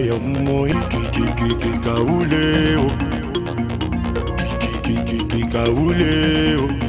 ya moi kikikikikauleo kauleo.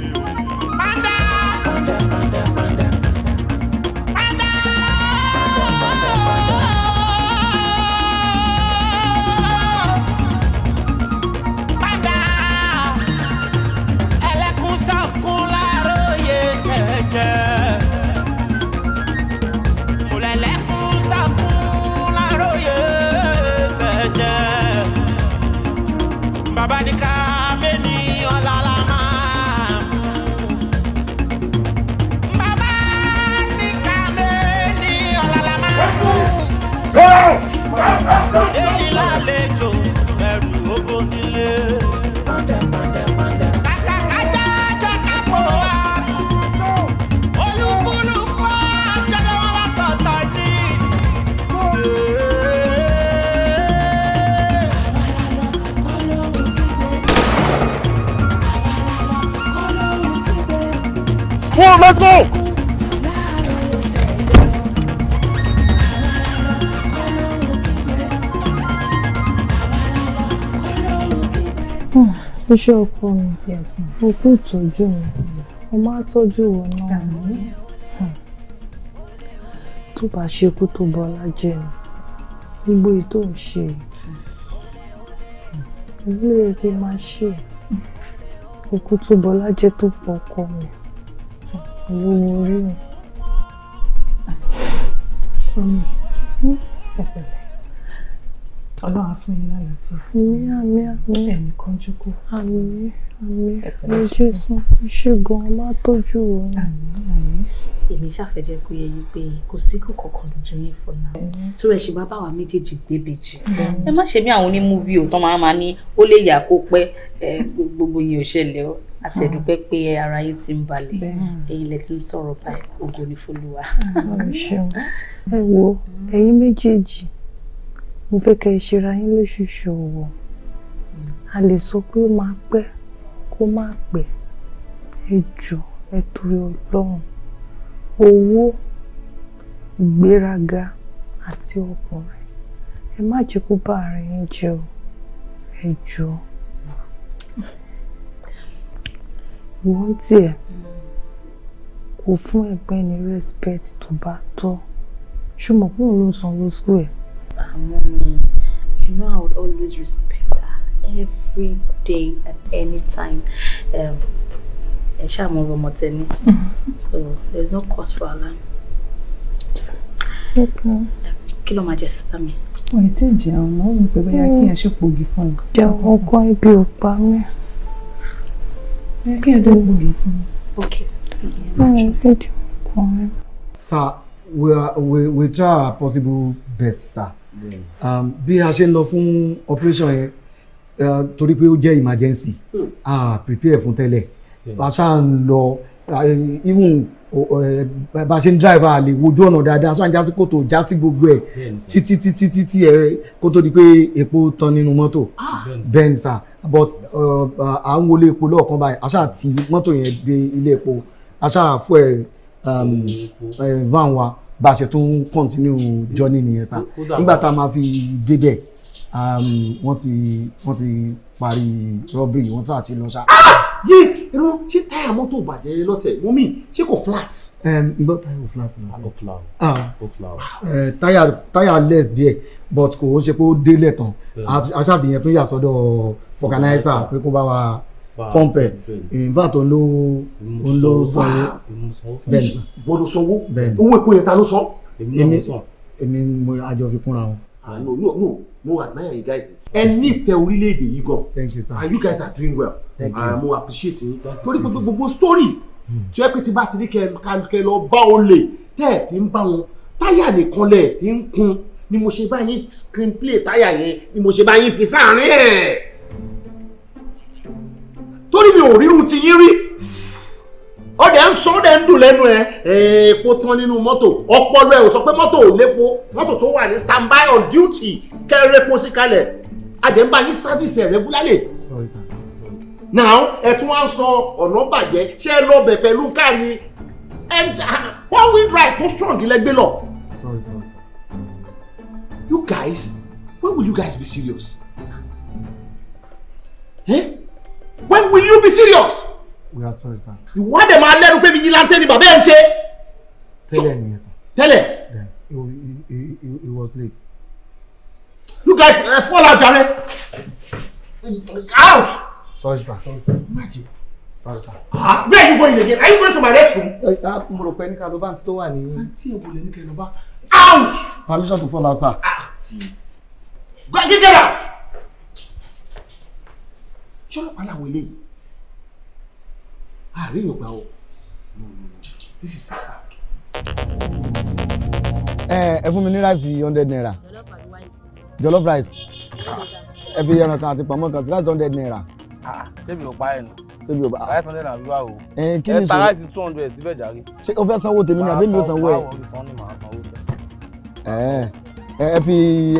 Let's go! Hmm, iṣẹ́ ọkọ mi o kú ìtọ́jú mi o máa tọ́jú ìwọ náà mi hmm. tó bá ṣekú tó bọ́lá jẹ́ mi gbogbo èyí tó ń ṣe ilé hmm. ẹgbẹ́ máa ṣe ikú tó bọ́lá jẹ́ tó pọ̀ ọkọ mi. Ìwọ ni orí ọlọ́run á fún yín lálàáfíà. àmín àmín àmín. ẹnì kan jókòó. àmín àmín ní jésù ṣé gan-an má tọ́jú o. àmín àmín. èmi ṣàfẹ́jẹ́ kó yẹ yí pé kò síkù kankan lójú yín fọlá tí rẹ̀ ṣe bá bá wa méjèèjì gbébejì. ẹ má ṣe bí àwọn onímúvì ò tán máa ma ní ó lè yà kó pẹ́ gbogbo yìí ò ṣẹlẹ̀ o àti ẹ̀dùpẹ́ pé ara yín ti ń balẹ̀ èyí lẹ ti ń sọ̀rọ̀ báyìí ògo ni f'Olúwa. ẹ wo ẹ̀yin méjèèjì mo fẹ́ kẹ́ ẹ ṣera yín lóṣooṣù ọ̀wọ̀ a lè sọ pé ó máa pẹ́ kó má pẹ́ ẹ jọ ẹ torí ọlọ́run owó ìgbéraga àti ọkùnrin ẹ má jẹ́ kó bá àárín yín jẹ́ o ẹ jọ wọ́n tiẹ̀ kò fún ẹgbẹ́ ní respect tó bá tọ́ ṣùgbọ́n kóun ló ń sanwó school ẹ̀ her mommy. You know, I would always respect her every day at any time. Um, and she So there's no cause for alarm. Okay. Kí ló máa jẹ sister mi. Ó ti jẹun mọ́, mo fẹ́ bóyá kí n ṣe pògì fún ẹ. Jẹun ọgbọ́n ibi ò pa mí. Ẹ kí ẹ dé pògì fún mi. Okay. Sir, we, are, we, we try our possible best, sir. Um, bí a ṣe ń lọ fún operation yẹn uh, torí pé ó jẹ́ emergency hmm. a prepare fún tẹ́lẹ̀ lásán hmm. ń lọ even eh, bá ṣe ń driver àlè wojú ọ̀nà dáadáa sáà ń jásí kòtò jásí gbogbo ẹ̀ títí títí títí ẹ̀ kó tó di pé epo tán nínú mọ́tò ah! bẹ́ẹ̀ but uh, à ń wọlé epo lọ́ọ̀kan báyìí àṣà àti mọ́tò yẹn dé ilé epo àṣà àfọ um, ẹ̀ van wa bá a ṣe tún continue journey nìyẹn sá nígbà tá a máa fi débẹ̀ um, wọ́n ti wọ́n ti parí robbery wọ́n sá ti lọ ṣá. Ah! yé irú ṣé táyà mọ́tò bàjẹ́ lọ́tẹ̀ wọ́n mì ṣé kò flat. Um, ìgbọ́ táyà ò flat náà. ó flat ó ah. flat. Eh, táyà táyà less díẹ̀ but kò ó ṣe pé ó délẹ̀ tán aṣáfihàn tó yà sọ́dọ̀ fọkànáísà pé kó bá wa pọ́ǹpẹ̀ ìfàtọ̀ ló ń sanwó bẹ́ẹ̀ bọ́dọ̀ sanwó owó èpo yẹn ló san. èmi mo àjọ fi kúnra wọn. Ah, no no no no admire you guys ẹ nífẹ̀ẹ́ orílẹ̀-èdè yìí gan thank you sir and you guys are doing well and ah, mo appreciate yín torí gbogbo story hmm. tí ẹ pé tí bá ti ní kẹ lọ bá olè tẹ́ ẹ̀ fi ń bá wọn táyà nìkan lẹ̀ fi ń kun ni mo ṣe bá yín screenplay táyà yẹn ni mo ṣe bá yín fi sáàárín ẹ̀ torí mi ò rírun ti yín rí ọdẹ ń sọ ọdẹ ń dùn lẹ́nu ẹ epo tán nínú mọ́tò ọpọlọ ẹ ò sọ pé mọ́tò ò lépo mọ́tò tó wà ní stand by on duty kẹrẹpo sí kalẹ̀ adẹ ń bá yín sáfíìsì ẹ regularly. sorry sir. now ẹ tún wá sọ ọ̀nà bàjẹ́ ṣé ẹ lọ bẹ̀ pẹ̀lú ká ni uh, one wheel drive tó strong lẹ́gbẹ́ lọ. sorry sir. you guys when will you guys be serious? Eh? when will you be serious. we are sorry sir. ìwádìí máa lẹ́nu pé vigilante ni bàbá ẹ̀ ń ṣe. say. Tell him, yes, sir. Tell him. it, it was late. you guys uh, fall out jare. out. sorry sir. imagine. sorry sir. ah where are you going again are you going to my restroom. I'm rò pé ní kaloba àti tó wà ní. àǹtí out. permission to fall out sir. ah. go get out ṣọlọ́pàá làwọn eléyìí ààrẹ yóò gbà ó no no no this is a sad case. ẹ ẹ fún mi ní ráìsì hundred naira jollof rice ah. ẹ fi ẹran kan àti pamọ́ kan sí ráìsì hundred naira. Ah, ṣé mi ò pa ẹ̀ nù tóbi ọba. five hundred and two awo. ẹ kí ni sọ ẹ two hundred síbẹ̀ jàre. ṣé o fẹ́ sanwó tèmi ni àbí mi ò sanwó ẹ. ẹ ẹ fi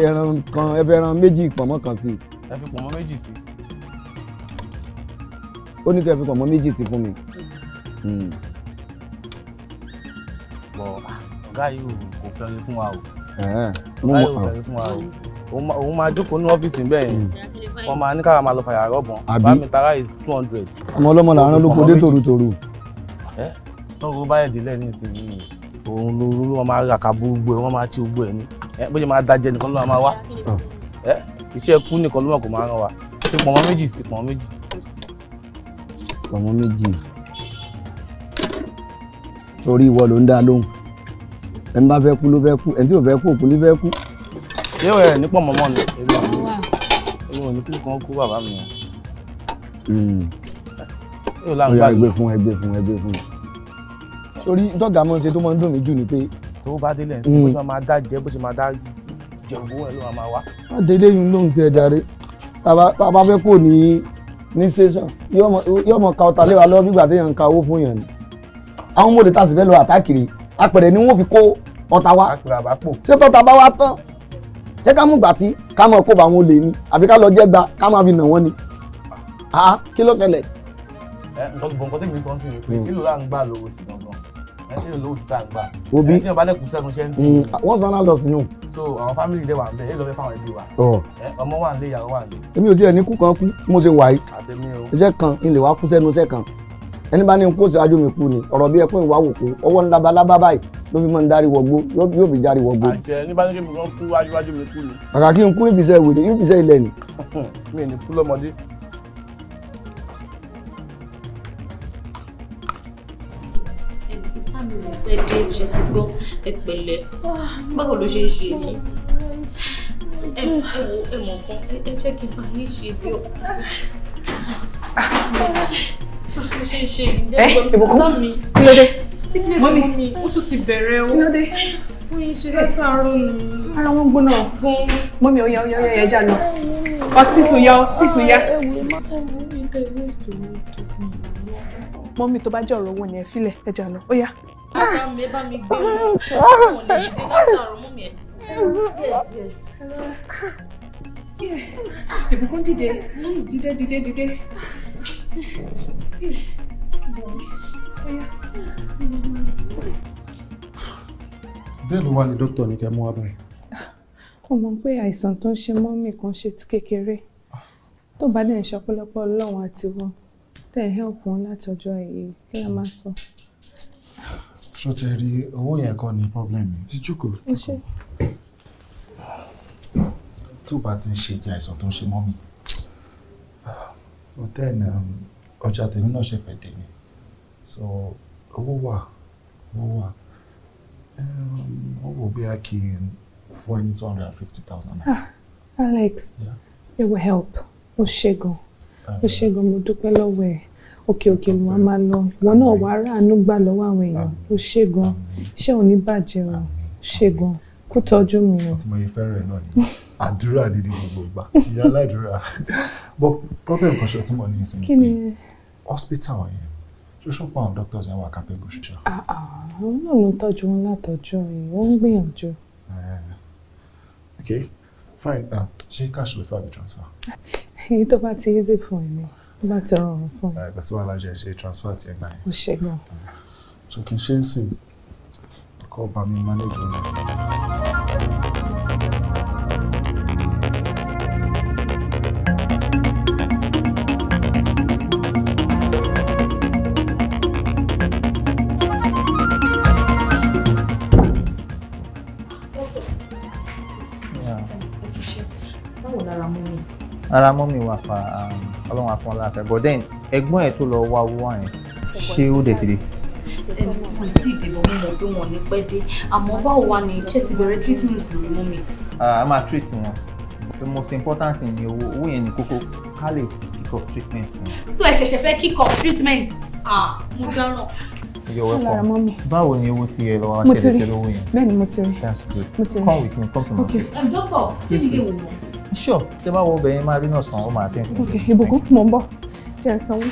ẹran kan ẹ fi ẹran méjì pọ̀nmọ́ kan sí. ẹ fi pọ̀nmọ́ méjì sí ó ní kí ẹ fi pọ̀nmọ́ méjì sí fún mi. Hmm. bọ̀ ọ̀gá yìí kò fẹ́ orin fún wa o ọ̀gá yìí kò fẹ́ orin fún wa o òun máa jókòó ní ọ́fíìsì bẹ́ẹ̀ yẹn hmm. wọ́n máa ní kára máa lọ fàyà rọ́bọ̀n bá mi tara is two hundred. ọmọ ọlọ́mọ làárọ̀ ló kó dé tòrutòru. ẹ tọ́gùrú báyẹ̀ délẹ̀ ní ìsinyìí òun lóru ló máa rà ká gbogbo ẹ̀ wọ́n máa ti gbogbo ẹ̀ ní bó ṣe máa dajẹ́ nìkan ló máa wá ah. iṣẹ́ kú nìkan ló mọ̀ kó máa ràn wá ṣe pọ̀nmọ́ méjì sí pọ̀nmọ́ méjì ọmọ méjì torí ìwọ ló ń dá lóhùn ẹni bá fẹ́ kú ló fẹ́ kú ẹni tí ò fẹ́ kú òkú ní fẹ́ kú. ṣé ìwé rẹ̀ nípò mọ́mọ́ mi èmi ò ní èmi ò ní kí nǹkan kú bàbá mi. ó hmm. yá ẹgbẹ́ fún ẹgbẹ́ fún ẹgbẹ́ fún torí tọ́gà mọ́ ṣe tó máa ń dùn mí jù ni pé. tó bá délé ẹ̀ sí hmm. bó ṣe máa dá jẹ bó ṣe máa dá jẹ òwú ẹ̀ ló máa wá. má délé yín lóhùn tí ẹ darí ní station yóò mọ ka ọta lé wa lọ́wọ́ bí gbàtẹ́ yàn ń ka owó fún yàn ni àwọn mòde tá a sì fẹ́ lọ àtàkìrì apẹ̀rẹ̀ ni wọ́n fi kó ọta wa ṣé tọ́ta bá wa tán ṣé ká mú gbàtí ká máa kó bá wọn lè ní àbí ká lọ jẹ́ gba ká máa fi nà wọ́n ni kí ló ṣẹlẹ̀. ẹ ǹkan gbọ̀ngàn tèmi sọ sí ni pé hmm. kí ló là ń gbà lówó sí gbọ̀ngàn ẹni ló ń ta gbà obi ẹni tí wọn bá lẹkùn sẹkùn ṣe ń sìn. Mm, what's one adult ni o. so àwọn family dẹ wà ń bẹ èyí ló fẹ́ fáwọn ẹbí wa. ọmọ wà ń lé ìyàwó wà ń lé. èmi ò tiẹ̀ ní kú kan kú bí mo ṣe wà yìí. àtẹ̀mí o. iṣẹ́ kan ilé wa kú sẹ́nu iṣẹ́ kan ẹni bá ní n kó síwájú mi kú ni ọ̀rọ̀ bí ẹkún ìwà òkú ọwọ́ ńlá balábá báyìí ló fi máa ń darí wọgbó yóò fi darí wọgbó. àjẹ ní bá ní kí n kú wájú wájú mi kú ni. kàkà kí n kú ìbísẹ̀ wèrè mo pẹ́ dé ṣe ti gbọ́ ẹ pẹ̀lẹ́ báwo ló ṣe ń ṣe yìí ẹ wo ẹ mọ̀ kan ẹ jẹ́ kí n bá yín ṣe bí ọ. báwo ṣe ń ṣe yìí dẹ́gbọ́n sí mọ́mí kí ló dé mọ́mí ó tún ti bẹ̀rẹ̀ o. wọ́n yìí ṣe látàárọ̀ nù. ara wọn gbóná gan. mọ́mí ó yá ó yá ó ẹja lọ hospital yá hospital yá. mọ́mí tó bá jẹ́ ọ̀rọ̀ owó ni ẹ filẹ̀ ẹja lọ ó yá bá mi bá mi gbé wọn ah. lè dé látàrún mú mi ẹ díẹ̀ díẹ̀. ìbùkún dìde dìde dìde dìde. bẹ́ẹ̀ ló wá ní dókítà ní kẹ́ mú wá báyìí. ó mọ̀ pé àìsàn tó ń ṣe mọ́mì kan ṣe kékeré tó bá dẹ̀ ń ṣọpọlọpọ ọlọ́run àti wọn tẹ̀ ẹ́ hẹ́ọ̀pù wọn láti ọjọ́ yìí kí ẹ má sọ. So ṣó ti rí owó yẹn kọ́ ni problem mi ti jókòó. tó bá ti ń ṣe ti àìsàn tó ń ṣe mọ́ mi then um, ọjà tèmi náà ṣẹ̀fẹ̀ dé ni so owó wà owó wà wọ́n wò bí a kì í fún ẹni two hundred and fifty thousand ah, Alex yeah. it will help ó ṣe gan ah, ó ṣe gan mo dúpẹ́ lọ́wọ́ ẹ̀ òkè òkè ni wàá máa lọ ìwọ náà wàá ráàánú gbà lọ́wọ́ àwọn ah. èèyàn ó ṣe gan ṣé òní bàjẹ́ o ṣe ah. gan kó tọ́jú mi o. àti mo yẹ fẹ́ràn ẹ̀ náà ni àdúrà dídí gbogbo ìgbà ìyá aládùúrà but problem kan ṣe tí mo ní ìsinmi pé hospital yẹn ṣoṣo pa àwọn doctors yẹn wà kápẹ́ bó ṣe ṣá. Ah, àwọn náà ló tọ́jú wọn látọjọ́ yìí wọ́n ń gbìyànjú. Eh. Ok, fine ṣé cash ló fẹ́ àbí transfer. èyí tó bá ti easy fún ẹ ni bá ti rọrùn fún mi. kò sí wàhálà jẹ́ ṣe transfer sí ẹgbàá yẹn. ó ṣe gan. so kì í ṣe é sìn kọ́ ọba mi manage ọ̀nà. ara mú mi wà pa um, ọlọ́run àfọ̀n láàfẹ́ but then ẹ̀gbọ́n ẹ̀ tó lọ wá owó wá yẹn ṣé ó dẹ̀ tèdè. ẹ̀mí tí ìdìbò mú mọ̀ pé wọ́n ní pẹ́ dé àmọ́ báwo wà ní ṣé ti bẹ̀rẹ̀ treatment mi. a máa treat wọn the most important thing ni owó owó yẹn ni kókó ká lè kick treatment. so ẹ ṣẹ̀ṣẹ̀ fẹ́ kick off treatment ah mo dáràn báwo ni owó ti ẹ lọ ṣẹlẹ̀ tẹ́lẹ̀ owó yẹn. bẹ́ẹ̀ni mo mo ti rí come with me come to my place. Um, doctor kí ni ìwé wò sure tẹ bá wọ ọbẹ̀ yẹn máa rí náà san ó máa tẹ̀ fún mi. ok ìbùkún mò ń bọ̀ jẹ́ ẹ sanwó.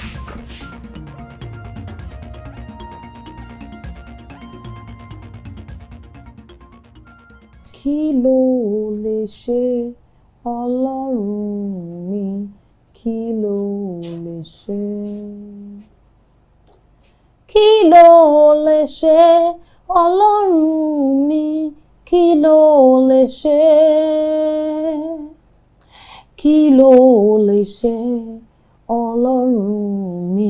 kí ló lè ṣe ọlọ́run mi kí ló lè ṣe kí ló lè ṣe ọlọ́run mi kí ló lè ṣe kí ló lè ṣe ọlọ́run mi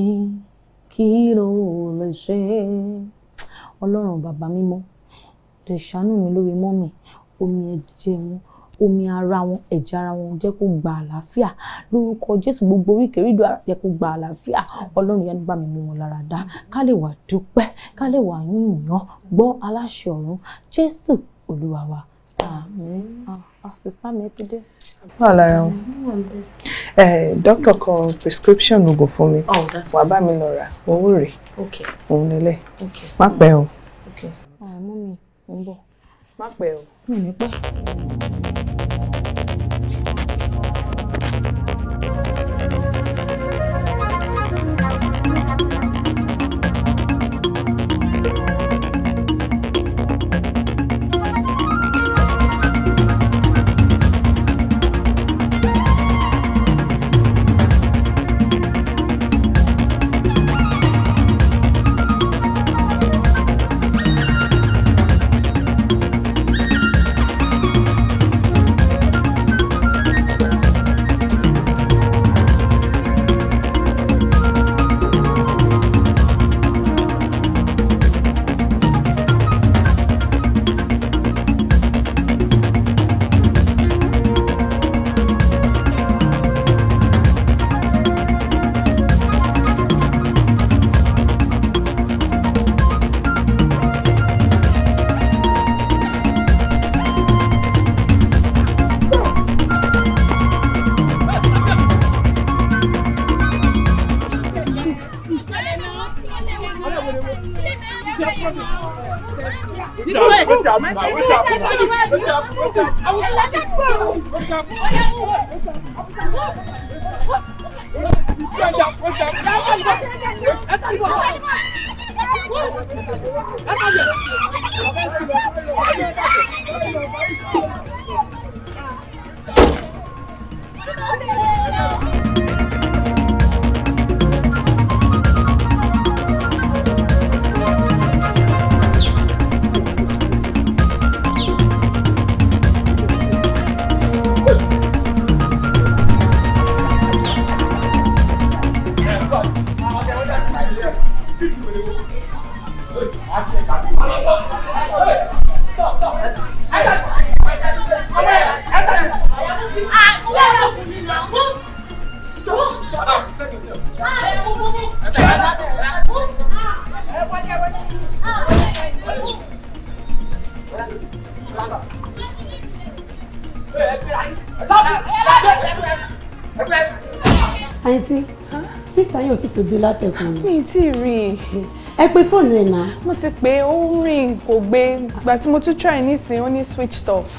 kí ló lè ṣe ọlọ́run bàbá mímọ́ dẹ̀ ṣàánú mi lórí mọ́mì omi ẹ̀jẹ̀ wọn omi ara wọn ẹ̀jẹ̀ ara wọn jẹ́ kó gba àlàáfíà lórúkọ jésù gbogbo oríkèérídò jẹ́ kó gba àlàáfíà ọlọ́run yẹn bá mi mú wọn lára dá ká lè wà dúpẹ́ ká lè wà yín ìyàn gbọ́ aláṣẹ ọ̀run jésù olúwa wa àmín. Ah. Ah, sista mi ti dé. wà lára wọn mm-hmm. dókítà eh, kọ prescription oògùn fún mi oh, wà bá mi lọ rà owó rè òun lélẹ̀ má pẹ́ o. Okay. Ah, mi ń bọ̀. má pẹ́ o. mi ò ní pẹ́. Ó jà fún. Ó jà fún. tó dé látẹ̀kùn mi. mi ti rí i. ẹ pé fóònù ẹ̀ náà. mo ti pè é ó ń rìn kò gbé ìgbà tí mo tún try nísìnyí ó ní switched off.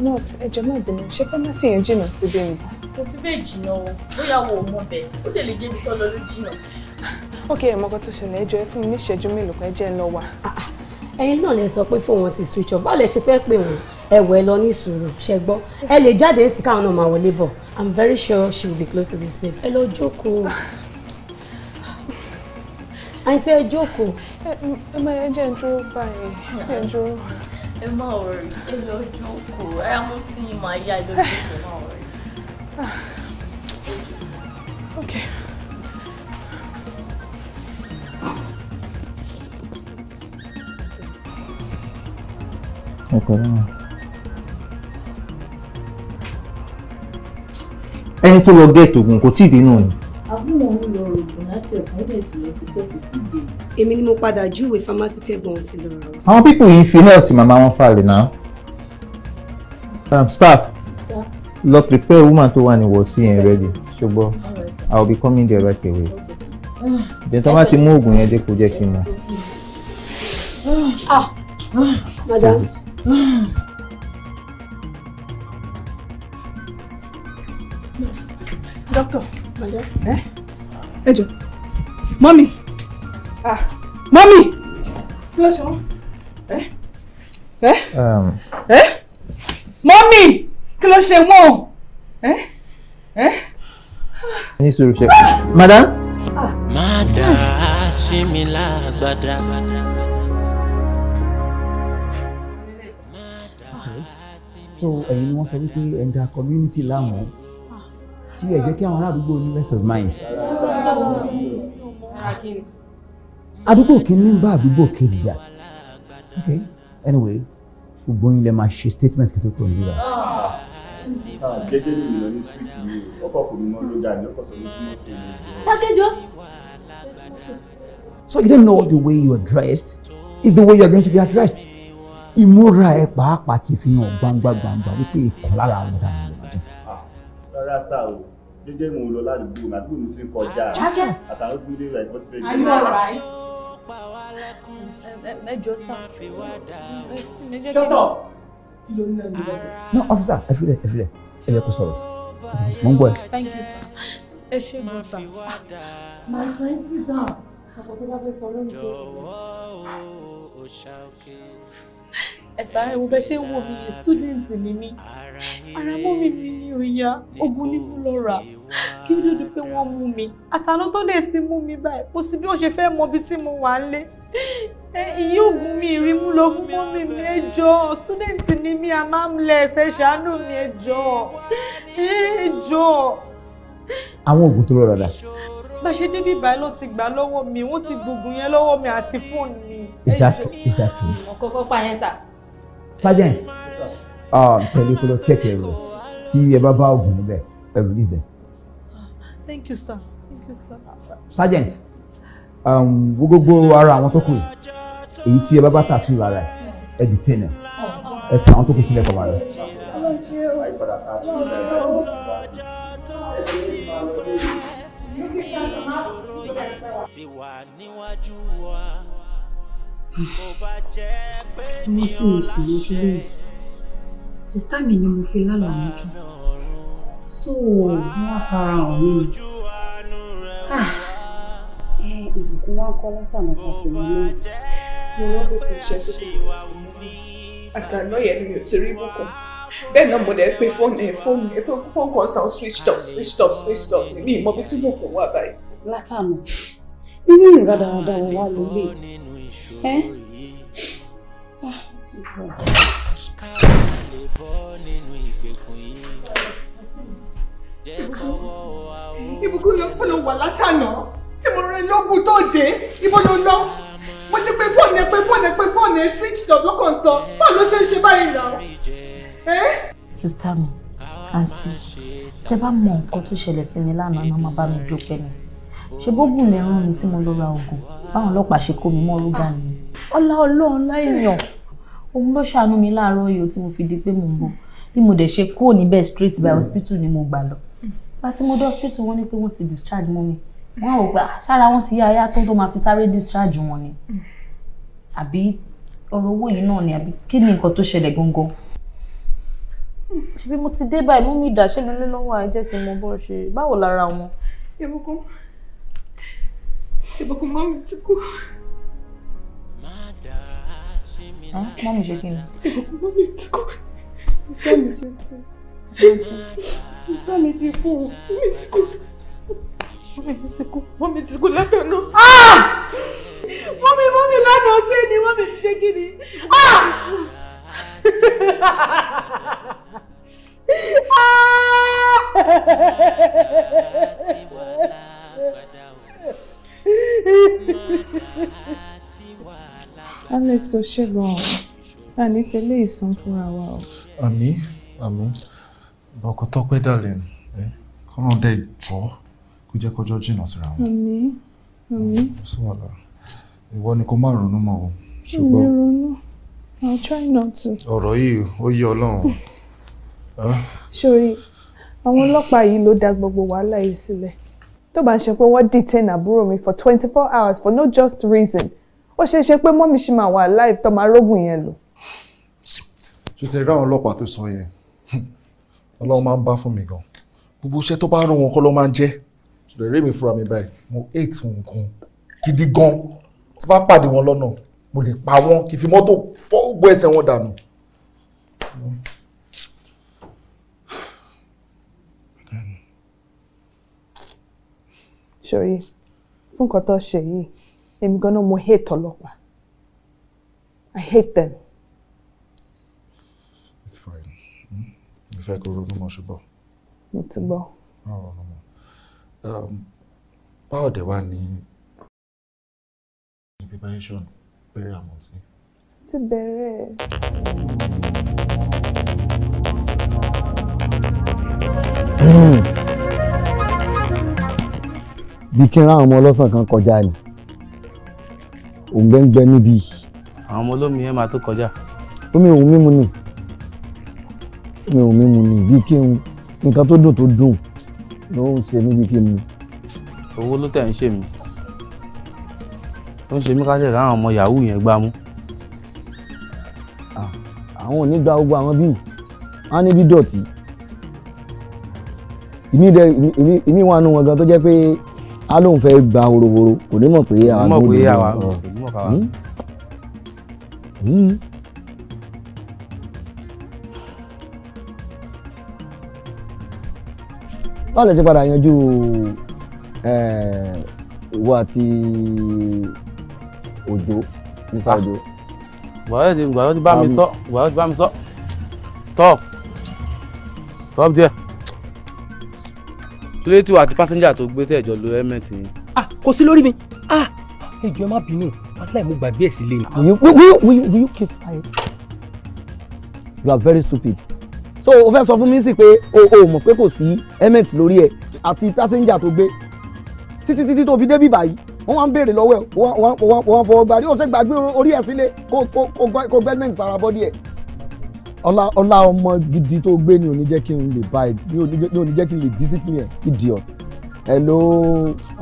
nurse ẹ jọ̀ọ́ má bínú ṣé pharmacy yẹn jìnnà síbí ni. kò fi bẹ́ẹ̀ jìnnà o bóyá wo ò mọ bẹ́ẹ̀ ó lè lè jẹ́ ibi tó lọ ló jìnnà. ok ẹ̀mọ́ kan tó ṣẹlẹ̀ ẹ jọ̀ọ́ ẹ fún mi ní ìṣẹ́jú mélòó kan ẹ jẹ́ ń lọ wà. Ah, ah. ẹ̀yin náà lè sọ pé fóònù wọn ti switch off báwo lẹ ṣe fẹ́ pè wọ́n ẹwẹ lọ ní sùúrù ṣe gbọ́ ẹ lè jáde ẹ sì káwọn náà máa wọlé bọ̀ i'm very sure she will be close to this place ẹ lọ jókòó àǹtí ẹ jókòó. ẹ máa ẹ jẹ́ ń dúró báyìí ẹ jẹ́ ń dúró. ẹ má wọrí ẹ lọ jókòó ẹ mú tí màá yá lójú okay. ẹni tó lọ gẹ́ẹ̀tì ògùn kò tí ì dé ni ti ọ̀kan ó dẹ̀ sùn yẹn ti pẹ́ kò tí ì èmi ni mo padà júwe fámásì tẹ́gbọ̀n ti lọ rà àwọn pípò yìí fi health màmá wọn falẹ̀ náà. Um, staff lọ prepare woman tó wà ní wọ̀sí yẹn ready ṣùgbọ́n I will be coming there right away. ìdè tó bá ti mú oògùn yẹn dé kó jẹ́ kí n mọ̀. Ah. Ah. madam. doctor. madam. Eh? ẹ jọ mọ́mì ah. mọ́mì kí ló ṣe wọ́n eh? Eh? Um. Eh? mọ́mì kí ló ṣe wọ́n ní sùúrù ṣe madam. Ah. mada simila gbada. so ẹ̀yin ni wọ́n sọ wípé ẹ̀ǹda community láwọn tí ẹ jẹ́ kí àwọn ará àdúgbò ní rest of mind. Ah àdúgbò kìíní ń bá àdúgbò kejì jà okay anyway gbogbo yín lè máa ṣe statement kí tó kúrò níbẹ̀. gẹ́gẹ́ ah, bí ìlọ ní street mi ọkọ̀ kò ní mọ́ ló dà ní ọkọ̀ tó ní súnmọ́ tó ní. dákẹ́jọ́. so you don't know the way you are dressed is the way you are going to be addressed. ìmúra ẹ pàápàá ti fi hàn gbangba gbangba wípé ìkan lára àwọn ọ̀daràn ah, rárá sáà o jẹ́jẹ́ mò ń lọ ládùúgbò mi àdúgbò mi ti ń kọjá ah, àtàwọn tó ń ẹ̀kọ́ ti fẹ́ gbé wá. mẹjọ mm, sá ṣọtọ kí ló ní ẹnu no officer ẹ fi lẹ ẹ fi lẹ ẹ yẹ kó sọ̀rọ̀ mo ń gbọ́ ẹ. thank you sir ẹ ṣe gbọ́ sá. my friend sit down sọ̀kọ̀ tó bá fẹ́ sọ lónìí tó ẹ̀sà ẹ̀wò bẹ́ẹ̀ ṣe ń wò mí student mi ní ara mọ́ mi ní ní òyà ogun ní mú lọ rà kí ó dúdú pé wọ́n mú mi àtàná tó dẹ̀ ti mú mi báyìí kò sí bí wọ́n ṣe fẹ́ mọ ibi tí mo wà ń lé ìyí oògùn mi rí mú lọ fún mọ́mí mi ẹ jọ̀ọ́ student ni mi a máa ń lẹ ẹsẹ̀ ṣàánú mi ẹ jọ̀ọ́ àwọn oògùn tó lọ rà dà. bá a ṣe débi báyìí ló ti gbà lọ́wọ́ mi wọ́n ti gbógun yẹn lọ́wọ́ mi àti fóònù mi. is that is that true sergeant tẹ̀lé kó lọ check ẹ̀rọ tí ẹ bá bá oògùn níbẹ̀ ẹ̀rù níbẹ̀. thank you sir thank you sir. sergeant gbogbo ara àwọn tó kù èyí tí ẹ bá bá tàtú lára ẹ detain ẹ ẹ fi àwọn tó kù sílẹ̀ kọ̀ wá Tiwa níwájú wa ẹni tí mo sùn lójú lóyè sista mi ni mo fi lálàá lójú so wọn á fara hàn mí ni. Ah! ìbùkún wa ń kọ́ látàná fàtìmọ́ náà mo rọ́gbò kò ṣe tó kù àtàná yẹn mi ò ti rí ìbùkún bẹ́ẹ̀ náà mo lè pe fóònù ẹ̀ fóònù ẹ̀ fóònù kan sàn switched off switched off switched off mi ìmọ̀ bí tí ìbùkún wà báyìí. látàná nínú ìrọ̀dàrọ̀dà wa ló lè ẹ́ ah, ìbùkún ló pọ̀ ló wà látànà tí mo rẹ lógún tó dé ibo ló lọ mo ti pe fóònù ẹ pe fóònù ẹ pe fóònù ẹ switch lọ́kàn sọ báwo ló ṣe ń ṣe báyìí náà. sísá mi àǹtí tẹ bá mọ nǹkan tó ṣẹlẹ̀ sí mi lánàá náà bá mi dúpẹ́ mi ṣe bógùn lè rán mi tí mo lọ ra oògùn báwọn ọlọ́pàá ṣe kó mi mọ́ rúgà ni ọlá ọlọ́run láìyàn òun ló ṣàánú mi láàárọ̀ yìí tí mo fi di pé mo ń bọ̀ bí mo dẹ̀ ṣe kúrò níbẹ̀ straight by hmm. hospital ni mo gbà lọ hmm. bàtí mo dé hospital wọ́n ní pé wọ́n ti discharge mọ́ mi wọ́n á wò pé sára ah, wọn ti yá ayá tó tó máa fi sáré discharge wọn ni hmm. àbí ọ̀rọ̀ owó yìí náà ni àbí kí ni nǹkan tó ṣẹlẹ̀ gangan ṣebí mo ti dé báyìí mú mi ìdàṣẹ́nu lé lọ́wọ́ àìjẹ́ kí n mọ bó ṣe báwo lára wọn. èmi kò Ṣèbọ̀ kò mọ́mí ti kú. Mọ́mí ṣe kí ni? Ṣèbọ̀ kò mọ́mí ti kú. Sísá mi ti kú. Sísá mi ti kú. Mọ́mí ti kú. Mọ́mí mi ti kú. Mọ́mí ti Ah! látọ̀nà. Mọ́mí mọ́mí lánàá ṣé ni mọ́mí ti ṣe kí ni? Ah! Alex ò ṣẹ́gun ọ̀hún. A ní fẹ́lẹ́ ìsan fúnra wa o. Àmì àmì ọkọ̀ tọ́pẹ́ dàlẹ́ nù. Kọ́nà dẹ̀ jọ́ kó jẹ́ kọjọ́ jìnnà síra wọn. Àmì àmì. Sọ wàhálà. Ìwọ ni kó má ronú mọ́ o. Mi ò ronú. I'll try not to. Ọ̀rọ̀ yìí ó yé Ọlọ́run. Ṣorí, ah. àwọn ọlọ́pàá yìí ló dá gbogbo wàhálà yìí sílẹ̀ tó bá ń ṣe pé wọ́n detain àbúrò mi for twenty four hours for no just reason ó ṣeé ṣe pé mọ́mí ṣì máa wà alive tó máa rógùn yẹn lò. ṣé ti rí àwọn ọlọ́pàá tó sọ yẹn ọlọ́run máa ń bá fún mi gan gbogbo iṣẹ́ tó bá rán wọn kọ́ ló máa ń jẹ́ ṣùgbọ́n eré mi fúnra mi báyìí mo eight wọn gan gidi gan tí bá pàdé wọn lọ́nà mo lè pa wọn kí n fi mọ́tò fọ́ gbọ́ ẹsẹ̀ wọn dànù. sori fún nǹkan tó ṣe yìí èmi gan-an mo hate ọlọ́pàá I hate them. It's fine. ìfẹ́ hmm? kò ronú mọ́ ṣùgbọ́n. mo ti gbọ́. má ronú mọ́ um, báwo dé wá ní. ní preparation bẹ̀rẹ̀ àmọ́ sí. ti bẹ̀rẹ̀. Hmm bí kí n ráwọn ọmọ ọlọ́sàn kan kọjá ni òǹgbẹ́ngbẹ́ níbí. àwọn ọmọ olómi yẹn máa tó kọjá. omi òun mímu ni omi òun mímu ni bí kí n nǹkan tó dùn tó dùn ló ń ṣe mí bí kí n mu. owó ló tẹ̀ ń ṣe mí ó ń ṣe mí káṣẹ̀ láwọn ọmọ yahoo yẹn gbá mú. Ah, àwọn ò ní gba gbogbo àwọn bíi wọn á ní bí dọ̀tí ìmí wà nù wọn gan tó jẹ́ pé a lóun fẹ́ gba horohoro kò ní mọ̀ pé àwa ló lè lọ. báwo lè ṣe padà yanjú eh, ìwọ àti òjò mr ah. òjò. gbàdúrà ti bá mi sọ gbàdúrà ti bá mi sọ stop stop there torí tí wà pásẹ́njà tó gbé tẹ̀jọ lo helmet yìí. ah kò sí lórí mi ah ẹjọ ẹ má bínú wàhálà mo gbàgbé ẹ sílé ni. will you will you will you keep quiet you are very stupid so o fẹ́ sọ fún mi sí pé o ò mọ̀ pé kò sí helmet lórí ẹ àti pásẹ́njà tó gbé títí títí tó fi débí báyìí wọ́n wá ń béèrè lọ́wọ́ ẹ̀ wọ́n wá fọwọ́ gbà rí òṣègbàgbé orí ẹ̀ sílé kó gbẹ́dmẹ̀ntì sára bọ́dí ẹ̀ ọlá ọlá ọmọ gidi tó gbé ni ò ní jẹ́ kí n lè bá ẹ ní ò ní jẹ́ kí n lè discipline ẹ idiot ẹ ló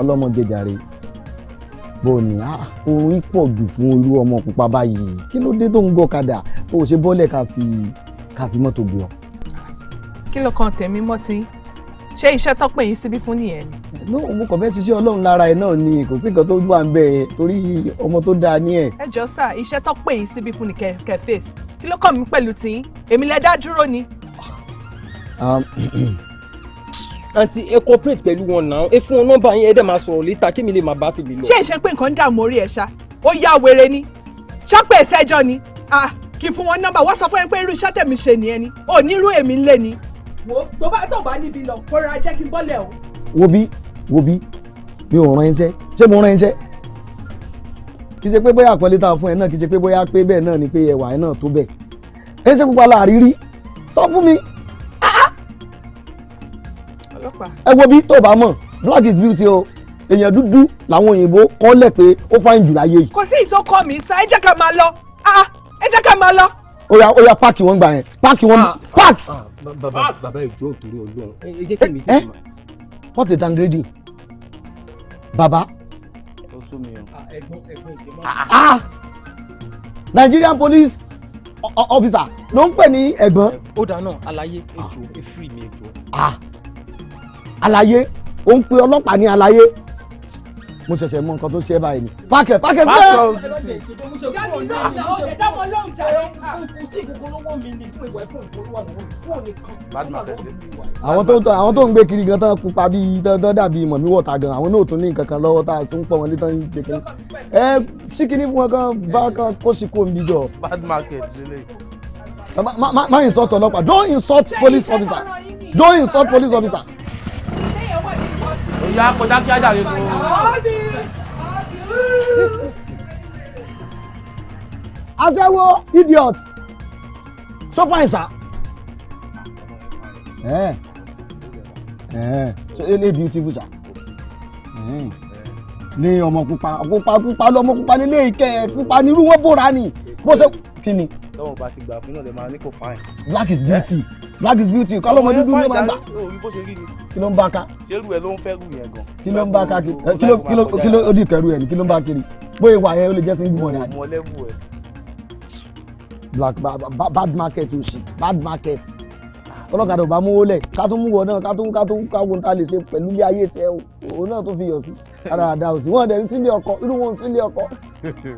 ọlọ́mọge jàre bó ni ah, orin pọ̀ jù fún olú ọmọ pupa báyìí kí ló dé tó ń gọ́kadà o ò ṣe bọ́lẹ̀ ká fi ká fi mọ́tò gbé ọ. kí ló kan tèmi mọ́ ṣé iṣẹ́ tó pè yín síbí fún nìyẹn ni. no mo kàn fẹ́ ṣiṣẹ́ ọlọ́run lára ẹ̀ náà ni kò sí nǹkan tó wà ń bẹ̀ ẹ̀ torí ọmọ tó dáa ní ẹ̀. ẹ jọ sá iṣẹ́ tó pè yín síbí fún ni kẹ fèsì kí ló kàn mí pẹ̀lú tiyín èmi lẹ dá dúró ni. Ah, àǹtí ẹ cooperate pẹ̀lú wọn náà ẹ fún wọn nọ́mbà yín ẹ dẹ̀ máa sọ̀rọ̀ létà kí mi lè máa bá tèmi lọ. ṣé ìṣe pé nǹkan ń dààmú orí ẹ̀ ṣá ó yá wèrè ni ṣọ́pẹ̀ ẹ̀ṣẹ́jọ́ ni ah, kì í fún wọn nọ́mbà wọ́n sọ fún ẹ pé irú iṣẹ́ tèmi ṣe nìyẹn ni ò èmi ń lé ni wo tó bá tó bá níbi lọ kóra jẹ́ kí n bọ́lẹ̀ o. wo bí wo bí mi ò rán iṣẹ́ ṣé mo rán iṣẹ́ kì í ṣe pé bóyá àpọ́nlé tá a fún ẹ náà kì í ṣe pé bóyá pé bẹ́ẹ̀ náà ni pé ẹwà ẹ náà tó bẹ́ẹ̀ ẹ ṣe pupa láàrin rí sọ fún mi. ẹ wo bí tó bá mọ̀ black is beauty o èèyàn dúdú làwọn òyìnbó kọ́lẹ̀ pé ó fáyìn jù láyé yìí. kò sí ìtọ́kọ mi sá ẹ jẹ́ ká máa lọ ah, ẹ jẹ́ ká máa lọ. ó yá ó yá páàkì wọn gbà yẹn páàkì wọn ah. páàkì. Ah bàbá ìjọ ah! òtòrí Ọlọ́run ẹ jẹ́ kí mi eh, eh? jẹ ma. what a downgrading bàbá. ó sún mi o. Ah, ah, Nigerian police officer ló ń pè ní ẹ̀gbọ́n. ó dáná àlàyé ejò efiri ejò. àlàyé ó ń pe ọlọ́pàá ní àlàyé mo ṣẹ̀ṣẹ̀ mọ nǹkan tó ṣe é báyìí ni. pákẹ́ pákẹ́ fẹ́. àwọn tó àwọn tó ń gbé kiri gan tán pupa bíi dandan dàbí mọ̀mí wọ̀ta gan àwọn náà tún ní nǹkan kan lọ́wọ́ tá a tún pọ̀ wọn létan yìí ṣe kí. ẹ síkìní fún wọn kan bá kan kó sí kó ń bí jọ. bad market sílẹ̀. má insult ọlọ́pàá don't insult police officer don't insult police officer ìyá kọjá kí ajá tó. aṣẹ́wó idiot so fine sir. Eh. Eh. so ele beautiful sir. Hmm. ní ọmọ pupa pupa pupa lọmọ pupa nílé ìkẹ́ pupa nírú wọn bóra ni bó ṣe kí ni lọ́wọ́ bá ti gbà fún náà lè máa ní kò fáìn. black is eh? beauty black is beauty kọ́ lọ́mọ dúdú ló máa gbà. kí ló ń bá ká. ṣé irú ẹ ló ń fẹ́ rú yẹn gan. kí ló ń bá ká kí ló ó dì kẹrù ẹ ni kí ló ń bá kiri bóyá ìwà yẹn ó lè jẹ́ sí ibùmọ̀ dáadáa. black bad market ò sí bad market ọlọ́kadà ò bá múwó lẹ̀ ká tún mú wọ náà ká tún ká tún káwọn tá a lè ṣe pẹ̀lú ilé ayé tiẹ̀ òun náà tún fi yọ̀ sí àràdà òsì wọn dẹ̀ ń sílé ọkọ irú wọn ń sílé ọkọ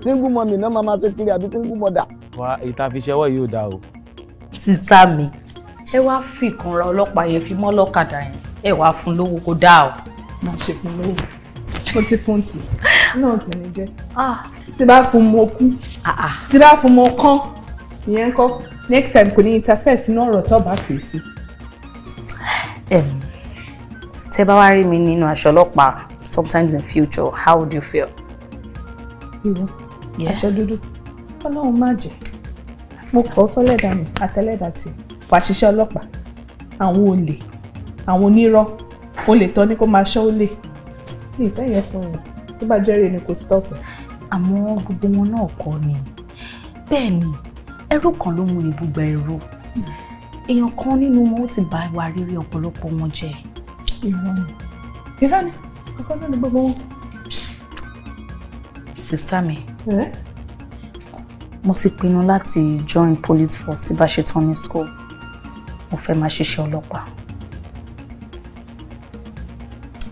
single mummy náà máa máa ṣe kiri àbí single mother. wa ìta fi ṣẹwọ yìí ò dáa o. sista mi ẹ wá fi ìkanra ọlọ́pàá yẹn fi mọ́ ọlọ́kadà yẹn ẹ wá fún lówó kó dáa o. mo ṣe fún lówó mo ti fún tì náà tì ní jẹ ah, tí bá fún mo kú ah, ah. tí bá fún mo kán ìyẹn kọ́ next time kò ní interfere sínú ọ̀rọ̀ tó bá pè sí. tẹ́ bá wá rí mi nínú aṣọ ọlọ́pàá sometimes in future how would you feel. ìwọ aṣọ dúdú ọlọ́run má jẹ́ mo kọ́ fọ́lẹ́dà mi àtẹ́lẹ́dà tì wàá ṣiṣẹ́ ọlọ́pàá àwọn olè àwọn onírọ́ olè tán ni kó máa ṣọ́ olè mi ìfẹ́ yẹn fún un tó bá jẹ́rìí ni kò stop. àmọ́ gbogbo wọn náà kọ́ ni bẹ́ẹ̀ ni ẹrú kan ló mú ibùgbà ẹrú èèyàn kan nínú wọn ó ti bà ìwà rere ọ̀pọ̀lọpọ̀ wọn jẹ́. irọ́ ni irọ́ ni ọkọ náà ni gbogbo wọn. sista mi mo ti pinnu láti join police force tí bá ṣe tán ní school mo fẹ́ máa ṣiṣẹ́ ọlọ́pàá.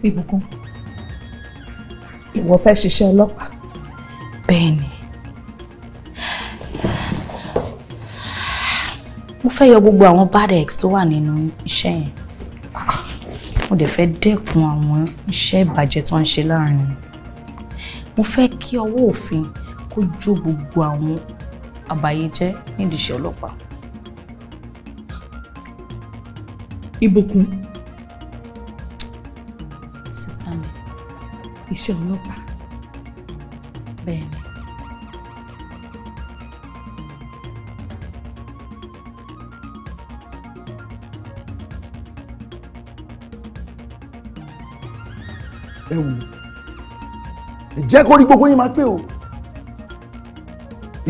ìbùkún ìwọ fẹ́ ṣiṣẹ́ ọlọ́pàá. bẹ́ẹ̀ ni fẹ́ yọ gbogbo àwọn bad eggs tó wà nínú iṣẹ́ yẹn mo dẹ̀ fẹ́ dẹ́kun àwọn iṣẹ́ ìbàjẹ́ tó ń ṣe láàrin mo fẹ́ kí ọwọ́ òfin kó jó gbogbo àwọn àbàyéjẹ́ nídìí iṣẹ́ ọlọ́pàá. Ìbùkún sísá mi iṣẹ́ ọlọ́pàá bẹ́ẹ̀ ni. ẹ wù jẹ́ kó rí gbogbo yín máa pé o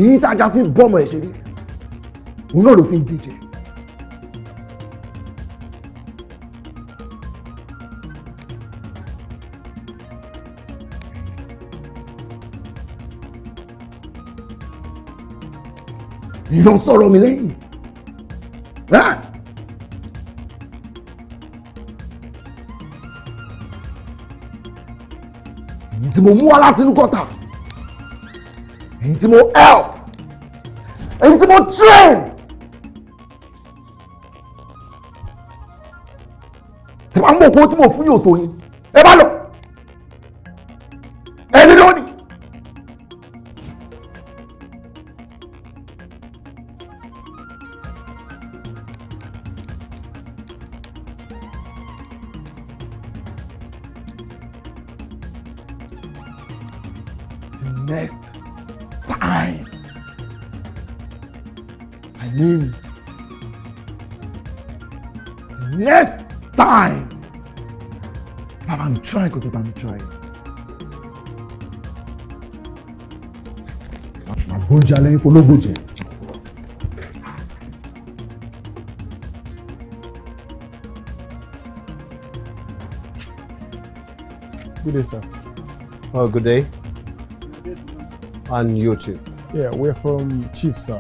èyí tájà fi bọ́ọ̀mù ẹ̀ ṣeré òun náà ló fi ń díje. ìran sọ̀rọ̀ mi lẹ́yìn tí mo mú wá láti inú gọ́tà èyí tí mo help èyí tí mo train. ẹ bá mú òkú tí mo fún yóò tó yín ẹ bá lọ. ìjà lẹ́yìn fọlọ́gùn jẹ. Good day, sir. Oh, good day. And you too. Yeah, we're from Chief, sir.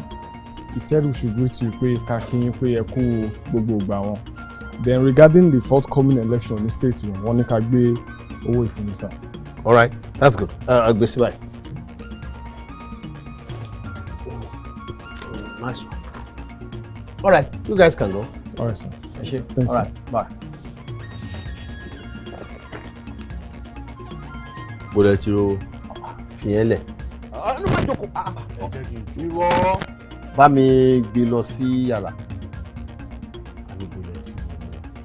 He said we should go to pé ká kí yín pé ẹ kú gbogbo Then regarding the forthcoming election in the state yìí, want to ká away from ìfúnni, sir. All right, that's good. Uh, I'll go see bye. All right, you guys can go. All right, sir. Thank All you. right, bye. Bọ̀dẹ̀ tí o fìyẹn lẹ̀. Ọ̀nà ah, máa jókòó. Ah, ah. Ìwọ. Bá mi gbé lọ sí yàrá.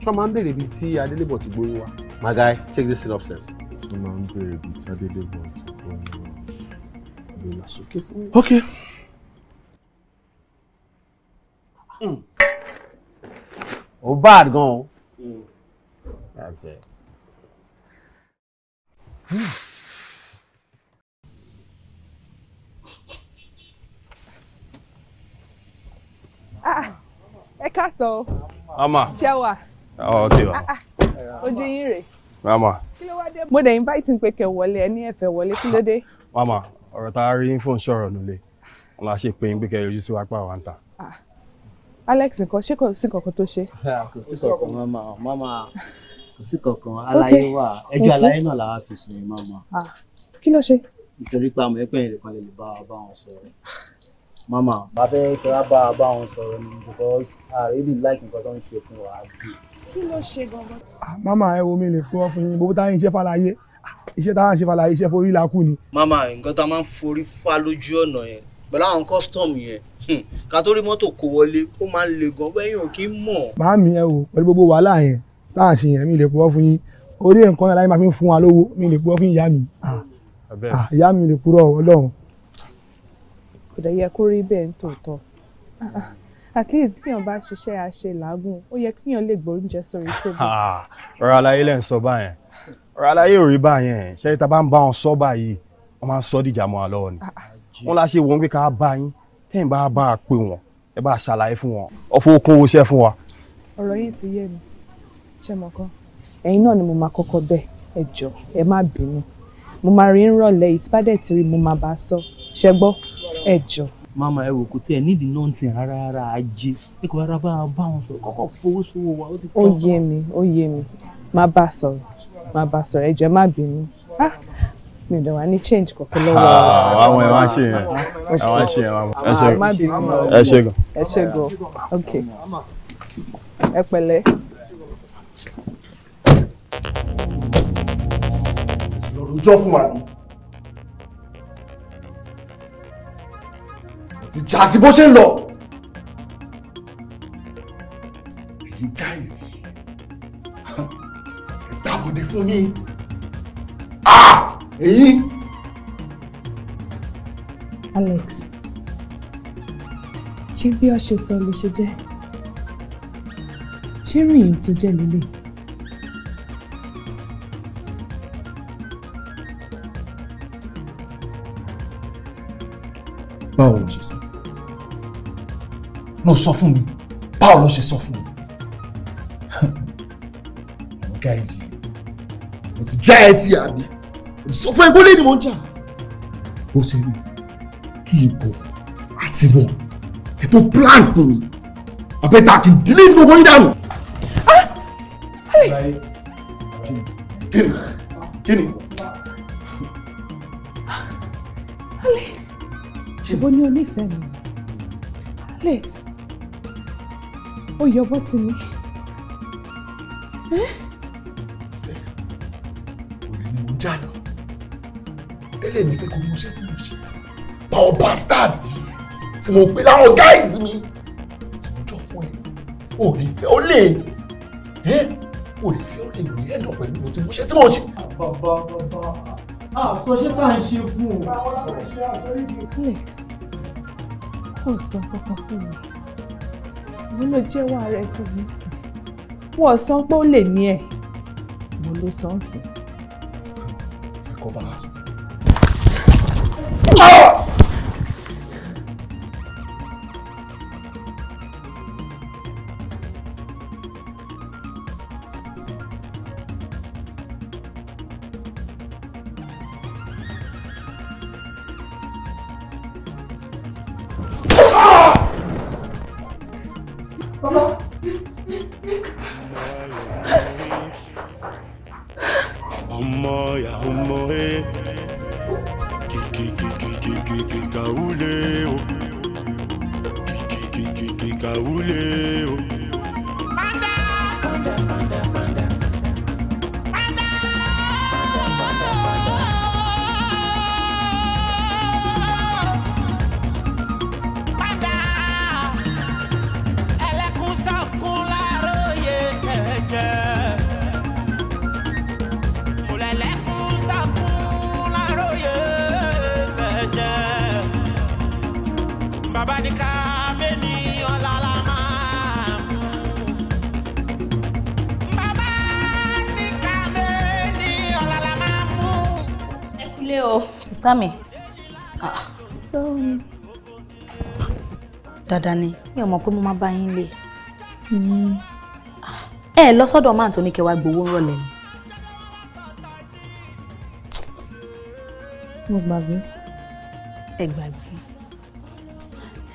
Sọ ma ń bèrè ibi tí Adélébọ̀ ti gbóyún wa. My guy, take this synopsis. Sọ ma ń bèrè ibi tí Adélébọ̀ ti gbóyún wa. Gbé Okay. oh bad gan o. Hmm. that's it. Ah, ẹ káàsán castle ama ṣé wà. ọ ti wà. Ah, ah. ojú yín mo invite n pé kẹ́ ẹ ní ẹ̀fẹ̀ wọlé kí ló mama ama a rí fóun ṣọ̀rọ̀ la n Alex nǹkan ṣé kò sí nǹkan tó ṣe. kò sí kankan mama mama kò sí kankan aláyé wà ẹjọ́ aláyé náà làwọn fi sùn mama. Ah, kí ló ṣe. nítorí pé àmọ́ ẹgbẹ́ yẹn nìkan lè bá wa bá wọn sọ̀rọ̀ mama bá fẹ́ kí wọ́n bá wa bá wọn sọ̀rọ̀ ni because I really like nǹkan tó ń ṣe fún wa bí. kí ló ṣe gangan. Ah, mama ẹ wo mi lè fún ọ fún yín gbogbo táyà ń ṣe fàlàyé ah, iṣẹ́ táyà ń ṣe fàlàyé iṣẹ́ forí la kú ni. mama nǹkan tá a máa ń forí fá lójú ọ̀nà yẹn pẹ̀lú àwọn custom yẹn hmm, ká tó rí mọ́tò kó wọlé ó máa ń le gan bẹ́ẹ̀ yàn kí n mọ̀. màámi ẹ wò pẹ̀lú gbogbo wàhálà yẹn tá a ṣe yẹn mi lè purọ́ fún yín orí nǹkan aláyé máa fi ń fún wa lówó mi lè purọ́ fún ìyá mi ìyá mi lè purọ́ ọlọ́run. kò dẹ̀ yẹ kó rí bẹ́ẹ̀ ń tòótọ́ ah, ah, at least tí èèyàn bá ṣiṣẹ́ àṣe làágùn ó yẹ kíyàn lè gbóúnjẹ sórí tóbi. ọ̀rọ̀ aláyé lẹ́ ń sọ báyẹn ọ̀rọ̀ aláyé ò rí báyẹn ṣé tá a bá ń bá wọn sọ báyìí wọ́n máa ń sọ dìjà mọ́ wa lọ́wọ́ ni. Ah, wọn la ṣe wọn pé ká bá yín tẹ́yìn bá bá a pè wọ́n ẹ bá a ṣàlàyé fún wọn ọ̀fọ̀ okun owó ṣẹ́ fún wa. ọ̀rọ̀ yìí ti yé mi ṣe mọ̀ kan ẹ̀yin náà ni mo máa kọ́kọ́ bẹ̀ ẹ jọ ẹ má bínú mo máa rí nrọ̀lẹ́ yìí tí bá dẹ̀ ti rí mo máa bá a sọ ṣẹ gbọ́ ẹ jọ. màmá ẹ wò kò tí ẹ nídìí náà ti rárá rárá ajé ẹ kò rárá bá bá wọn sọ̀rọ̀ kọ́kọ́ fowó sówó wa ó ti tọ́. ó yé mi ó yé mi má bá a sọ̀rọ̀ má bá a sọ̀rọ̀ ẹ jọ má bínú ah! mi dẹ̀ wá ní change kọ̀ọ̀kan lọ́wọ́. Ah, àwọn ẹ̀ wá ṣe yẹn àwọn ṣe yẹn ẹ ṣe gan ah, ṣe gan ẹ ṣe gan ok ẹ pẹ̀lẹ́. lọ́rùjọ́ fún wa ni ti jà sí bó ṣe ń lọ èyí gáìsì ìgbàbọ̀dé fún mi èyí. Alex ṣé bí ọ ṣe sọ ló ṣe jẹ́ ṣé rìn tó jẹ́ lílé. báwo ló ṣe sọ fún mi ló sọ fún mi báwo ló ṣe sọ fún mi guys mo ti já ẹ sí àbí sọ fún ẹgbẹ́ lẹ́yìn ni mò ń jà bó ṣe rí kí ipò àti wọn ẹ tó plan fún mi àbẹ́ta kì í delete gbogbo yín dànù. Ah! kíni kíni. Alex ṣùgbọ́n ní onífẹ̀ẹ́ mi Alex ó yọ bọ́tì mi. èmi fẹ́ kó mọ iṣẹ́ tí mo ṣe power bastards yìí tí mo pe láwọn guys mi tí mo jọ fún ẹ ò lè fẹ́ ó lè ẹ ò lè fẹ́ ó lè rí ẹ̀dọ̀ pẹ̀lú mo ti mọ iṣẹ́ tí mo ṣe. bàbá bàbá àṣọ ṣé tá à ń ṣe fún o. Alex kò sọ kankan fún mi òun ló jẹ́wọ́ ara ẹ fún mi sí wọ́n sọ pé ó lè ní ẹ̀ mo ló sọ ń sìn. Hmm, ṣe kọ́ fara sùn ọmọ ya ọmọ dání mi ò mọ̀ pé mo máa bá yín lè. ẹ mm. ah, ẹ lọ sọ́dọ̀ máà tó ní kẹwàá gbowó ń rọ̀lẹ́ ni. mo gbàgbé. ẹ gbàgbé.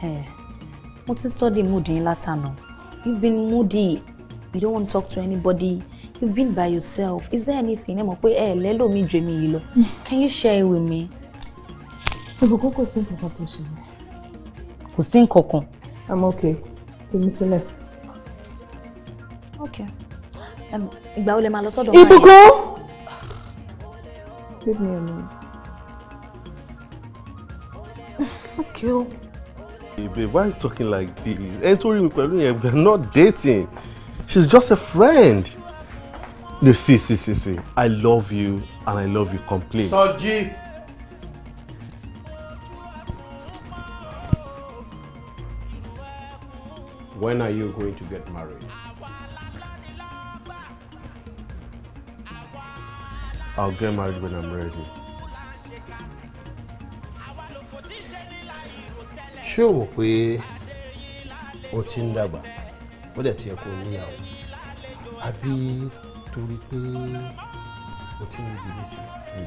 ẹ mo ti study mood yín látànà you've been moody you don't want to talk to anybody you've been by yourself is there anything ẹ mọ̀ pé ẹ lẹ́lòmí ju èmi yìí lọ hmm. can you share it with me. ìbùkún kò sí nǹkan kan tó ṣe. kò sí nǹkan kan. I'm okay. Fèmí sílẹ̀. Okay. Ìgbà wo lè máa lọ sọ́dọ̀ máa yẹ? Ìbùkún! Leave me alone. Okay o. babe, why are you talking like this? Ẹni tó rí not dating. She's just a friend. No, see, see, see, see. I love you and I love you complete. Sọjí. When are you going to get married? I'll get married when I'm ready. Ṣé o mọ̀ pé o ti ń dàgbà? Ó dẹ̀ ti yẹ kó o níyàwó. Àbí torí pé o ti ń gbé nísì ní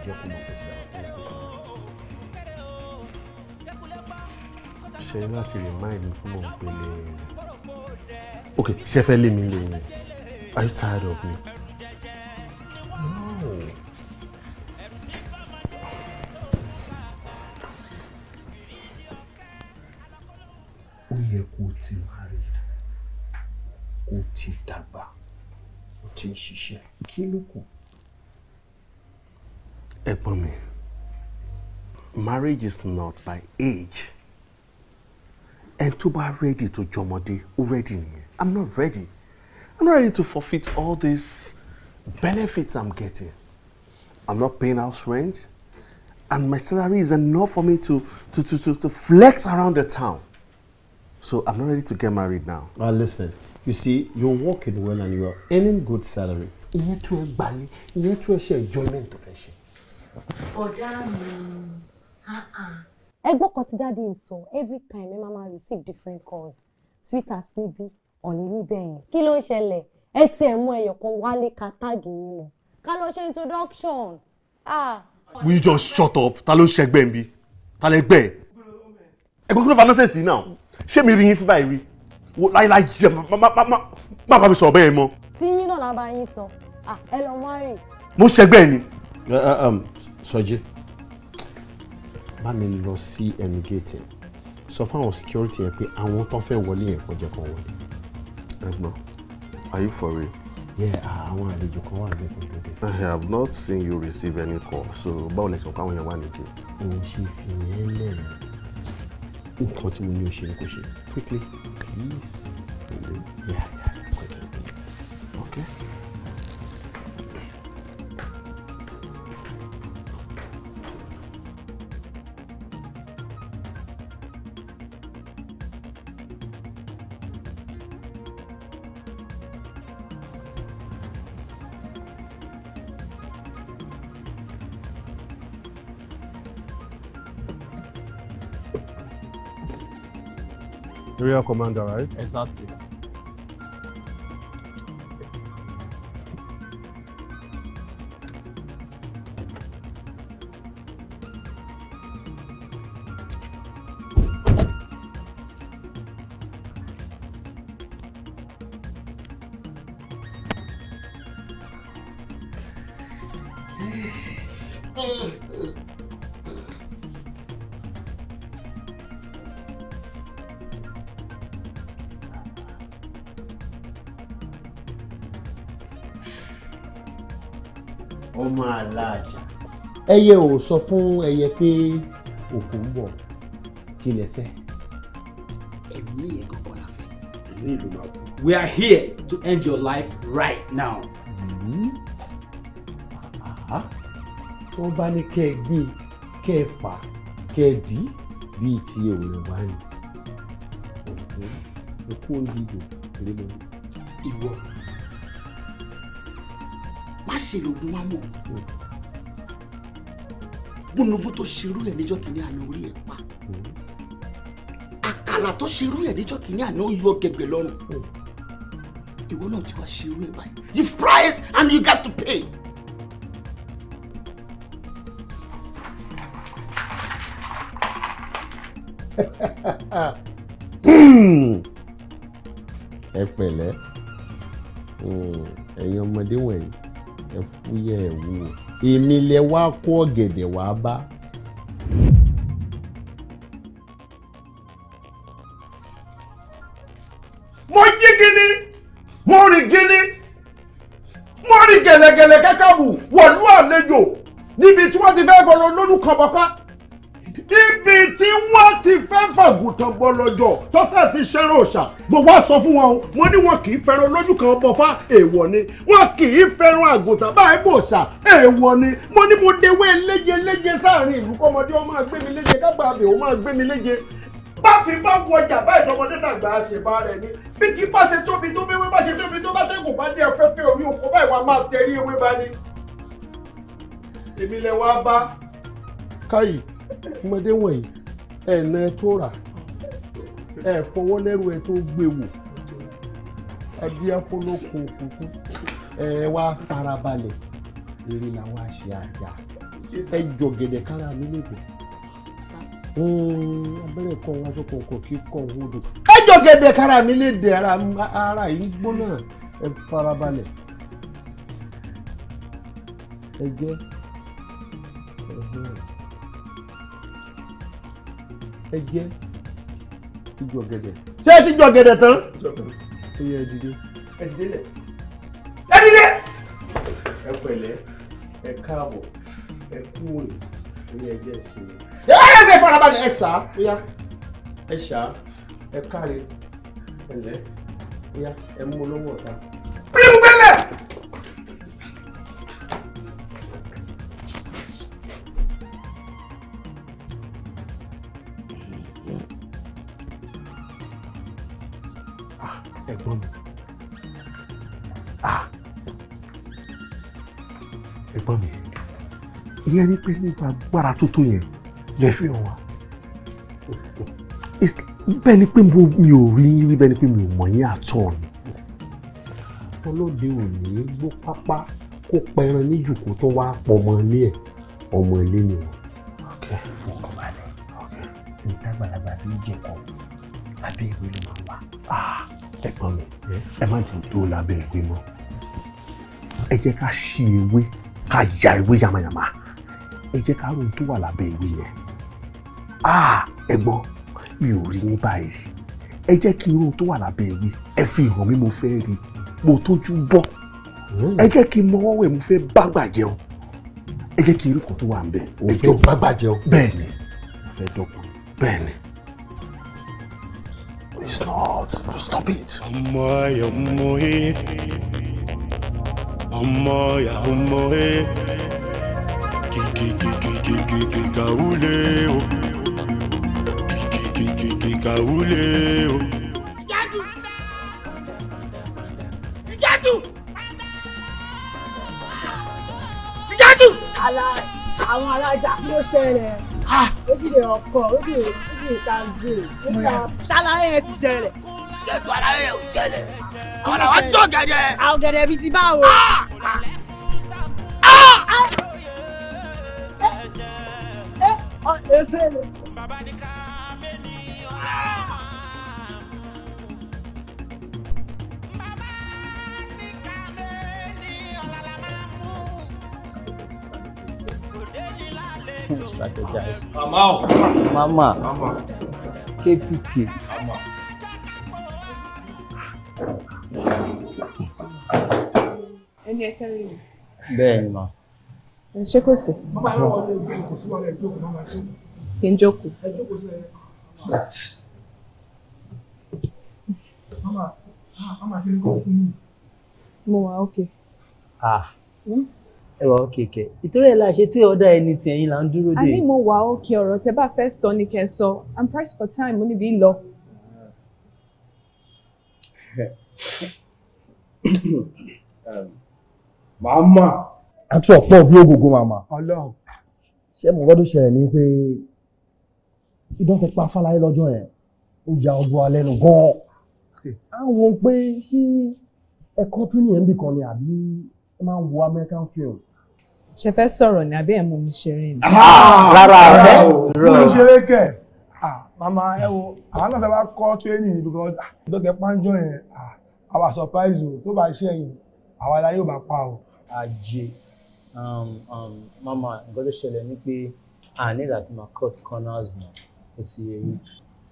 remind mi fún mọ̀ Okay, ṣe fẹ́ lé mi are you tired of me. No. ó yẹ kó o ti máa rí kó o ti dàgbà kó o ti ń marriage is not by age And to be ready to jọmọdé ó rẹ́dì I'm not ready. I'm not ready to forfeit all these benefits I'm getting. I'm not paying house rent, and my salary is enough for me to, to, to, to, to flex around the town. So I'm not ready to get married now. Ah, uh, listen, you see, you're working well and you're earning good salary. Iye tún ẹ gbà ní, iye tún ẹ ṣe enjoyment tó fẹ́ ṣe. Ọ̀dà mi, ẹgbọ́n kan ti dáadé ń so. every time my mama receive different calls sweet as níbí ọ̀lẹ́ níbẹ̀ yẹn kí ló ń ṣẹlẹ̀ ẹ tiẹ̀ mú ẹyọ kan wálé ka táàgì yín lọ ká lọ ṣe introduction. Ah. will just shut up ta ló ṣẹgbẹ́ mi ta lẹ gbẹ́ ẹ ẹgbẹ́ kí ló fa nọ́sẹ̀sì náà ṣé mi rí yín fún báyìí rí wo láíláí jẹ má bá mi sọ bẹ́ẹ̀ mọ́. tí yín náà lábá yín sọ ah, ẹ lọ wá rìn. mo ṣẹgbẹ́ ni. Uh, uh, um, sọjí bá mi lọ sí ẹnu géètì sọ fún àwọn security yẹn pé àwọn tó fẹ́ wọlé yẹn kọjá kan wọlé ẹ̀gbọ́n are you for real. yeah ah, àwọn àlejò kan wà get tó dé. i have not seen you receive any call so báwo lẹsùn káwọn yẹn wà ní gate. o ṣe fìyẹn lẹ́nu nǹkan tí mo ní o ṣe ni kò quickly please. Yeah, yeah, quickly please. okay. Imperial Commander, right? Exactly. ẹyẹ ò sọ fún ẹyẹ pé òkú ń bọ̀ kí lẹ fẹ́. ẹ̀mí yẹn kọ́kọ́ la fẹ́. ẹ̀mí ìlú máa kú. we are here to end your life right now. Hmm. tó bá ní kẹ́ ẹ gbé kẹ́ ẹ fà kẹ́ ẹ dì bíi ti òun wá ni òkú òyìnbó ìdò ìrìnà. ìwọ má ṣe lògùn wa mọ́. Hmm búnubú tó ṣerú ẹ̀ níjọ́ kìíní àná orí ẹ̀ pa àkàlà tó ṣerú ẹ̀ níjọ́ kìíní àná yọ gẹ̀gẹ̀ lọ́rùn ìwọ náà ti wá ṣerú ẹ̀ báyìí you price and you got to pay. ẹ pẹ̀lẹ́ ẹ̀yin ọmọdé wọ̀nyí ẹ fúyẹ́ ẹ̀ wú o èmi lẹ wá kó ọ̀gẹ̀dẹ̀ wá bá. mo jí gidi mo rìn gidi mo rìn gẹ̀lẹ́gẹ̀lẹ́ kákàbù wọ̀lú àlejò níbi tí wọ́n ti fẹ́ fọlọ́ lórúkọ kan bọ́ lọ́jọ́ tọ́fẹ́ fi ṣẹ́rọ òòṣà gbogbo àsọ fún wọn o wọ́n ní wọn kì í fẹ́ràn lójú kan bọ̀fá èèwọ̀ ni wọ́n kì í fẹ́ràn àgùntàn báyìí bò ṣà èèwọ̀ ni mo ní mo dewé léje léje sáàrin ìlú kọ́mọdé wọn máa gbé mi léje kágbà àbè wọn máa gbé mi léje báàfin bá wọ jàmbá ìdọ́mọdé tàgbà àṣìbá rẹ̀ ni bí kì í bá ṣe tóbi tó bí wé bá ṣe tóbi tó bá tẹ́gùn bá dé afẹ́fẹ́ orí oko báyìí wàá máa tẹ̀rí ewé bá ní. èmi lẹ wá bá. káyì ọmọdé wọ̀nyí ẹ̀ẹ́nà tó rà ẹ fọwọ́ lẹ́rù ẹ tó gbé wò ẹ fọlọ́kọ̀ òkùnkùn ẹ wá farabalẹ̀ èrè làwọn àṣẹ àjà ẹ jọ gẹ̀dẹ̀ kára mi hmm, odò ẹ jọ ara yìí gbóná ẹ farabalẹ̀ ẹ ijó ọ̀gẹ̀dẹ̀. ṣé ẹ ti jọ ọ̀gẹ̀dẹ̀ tán. ó yẹ ẹ dìde. ẹ dìde lẹ. ẹ dìde. ẹ pẹ̀lẹ́ ẹ káàbọ̀ ẹ kú òní ó yẹ ẹgbẹ́ ìsinmi. ẹ ẹ fẹ́ farabalẹ̀ ẹ sá ó yá ẹ sá ẹ káre pẹ̀lẹ́ ó yá ẹ mú olówó ọ̀tá. ìyẹn ni pé nípa agbára tuntun yẹn lè fi hàn wá bẹ́ẹ̀ ni pé mi ò rí yín rí bẹ́ẹ̀ ni pé mi ò mọ̀ yín àtọ̀ ni. ọlọ́dẹ ò ní gbó pápá kó pẹran ní jùkú tó wá pọ̀ ọmọ ilé ẹ̀ ọmọ ilé ni wọ́n. fọkànbalẹ̀ ìtagbàlagbà bí jẹ̀kọ́ abẹ́ ìwé ló máa wà. Ah, ẹ̀gbọ́n mi ẹ má jù tó lábẹ́ ìwé mọ́ ẹ jẹ́ ká ṣí ewé ká ya ewé yamayama ẹ jẹ́ ká ròun tó wà lábẹ́ ìwé yẹn ah, ẹ gbọ́ mi ò rí yín báyìí rí ẹ jẹ́ kí irun tó wà lábẹ́ ìwé ẹ fi hàn mí mo fẹ́ rí mo tójú bọ́ hmm. ẹ jẹ́ kí mọ́wọ́ wẹ̀ mo fẹ́ bá gbàjẹ́ o ẹ jẹ́ kí irú tó wà ń bẹ̀ ẹ bá gbàjẹ́ o bẹ́ẹ̀ ni mo fẹ́ dọ́gbọ́n bẹ́ẹ̀ ni. It's not. Stop it. Ọmọ ya ọmọ ye. Ọmọ ya ọmọ ye kikaule o kikaule o. Sijatu Sijatu Sijatu. ala àwọn alájà kí ló ṣẹlẹ̀ ó ti lè ọkọ ó ti lè ó ti lè ta gbé ṣàlàyé yẹn ti jẹrẹ. Sijatu aláyẹ̀ ò jẹlẹ̀ àwọn làwọn jọ gẹ̀dẹ̀. àwọn gẹ̀dẹ̀ bíi ti báwo. bàbá ní ká mẹ́ni ọ̀la máa mú. bàbá ní ká mẹ́ni ọ̀la máa mú. òde kpk. ẹni ẹ fẹ́ rí bẹ́ẹ̀ ni ma. ṣé kò sí. bàbá yóò wọlé ojú kò wọlé ojú kò má ma kí n jókòó. ẹ jókòó sí ẹ. mama kí ni fún mi. mo wà ókè. Ah. Hmm? ẹ wà ókè kẹ ìtorí ẹ la tí ọdọ ẹni tí ẹ̀yin là ń dúró dé. a ní mo wà ókè ọ̀rọ̀ tẹ́ bá fẹ́ sọ ni kẹ́ sọ i'm pressed for time mo níbi lọ. màmá. Um, a tún ọ̀pọ̀ bí ògògó màmá. ọlọ́run. ṣé mo gbọ́dọ̀ ṣẹlẹ̀ ní pé ìdọ́tẹ̀ pa Fáláyé lọ́jọ́ yẹn ó ya ọgbọ́n alẹ́ nu gan-an à ń wo pé ṣé ẹ̀kọ́ tún ní ẹ̀ńbì kan ni àbí ẹ máa ń wo American film. ṣe fẹ́ sọ̀rọ̀ ni àbí ẹ̀ mú mi ṣeré ni. rárá rẹ̀ rọ̀ mo ṣeré kẹ̀ màmá ẹ wo àwọn náà fẹ́ bá kọ́ training because ìdọ́tẹ̀ pàǹjọ́ yẹn àwa surprise o tó bá ṣe yìí àwa la yóò bá pa o. àjẹ um, um, mama nǹkan tó ṣẹlẹ̀ ni pé a nílò àti máa cut corners náà ẹsìn ẹ̀yìn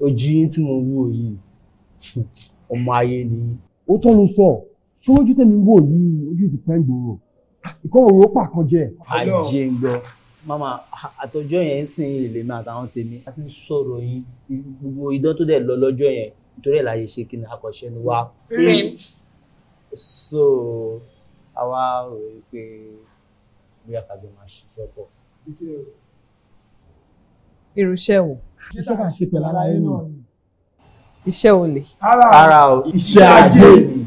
ojú yín tí mo wò yìí ọmọ ayé ni. ó tọ́ ló sọ ṣé ojú tẹ̀mí wò yìí ojú ti pẹ́ gbòòrò ìkọ́wọ̀ ro pàkan jẹ. àjẹ ń gbọ́ mama àtọjọ́ yẹn ń sìn ilé mi àtàwọn tèmi a ti ń sọ̀rọ̀ yín gbogbo idán tó dẹ̀ lọ lọ́jọ́ yẹn nítorí ẹ̀ láyé ṣe kí ni àkọ́ṣe ni wá. so àwa rò ó pé bí a kàgbé máa ṣiṣẹ́ pọ̀. irúṣẹ́ wo iṣẹ́ kà ṣe pẹ̀lú ara yín náà ni. iṣẹ́ ò lè. ara o iṣẹ́ ajé ni.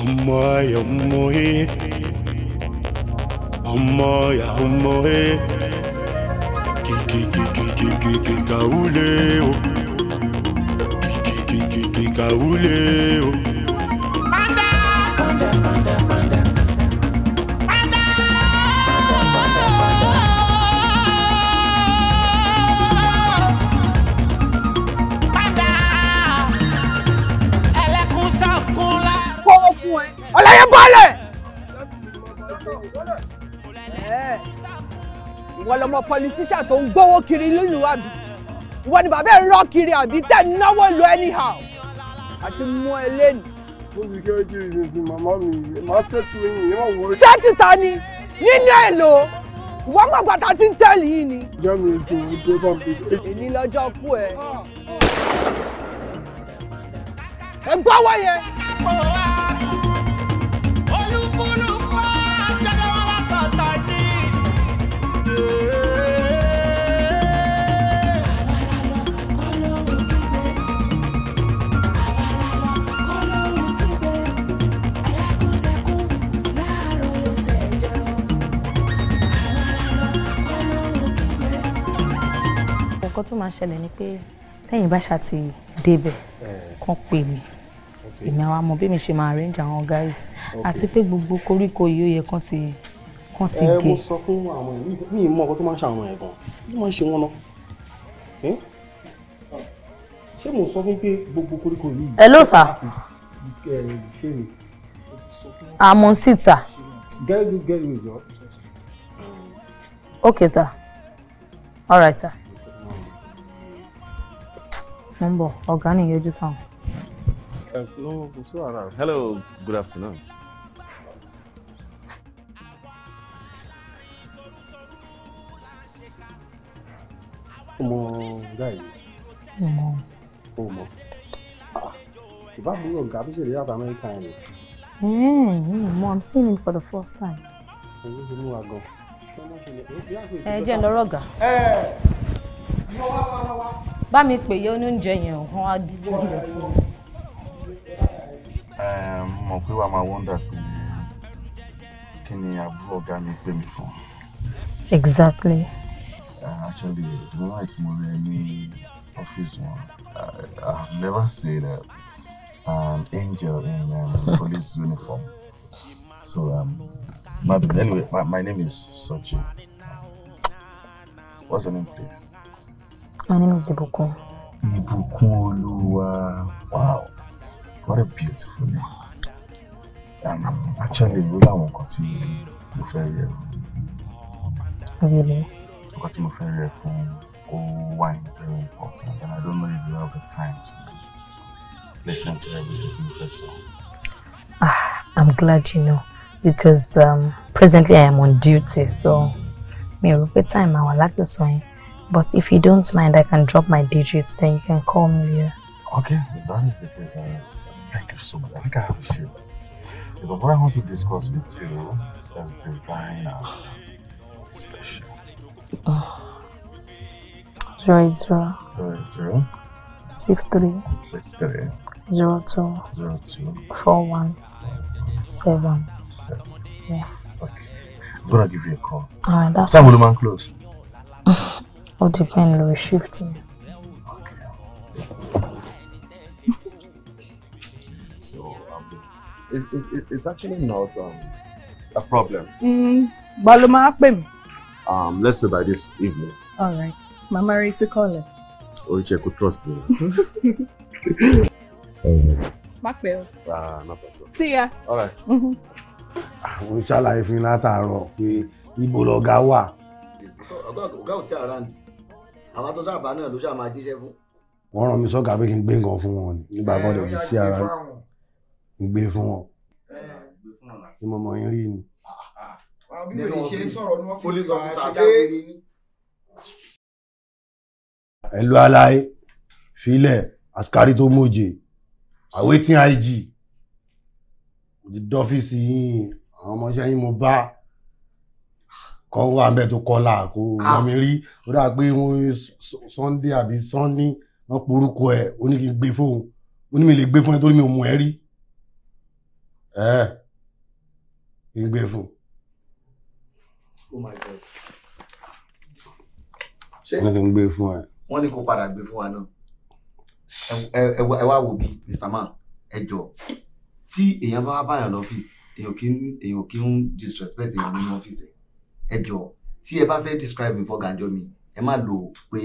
ọmọ ẹ ọmọ ẹ ọmọ ẹ ọmọ ẹ kìkìkìkìkìkì kàwúlẹ̀ o kìkìkìkìkì kàwúlẹ̀ o. bọ́lẹ̀. ìwọ lọmọ pọlitíṣà tó ń gbówó kiri nílùú àbí ìwọ ni bàbá ẹ rọ kiri àbí tẹ náwó lu anyhow àti mú ẹ lẹ́nu. for security reasons ni màmá mi màá ṣètò yín yẹn wọ́n wọlé. ṣẹ́ẹ̀tì ta ni nínú ẹ̀ lò wọ́n mọ̀ gbàtà tí ń tẹ̀lé yìí ni. ìyá mi ojú ìgbé bá mi. èyí lọ́jọ́ kú ẹ. ẹ gbọ́ wọ́ yẹn. nǹkan tó máa ṣẹlẹ̀ ni pé sẹ́yìn bá ṣá ti débẹ̀ eh. kàn pè mí èmi àwọn amọ̀ bí mi ṣe máa arrange àwọn guys àti pé gbogbo koríko yìí ó yẹ kán ti kán ti eh, gé. ẹ mo sọ fún àwọn ẹ̀mí mi mọ ọkọ tó máa ń ṣe àwọn ẹ̀gàn tó máa ń ṣe wọn náà eh? ṣé mo sọ fún pé gbogbo koríko yìí. ẹ ló sà. àmọ́ sí ta. gẹ́gẹ́ gẹ́gẹ́ ìjọ. okay sir all right sir mo ń bọ̀ ọ̀gá ni yóò jú sáwọn. hello good afternoon. ọmọ ọ̀gá yìí. ọmọ. ọmọ ah, ìbá mi ọ̀gá tó ṣe lè yàtọ̀ amẹ́ríkà yẹn. mo am seeing him for the first time. ẹ jẹ́ lọ́rọ̀ ọ̀gá bá mi pè yẹ oúnjẹ yẹn ọ̀hún á dúró fún mi. mọ̀ pé wàá máa wọ́ndà pé kí ni àbúrò ọ̀gá mi pè mí fún. exactly. actually the moment mo rẹ ní ọ́fíìsì wọn I have never seen a, uh, an angel in um, a police uniform so um, my, anyway my, my name is Sochi um, what's your name please. My name is Ibukun. Ibukun Oluwa. Wow, what a beautiful name. Um, actually, we don't continue to fail. Really? Because my favorite for or wine very important, and I don't know if you have the time to listen to everything first. Ah, I'm glad you know because um, presently I am on duty, so me mm. time I will like to sign. But if you don't mind, I can drop my digits, then you can call me later. Okay, that is the case. Uh, thank you so much. I think I have a few But what I want to discuss with you is divine and special. Zero zero. Zero zero. Six three. Six three. Zero two. Zero two. Four one. Seven. Seven. Yeah. Okay. I'm gonna give you a call. Alright, that's. Sam, man close? ó depend lórí shift mi. so um, it's, it, it's actually not um, a problem. gba mm, ló máa um let's say by this evening. all right mama retí kọ́lẹ̀. o ṣe could trust me. má pẹ́ o. ah not at all. see ya. all right. Mm-hmm àwọn ṣàlàyé fún yín látàárọ̀ pé ibo lọ̀gá wà. ọgá ò tí ara àwa tó sábà náà ló sábà máa jíṣẹ́ fún. wọ́n rán mi sọ́gà pé kí n gbé nǹkan fún wọn ni nígbà bọ́ọ̀dù ọ̀dọ̀ sí ara ń gbé fún wọn ni mo mọ yín rí ni. nínú police officer ṣe ẹlú aláì filẹ asikari tó mọ̀jẹ̀ àwẹtí ig dọfíìsì yìí àwọn ọmọọṣẹ́ yìí mo bá kọ́ wà ń bẹ̀ tó kọ́là kó wọ́n ah. mi rí ó dà pé wọ́n Sunday àbí Sunday wọ́n porúkọ ẹ̀ ó ní kí n gbé fóun ó ní mi lè gbé fún ẹ torí mi ò mú ẹ rí ẹ kí n gbé fún. oh my god ṣé wọ́n ní kí n gbé fún ẹ. wọ́n ní kó padà gbé fún wa náà ẹ wá wò bí Mr. Man ẹ jọ tí èèyàn bá báyàn lọ́fíìsì èèyàn kì í disrespect èèyàn nínú ọ́fíìsì ẹ jọ tí ẹ bá fẹ́ describe mi fọ́gànjọ́ mi ẹ má lò ó pé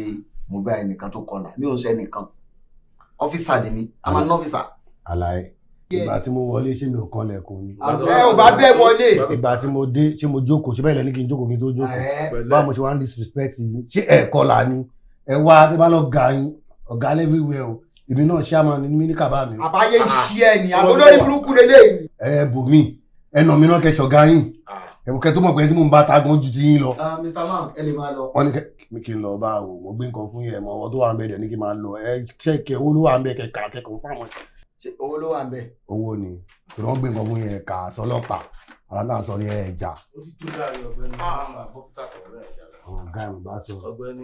mo bá ẹnìkan tó kọlà mi ò ń ṣe ẹnìkan ọ́fíìsà ni mi i'm an officer. àlàyé ìgbà tí mo wọlé ṣé mi ò kan lẹ̀kùn ni. ẹ ò bá bẹ́ẹ̀ wọlé. ìgbà tí mo dé ṣé mo jókòó ṣé bẹ́ẹ̀ lẹ́ni kí n jókòó kí n tó jókòó báwo mo ṣe wá ń disrespect yìí ṣé ẹ kọlà ni ẹ wá tí bá lọ ga yín ọ̀gá everywhere o èmi náà ṣáàmà ni mí ní kàbá mi. àbáyé ṣí ẹ ní ah. àbólórí burúkú lélẹ́yìn. ẹ bò mí ẹnà mi náà kẹsàn-án ga yín ah ẹ̀wọ̀n kẹ́ tó mọ̀ pé tí mò ń bá ta gan ju ti yín lọ. Ah, Mr. Man ẹ lè máa lọ. wọ́n ní kí n lọ bá o mo gbé nǹkan fún yẹn mọ ọwọ́ tó wà ń bẹ̀ dẹ̀ ní kí n máa lọ ẹ ṣẹ́ẹ̀kì owó ló wà ń bẹ̀ kẹ̀kà kẹ́kọ̀ọ́ fáwọn. owó ló wà ń bẹ̀. owó ni tí wọ́n gbé nǹkan fún yẹn kà á sọlọ́pàá ara náà sọ ní ẹja. ó ti tó dáre ọ̀gbẹ́ni ọ̀gbẹ́ni ọ̀gbẹ́ni ọ̀gbẹ́ni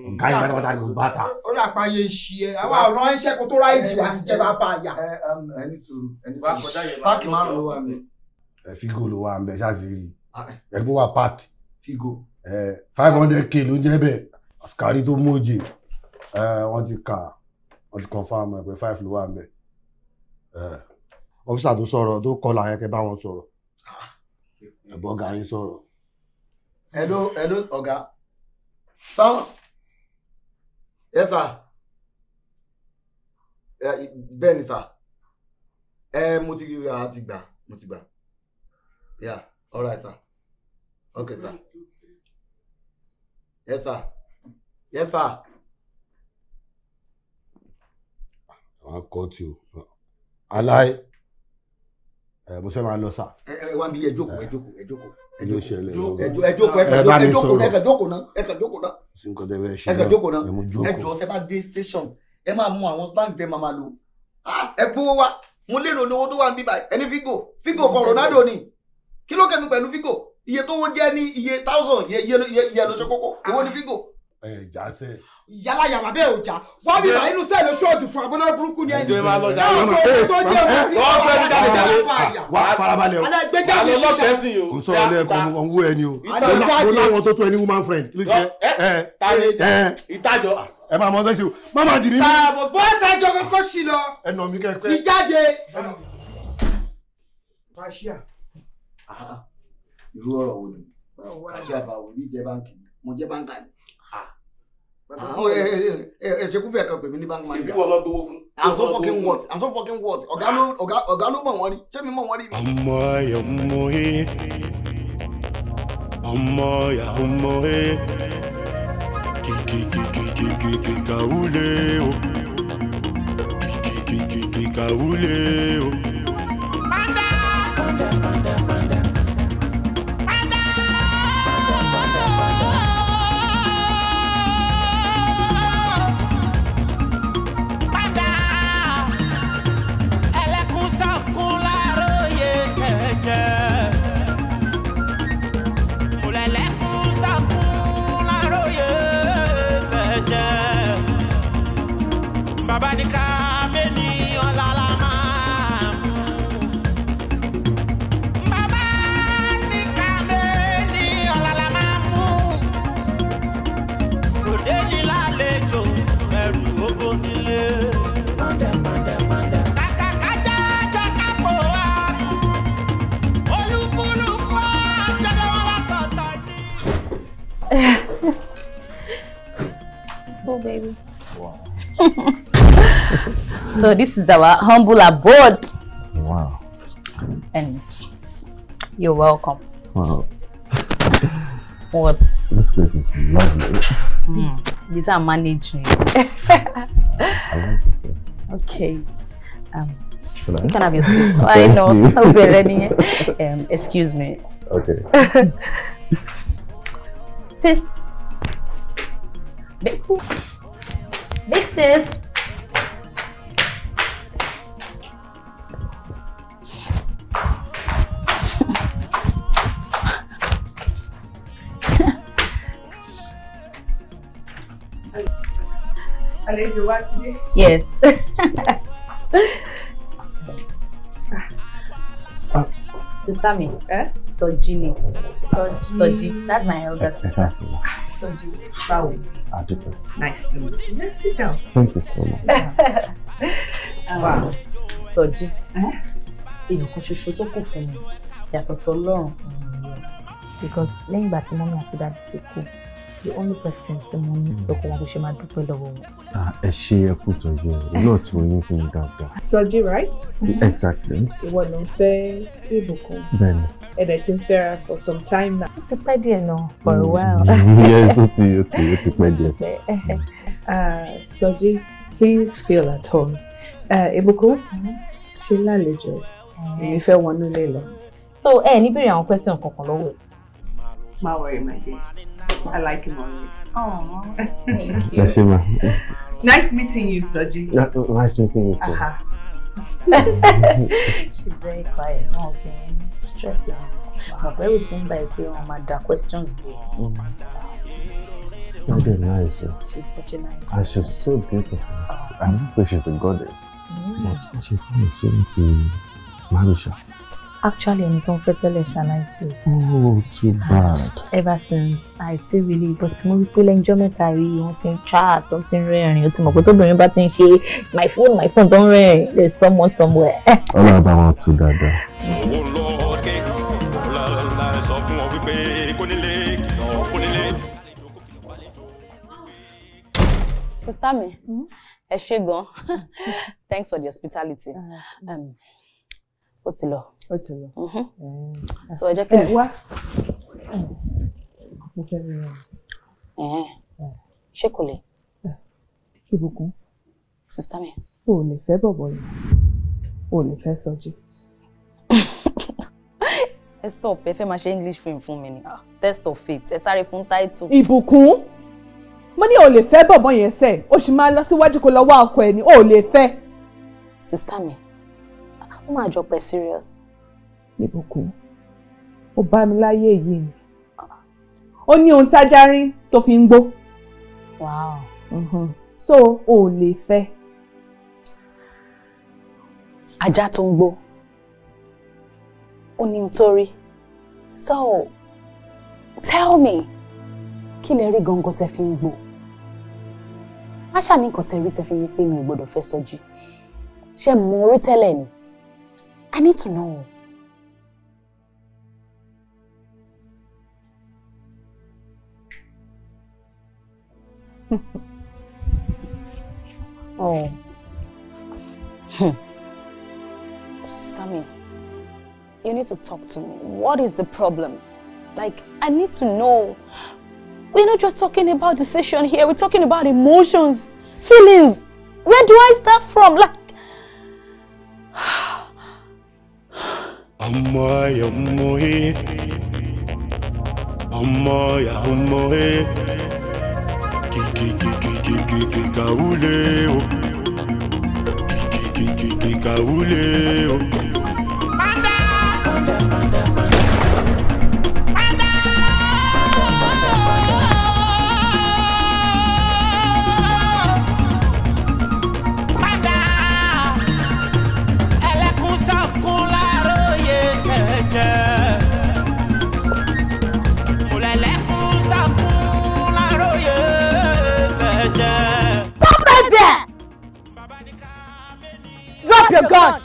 ọ̀gbẹ́ni ọ̀gá ẹ̀ sọ ọ̀gá ẹ̀gbọ́n wa park figo five hundred k ló jẹ́ bẹ́ẹ̀ àsìkárí tó móje wọ́n ti kà wọ́n ti confam ẹ̀ five ló wà ń bẹ̀ ọ́fíṣà tó sọ̀rọ̀ tó kọ́ làwọn ẹ̀kẹ́ bá wọn sọ̀rọ̀ ẹ̀bọ́ ọ̀gá yín sọ̀rọ̀. hello hello ọ̀gá sáwọn yes sir bẹ́ẹ̀ ni sir ẹ mo ti rí ra ti gbà mo ti gbà yeah all right sir. Okay, sir. Yes, sir. Yes, sir. I I you. Àwọn akọ́tì o. Aláì. Ẹ mo fẹ́ máa lọ sà. Eh, eh, ẹ ẹ wá mi yẹ jókòó ẹ jókòó ẹ jókòó. Ẹ ló ṣẹlẹ̀ lọ́wọ́. Ẹ jókòó ẹ kàn eh, jókòó ẹ kàn jókòó náà ẹ kàn jókòó náà. Ṣé nǹkan tẹ fẹ́ ṣe náà? Ẹ kàn jókòó náà. Ẹ mo jókòó. Ẹ jọ tẹ bá dé station ẹ máa mú àwọn slang tẹ máa máa lò. Ah, ẹ gbówó wá mo lérò lówó tó wà ń bíbá ẹni fígò fígò kan Ronaldo ni kí ló kẹ́mi pẹ̀lú fígò iye tó wọ́n jẹ́ ní iye thousand yẹ ló ṣe kókó èwo ni ah. fígò. ẹ jà sẹ. yàrá yàrá bẹ́ẹ̀ ò jà wọ́n bí bàá inú sẹ́ẹ̀lì ṣọ́ọ̀dù fún abọ́lá burúkú ni ẹni. ìjọba lọ́jà lọ́mọ ẹ̀ tó jẹ́ ọmọ tí wọ́n fẹ́ ní jáde jáde wà á farabalẹ̀ o. alágbèjà ló lọ fẹ́ sí o. kò sọ ọ lẹ́ẹ̀kan ọ̀hún wú ẹni o. mo láwọn tó tó ẹni woman friend. ìtajọ ah, ẹ máa mọ ọsẹ sí o má máa dì ní. bó ìtajọ kọkọ sí lọ. ẹnà mi kẹ pẹ. ti jáde irú ọ̀rọ̀ wo ni kàṣí àbàwò ní jẹ́ báńkì mo jẹ́ báńkà ni àwọn ẹsẹ kúfẹ kan pè mí ní bank manager. ìbí wọn lọ fún. i'm so fucking what i'm so fucking what ọ̀gá ló ah. ọ̀gá ọ̀gá ló mọ̀ wọ́n rí ṣé mi mọ̀ wọ́n rí ni. ọmọ ẹ ọmọ ẹ ọmọ ẹ ọmọ ẹ kìkìkìkìkìkì kàwúlé o kìkìkìkìkì kàwúlé o. bàdà. bàdà. So this is our humble abode. Wow. And you're welcome. Wow. what? This place is lovely. Mm, these are managing. I like this place. Okay. Um, Can You can have your seat. I know. I'll be ready. Um, excuse me. Okay. sis. Big sis. Big sis. Àlejò wa ti dé. Yes. Ah. Ah. Sister mi, eh? Sọjí ni. Sọjí. that's my elder eh, eh, sister. Sọjí, ah, báwo? Adúpẹ́. Nice to meet you. Let's sit down. Thank you so much. wow. Um, Sọjí, eh? èèyàn kan ṣoṣo tó kù fún mi yàtọ̀ sọ Ọlọ́run. Because lẹ́yìn ìgbà tí mọ́mí àti dájú ti kú the only person tí mo ní sọ fún wọn bó ṣe máa dúpẹ́ lọ́wọ́ wọn. ẹ ṣe ẹ kú tọ́jú ẹ náà tí mo ní fún mi dáadáa. sọjí right. exactly. ìwọ ló ń fẹ́ ìbùkún. bẹ́ẹ̀ni. ẹ̀dẹ̀ ti ń fẹ́ra for some time now. ó ti pẹ́ díẹ̀ náà for a while. Mm-hmm. yes ó ti ó ti ó ti pẹ́ díẹ̀. Mm. Uh, sọjí please feel at home. Uh, ìbùkún ṣe lálejò mm. èyí fẹ́ wọnú lé lọ. so ẹ ní bèrè àwọn question kankan lọ́wọ́. má worry my dear. I like him already. Oh, thank you. Yes, nice meeting you, Soji. No, nice meeting you too. Uh -huh. She's very quiet. Wọ́n ò stressing. Bàbá ẹ̀rù would ń bá ẹ pé wọ́n máa questions bò. Mm. Um, she's not very nice. She's such a nice And ah, she's so beautiful. Oh. I must say she's the goddess. Mm. But she found so much marriage actually ẹni tó ń Shall I say? oh too bad. And ever since I say really but mo rí pé lẹ́njọ́ mẹ́ta yìí wọ́n ti ń chat wọ́n ti ń rẹ́rìn-ín tí mo pé tóbìnrin bá ti ń ṣe my phone my phone tó ń rẹ́rìn there is someone somewhere. ọlọ́run bá wọn tún dáadáa. mo lọ ọdẹ ọlọ́lá sọ fún ọ wípé kónílé kìlọ̀ kónílé. sista mi hmm? ẹ ṣé gan thanks for the hospitality. Um, ó ti lọ. ó ti lọ. Mm-hmm. Mm-hmm. so ẹ jẹ́ kí n. wá mm-hmm. ṣé kò lè. ìbùkún. sista mi. o ò lè fẹ́ bọ̀bọ̀ yìí o ò lè fẹ́ sọjí. ẹ stop ẹ fẹ́ máa ṣe english film fún mi ni ah, test of faith ẹ sáré fún title. ìbùkún mo ní o lè fẹ́ bọ̀bọ̀ yẹn sẹ́ẹ̀ o sì máa lọ síwájú kó lọ wá ọkọ ẹ̀ ni o ò lè fẹ́. sista mi ó máa jọ pé serious. ìbùkún ó bá mi láyé yìí ni ó ní ohun tájá rí tó fi ń gbó. wow. Mhm. so o ò lè fẹ́. ajá tó ń gbó ó ní ohun so tell me kí lè rí gangan tẹ fi ń gbó má ṣàní nǹkan tẹ rí tẹ fi wí pé mi ò fẹ́ sọjí ṣé mo rí tẹ́lẹ̀ ni. I need to know. oh. Sister me, you need to talk to me. What is the problem? Like, I need to know. We're not just talking about decision here. We're talking about emotions, feelings. Where do I start from? Like... അമ്മായി അമ്മോയെ അമ്മായ അമ്മോയെ കിക്കിക്കിക്കിക്കിക്കിക്കിക്കാവൂലേ കിക്കിക്കിക്കിക്കിക്കാവൂലേ You're God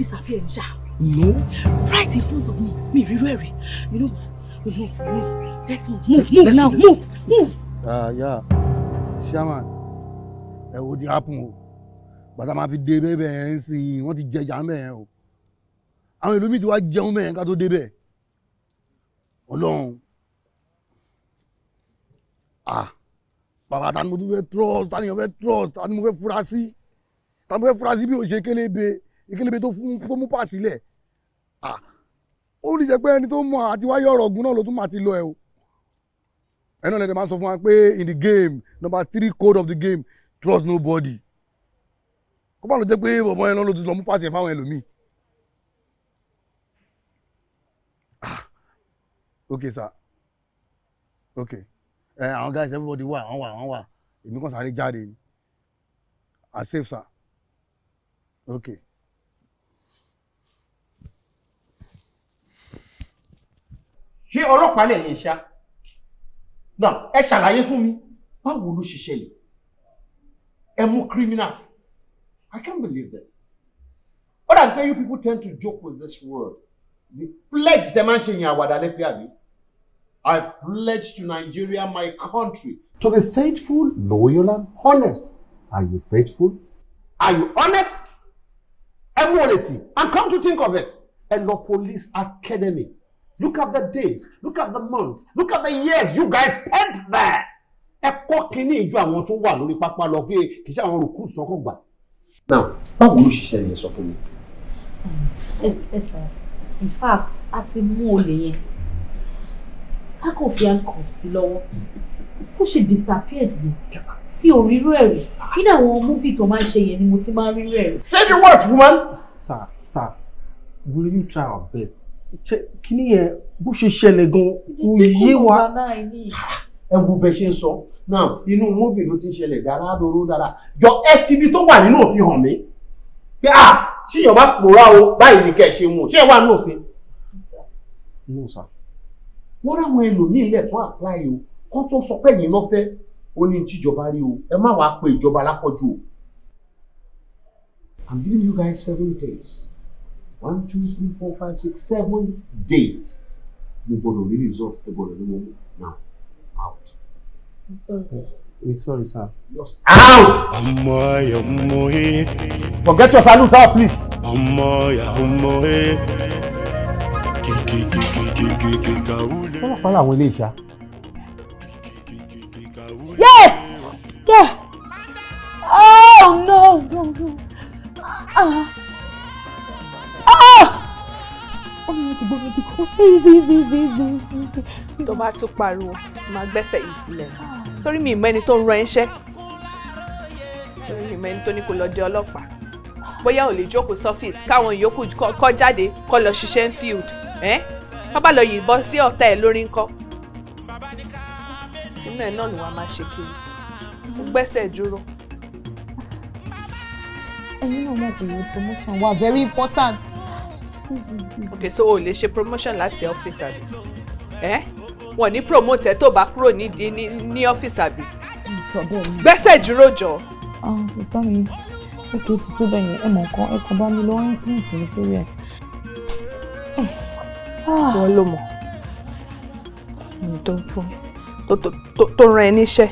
disappear and shout. No. Right in front of me. Me, Rireri. You know, we move, we move. Let's move, move, move now, move, move. move. Uh, ah, yeah. Shaman, ẹ wo ti happen o. Bàtà máa fi dé bẹ́ẹ̀ bẹ́ẹ̀ ń sìn, wọ́n ti jẹjà ń bẹ̀ẹ̀ o. Àwọn ìlú mi ti wá jẹun bẹ́ẹ̀ ká tó dé bẹ́ẹ̀. Ọlọ́run. Ah, bàbá ta ni mo tún fẹ́ trust, ta ni mo fẹ́ trust, ta ni mo fẹ́ fura sí. Ta ni mo fẹ́ fura sí ìkélébé tó fún tó mú pàṣẹ lẹ̀ ó lè jẹ́ pé ẹni tó mọ àti wáyé ọ̀rọ̀ ọ̀gùn náà ló tún máa ti lọ ẹ̀ o ẹnu ọ̀lẹ́dẹ̀ máa ń sọ fún wa pé in the game number three code of the game trust nobody kó bá lọ jẹ́ pé bọ̀bọ̀ ẹ̀ náà ló ti lọ mú pàṣẹ fáwọn ẹlòmíì okay sir okay àwọn guys everybody wà àwọn wà àwọn wà èmi kàn sáré jáde i safe sir okay. ṣé ọlọ́pàá lẹ́yìn ṣá náà ẹ ṣàlàyé fún mi báwo ló ṣe ṣẹlẹ̀ ẹ mú criminals I can't believe this ó dàbí pé you people tend to joke with this word the pledge tẹ máa ń ṣe yẹn àwàdà lẹ́gbẹ̀ẹ́ àbí I pledge to Nigeria my country to be faithful loyal and honest are you faithful are you honest ẹ mú olè and come to think of it ẹ lọ police academy look at the days look at the months look at the years you guys spent there ẹ kọ́ kínní ìjọ àwọn tó wà lórí pápá lọ pé kì í ṣe àwọn recruits tó kàn gbà. now báwo ló ṣiṣẹ́ yẹn sọ fún mi. ẹ sir in fact a ti mú olè yẹn a kò fi handcuff sí lọ́wọ́ ó ṣe disappeared ni mi ò rírú ẹ̀ rí nínú àwọn múfì tó máa ń ṣe yẹn ni mo ti máa ń rírú ẹ̀ say the words, woman. sir sir we really try our best kíní yẹn bó ṣe ṣẹlẹ̀ gan kò yé wa ẹ wo bẹ ṣe ń sọ náà inú móbì ló ti ṣẹlẹ̀ dára lóró dára jọ ẹ kíbi tó wà nínú òfin hàn mí pé à ṣíyàn bá pòórá o báyìí ni kẹ ṣe mú ṣé ẹ wà nínú òfin. wọ́n ráwọn ẹlòmíín lẹ̀ tún o kọ́ tó sọ pé yìí náà fẹ́ ó ní tíjọba rí o ẹ má wàá pe ìjọba lápọ̀jù o. I'm giving you guys seven days one two three four five six seven days mo gbọ́dọ̀ rí result ẹ gbọ́dọ̀ rí mo mú now out. sorry, sir. Eh, sorry, sir. out! Forget your salute out, please. Kọ́lọ́pàá làwọn ilé ìṣá. Yeah! Yeah! Oh no, no, no. uh. ti gbọ́ mi ti kọ́ easy easy easy easy easy. tó bá tún pariwo máa gbẹ́sẹ̀ yìí sílẹ̀ torí mi ìmẹ́ni tó ń ran iṣẹ́ torí mi ìmẹ́ni tó ní kó lọ jẹ ọlọ́pàá bóyá ò lè jókòó sọ́fíìsì káwọn yòókù kọ́ jáde kọ́ lọ ṣiṣẹ́ ń field ẹ́ wọ́n bá lọ yìnbọn sí ọ̀tá ẹ̀ lórí ńkọ́ tìǹbù ẹ̀ náà ni wàá máa ṣe kiri ó gbẹ́sẹ̀ dúró ẹ̀yin náà mọ̀ pé promotion wa very important Okay, so o lè ṣe promotion láti ọ́fíìsì àbí ẹ wọn ní promote ẹ tó bá kúrò ní ní ní ọ́fíìsì àbí. gbẹ́sẹ̀ dúró jọ. ah sista mi ó kì í ti tó bẹ́yẹn ẹ mọ̀ nǹkan ẹ kàn bá mi lọ́wọ́ íńtánẹ̀tì mi sórí ẹ̀. Ah. wọ́n ló mọ̀ ohun tó ń fún tó rán ẹ níṣẹ́.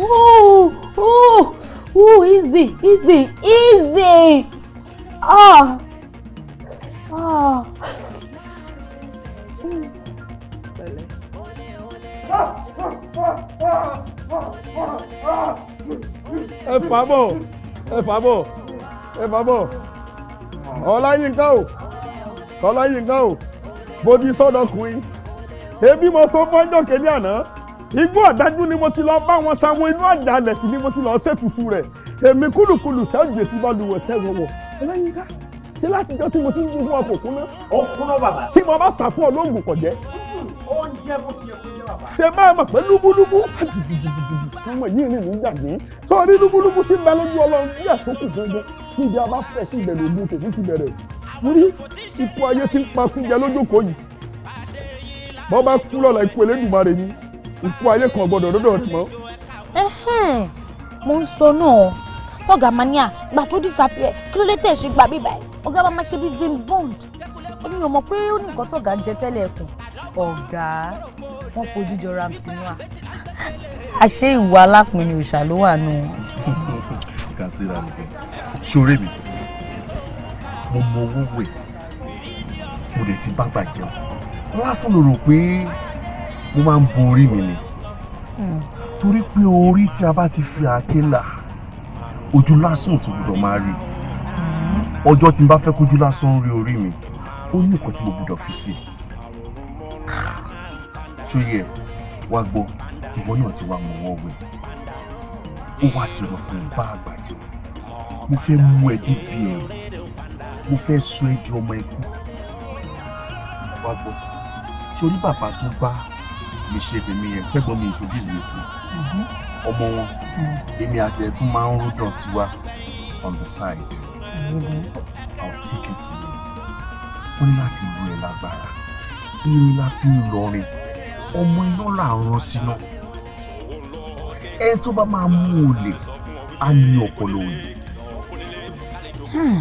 Ooh, ooh, ooh, easy, easy, easy. Ah, oh. ah. Ẹ fà bọ̀, ẹ fà bọ̀, ẹ fà bọ̀. Ọláyínká o, Ọláyínká o, bó ti sọ́dọ̀ kùn yín. Ebi mo sọ fọ́jọ́ kejì àná igbó ọ̀dájú ni mo ti lọ bá wọn sanwó inú àjàlẹ̀ sí ni mo ti lọ ṣètùtù rẹ̀ èmi kúlùkùlù sẹ́ọ̀jẹ̀ ti bá luwọ̀ sẹ́wọ̀n wọ̀ ẹlẹ́yìnká ṣe látijọ́ tí mo ti ń gun fún ọkọ̀ kúná. ó kúná bàbá. tí mo bá sà fún olóògùn kò jẹ́. ó ń jẹ́ bó ti yẹ kó jẹ́ bàbá. ṣe máa mọ̀ pé lúbúlúbú á jìbìjìbìjìbì táwọn yìí rìn ní gbàgbé sórí lúbúlúbú ti bẹ lójú ọlọ́run bí àtòkù gbogbo ikú ayé kan gbọ́dọ̀ lọ́dọ̀ rẹ̀ mọ́. mo ń sọ náà tọ́gà mania gbà tó disappear kí ló dé tẹ̀ gbà bíbá ẹ̀ ọ̀gá máa ṣe bí James Bond èmi ò mọ̀ pé ó ní nǹkan tọ́gà jẹ tẹ́lẹ̀ ẹ̀kùn ọ̀gá wọn fojú jọ ramsey noah àṣé ìwà alápinnu òòṣà ló wà nù. kà sí ra nìkan ṣoré mi mo mọ owó wẹ̀ mo lè ti bá gbà lásán ló rò pé mo máa ń bu orí mi ni hmm. torí pé orí tí a bá ti fi àáké là ojú lásán tó gbọdọ̀ máa rí hmm. ọjọ́ tí n bá fẹ́ kójú lásán rí orí mi ó ní nǹkan tí mo gbọdọ̀ fi sí ṣóyè wá gbọ́ ìwọ náà ti wá mọ ọwọ́ wẹ̀ ó wá jẹrọ pé n bá àgbà jẹ mo fẹ́ mú ẹ bíbí ẹ mo fẹ́ sọ ẹ di ọmọ ẹkú wá gbọ́ sórí bàbá tó bá mi ṣe tèmi yẹn tẹ́gbọ́n mi introduce mi sí mm-hmm. ọmọ wọn mm-hmm. èmi àti ẹ̀ tún máa ń rúdàn tiwa on the side mm-hmm. I'll take you to me wọ́n ní láti lu ẹ̀ lágbára irin la fi ń lọrin ọmọ iná là ń rán síná ẹni tó bá máa mú olè á ní ọpọlọ olè. Hmm.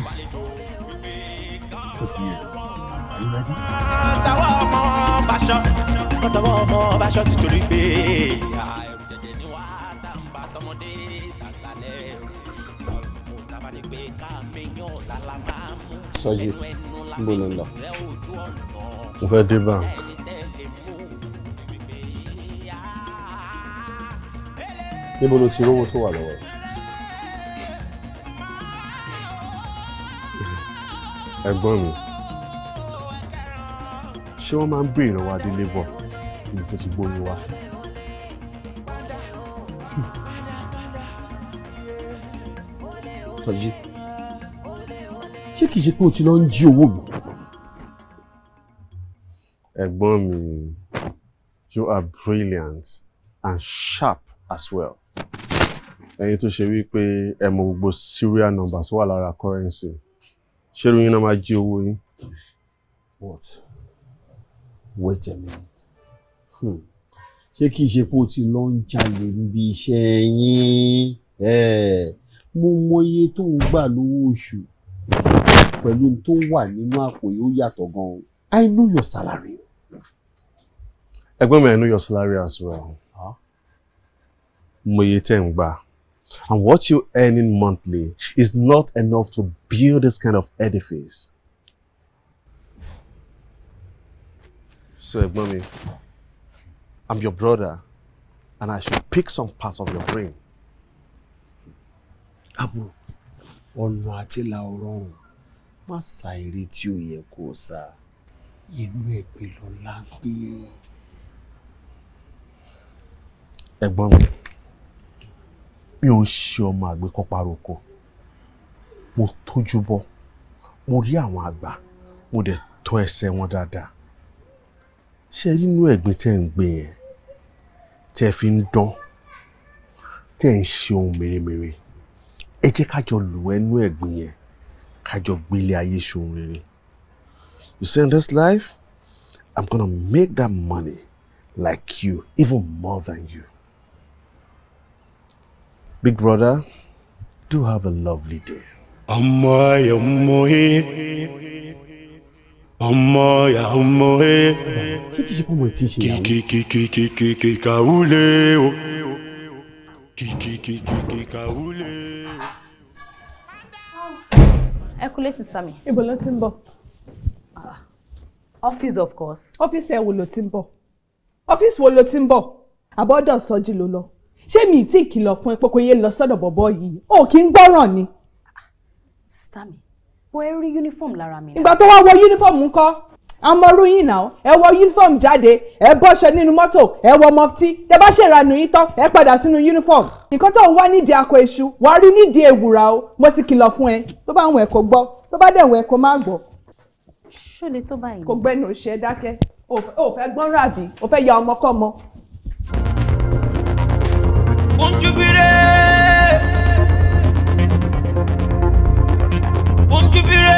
ṣé ti yẹ? Are you ready? báṣọ wọ́n tọwọ́ ọmọ báṣọ ti torí pé ẹ̀rù jẹ̀jẹ̀ ni wà á tà ń bá tọmọdé tàgbà lẹ́rù ọ̀pọ̀ tábà ní pé káàmì yàn lálá máa mú Sọjí níbo ló ń lọ. mo fẹ́ dé bank. níbo ló ti rówó tó wà lọ́wọ́ yìí. ẹ̀gbọ́n mi ṣé wọ́n máa ń béèrè lọ́wọ́ adé labour ní tó ti gbóyè wá. sọjí ṣé kìí ṣe pé o ti lọ ń jí owó mi. ẹ̀gbọ́n mi you are brilliant and sharp as well. ẹ̀yin tó ṣe wípé ẹ mọ gbogbo serial numbers wà lára currency ṣé lóyún náà máa jí owó yín. what wait a minute hmm. ṣé kìí ṣe pé o ti lọ ń jalè níbi iṣẹ́ yín eh. mo mọye tó ń gbà lówó oṣù pẹ̀lú tó wà nínú àpò yóò yàtọ̀ gan-an I know your salary. ẹgbẹ́ mi I know your salary as well ah. mọye tẹ̀ ń gbà. And what you're earning monthly is not enough to build this kind of edifice. So, Egbomi, I'm your brother, and I should pick some parts of your brain. Àbúrò, ọ̀nà àti la ọ̀rọ̀rùn, má sa eré tí ò yẹ kó o sá. Inú ẹ̀gbẹ́ ló la gbé. Ẹ̀gbọ́n mi, mi ò ṣe ọmọ àgbẹ̀ kọ́ paroko. Mo tójú bọ́, mo rí àwọn àgbà, mo dẹ̀ tọ́ ẹsẹ̀ wọn dáadáa ṣe nínú ẹ̀gbin tẹ́ ń gbé yẹn tẹ́ fi ń dán tẹ́ ń ṣe ohun mèremère ẹ jẹ́ kájọ lù ẹnu ẹ̀gbin yẹn kájọ gbélé ayé ṣohun rere you say in this life i'm gonna make that money like you even more than you big brother do have a lovely day. ọmọ ẹ̀ ọmọ ẹ̀ ọmọ ya ọmọ ẹ. E. ṣé kìí ṣe pé ẹ ti ṣe ìyàwó. kìkìkìkìkì kàwúlé o kìkìkìkì kàwúlé. ẹ kúlé sísá mi. ibo ló ti ń bọ̀. office of course. ọ́fíìsì ẹ wo ló ti ń bọ̀ ọ́fíìsì wo ló ti ń bọ̀ àbọ̀dọ̀ sọ́jí ló lọ ṣé mi ì tí ì kìlọ̀ fún ẹ pé kò yé lọ sọ́dọ̀ bọ̀bọ̀ yìí o kì í gbọ́ràn ni. sísá mi bọ́ ẹ rí uniform lára mi. ìgbà tó wá wọ uniform ńkọ́ àmọ́rú yìí náà ẹ wọ uniform jáde ẹ bọ́ṣẹ nínú mọ́tò ẹ wọ mọ́fítì tẹ bá ṣèrànù yín tán ẹ padà sínú uniform. nǹkan tó ń wá nídìí akọ iṣu wàá rí nídìí èwùrà o mo ti kìlọ̀ fún ẹ tó bá wọn ẹ kò gbọ́ tó bá dẹ̀ wọn ẹ kò má gbọ́. ṣọlẹ tó báyìí. kò gbẹnu òṣè dákẹ́ ò fẹ́ gbọ́n ràbí ò fẹ́ ya ọmọkọ́mọ. ojú kudubire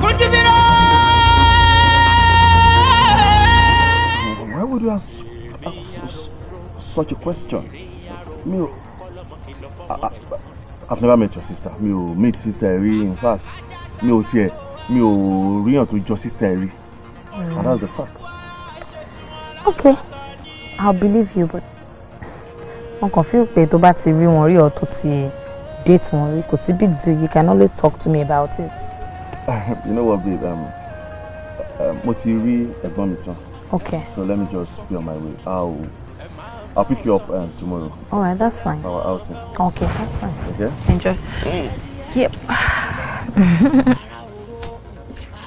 kudubire. Why would you ask, ask such a question? Mi ò, I've never met your sister. Mi ò meet sister rí in fact mi ò tiẹ̀ mi ò ríyàn tó jọ sister rí and mm. that's the fact. Okay, I'll believe you but wọn kàn fi pé tó bá ti rí wọn rí ọ tó ti date wọn week? kò sí big deal you can always talk to me about it. Ah, you know what babe um, uh, mo ti okay so let me just be on my way i'll i'll pick you up um, tomorrow. all right that's fine. our outing. okay that's fine. okay enjoy. Mm. yep.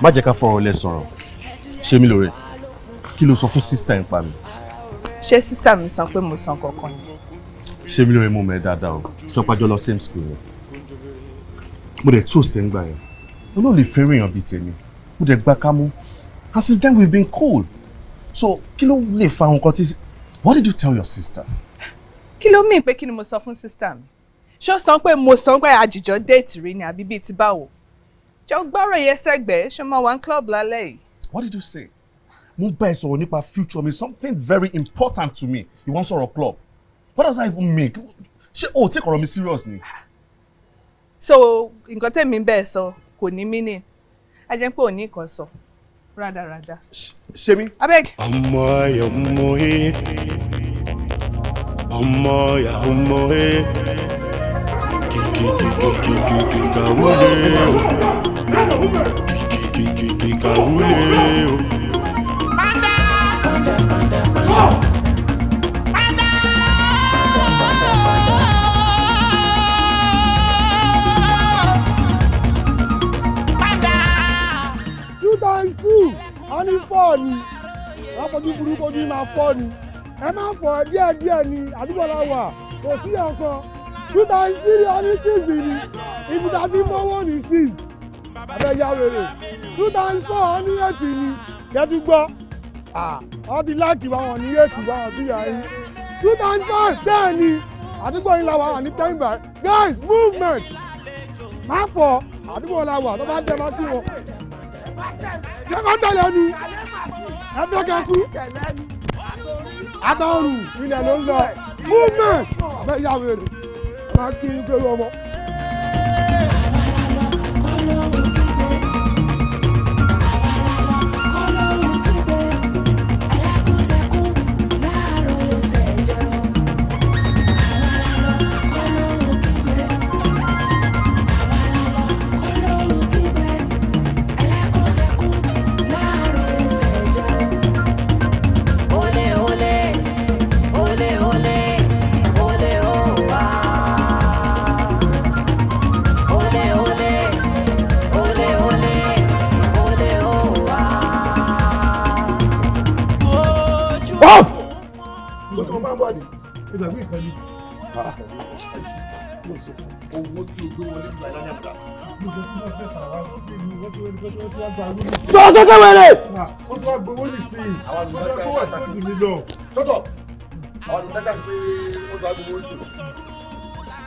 má for ká fọ̀rọ̀ lẹ sọ̀rọ̀ ṣé mi lóore kí family. sọ fún sísítà ẹ̀ pa san kankan ṣé mi lóore mú mẹ́ dáadáa o ṣọpájọ lọ same school yẹn mo dẹ̀ toast ẹ̀ ń gbà yẹn mo náà lè fẹ́ràn èèyàn bíi tèmi mo dẹ̀ gbá kámú and since then we've been cool so kí ló lè fa nǹkan tí what did you tell your sister. kí ló mìíràn pé kí ni mo sọ fún sister mi ṣó sọ pé mo sọ pé àjìjọ déètì rí ni àbí bíi ti báwo jọ gbọ́rọ̀ yẹn sẹ́gbẹ̀ẹ́ ṣé mo wà ní club lálẹ́ yìí. what did you say? mo bá ẹ sọ̀rọ̀ nípa future mi something very important to me you wan sọ̀rọ̀ club what does that even make ṣé o take ọ̀rọ̀ mi serious ni. so nǹkan tẹ̀mí bẹ́ẹ̀ sọ kò ní meaning a jẹ́ pé ò ní nǹkan sọ rádaràda. ṣe mi. abeg. ọmọ ẹ̀yà ọmọ ẹ̀ ọmọ ẹ̀yà ọmọ ẹ̀ kìkìkìkìkìkì kàwúlẹ̀ o kìkìkìkìkì kàwúlẹ̀ o. wọ́n ní fọ́ ni wọ́n fojú burúkú ní máa fọ́ ni ẹ máa ń fọ̀ díẹ̀ díẹ̀ ni àdúgbò la wà kò sí ọ̀kan two times three ó ní six ni ibi tá a ti mọ́wọ́ ní six abẹ́yà wèrè two thousand four ó ní eight ni kẹ́tù gbọ́ wọ́n ti láàkì wa wọ́n ní eight wa wọ́n fi yà yín two times five bẹ́ẹ̀ ni àdúgbò yín la wà wà ní ten by guys movement má fọ àdúgbò la wà tó bá jẹ́ má kí wọn lẹ́kọ̀ọ́ tẹ̀lé ni ẹgbẹ́ kẹkú agbáwòrù ilẹ̀ ló ń lọ movement bẹ́ẹ̀ yà wèrè máa kí n kéwì ọmọ. sọ owó tí o gbé wọlé ìgbà ìlànà ìgbà. sọ sọkẹ wẹrẹ. wọ́n ti wá gbowó nísìnyí àwọn àlùfáà tó wà sákìtì mi lọ. tọ́tọ̀ àwọn àlùfáà tó wà sákìtì mi lọ. wọ́n ti wá gbowó nísìnyí.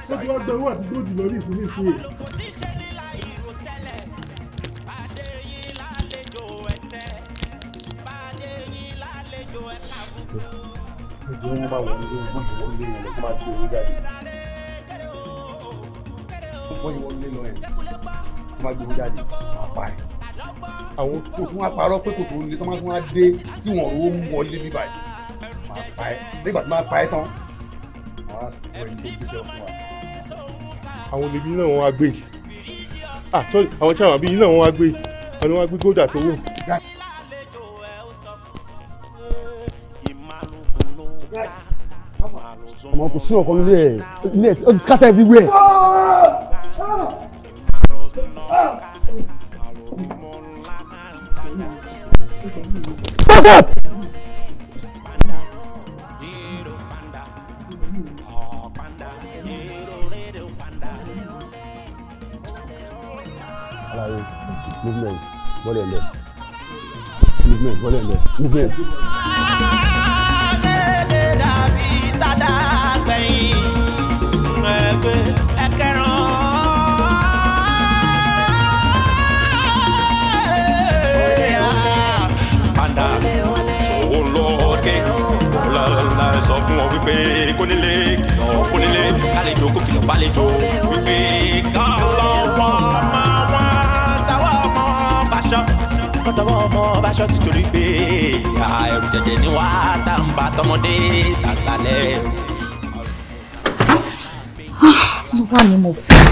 wọ́n ti wá gbowó àti gbòdì lọ nísìnyí nísìnyí. ìgbìmọ̀ bá wọlé wọ́n ti wọlé wọn lọ́kọ́ máa gbé owó jáde wọ́n yìí wọ́n lé lọ ẹ̀ wọ́n bá gbowó jáde wọ́n apá ẹ̀ àwọn tó tún wá parọ́ pé kò fún un lé tó máa tún wá dé tí wọ́n rówó mú wọlé bíbá ẹ̀ wọ́n apá ẹ̀ nígbà tó máa pa ẹ̀ tán wọ́n á sọ ẹni tó gbé jọ fún wa. àwọn olèbí náà wọn á gbé ah sorry àwọn tí àwọn àbí náà wọn á gbé àwọn wọn á gbé góòdà tó wò. Right ọmọ kò sí ọkàn nílé ẹ net ó ti scatter everywhere. Fuck up! movement bọ́lẹ̀ lẹ̀ movement bọ́lẹ̀ lẹ̀ movement. wípé kónílé kìlọ̀ fúnilé kálejò kó kìlọ̀ fálejò wípé kọ́lọ́ ọmọ ọmọ wọn táwọn ọmọ bàṣọ wọn táwọn ọmọ bàṣọ títorí pé ìyá ẹrù jẹjẹ ni wàá tá n bá tọmọdé tàgbà lẹ́rù mo wà ní mo fẹ́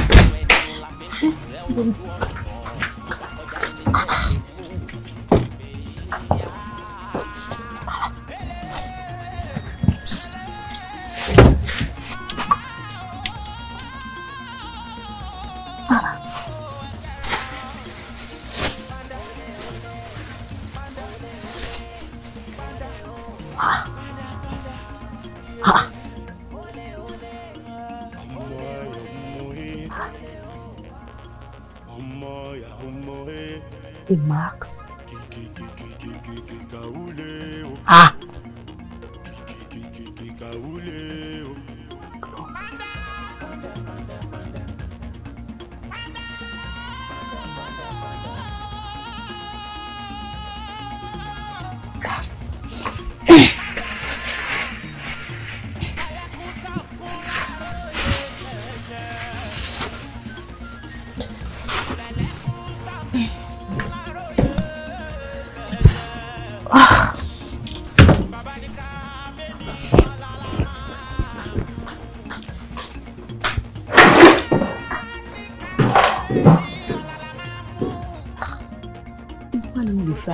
Ah. remarks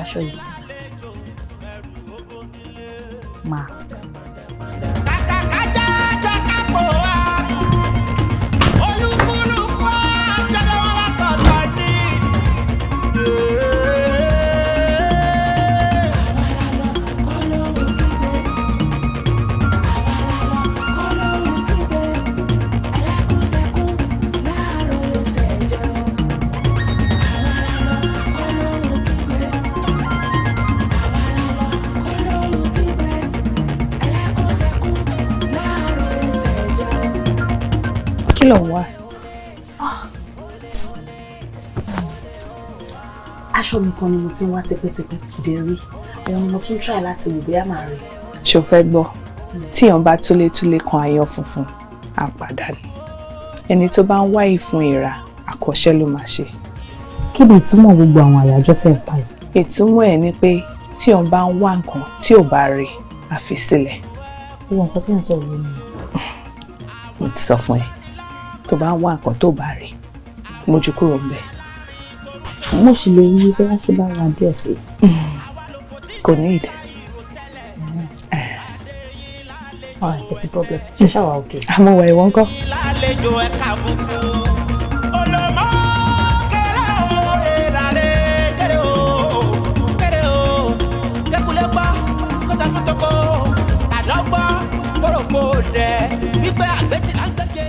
la choisi. tí wọ́n tipẹ́tipẹ́ dé rí òun ni mo tún try láti wò bóyá màá rí. ṣé o fẹ́ gbọ́ tíyàn bá túlétúlé kan àyàn funfun á padà ẹni tó bá ń wá ìfun ìrà àkọ́ṣẹ́ ló máa ṣe. kí ni ìtumọ̀ gbogbo àwọn àyájọ́ tẹ̀ ń pa yìí. ìtumọ̀ ẹ̀ ni pé tíyàn bá ń wá nǹkan tí ò bá rí àfi sílẹ̀. ìwọ nǹkan tí ń sọ òun ni. mo ti sọ fún ẹ tó bá ń wá nǹkan tó bá rí mójú kúrò ń bẹ́ẹ̀ mo sì lè yí bóyá tí bá wà díẹ̀ sí. kò ní ìdí. ọ̀rẹ́ kò sí problem ṣe ṣàwà òkè. àmọ́ wẹ̀ ìwọ́n kọ́.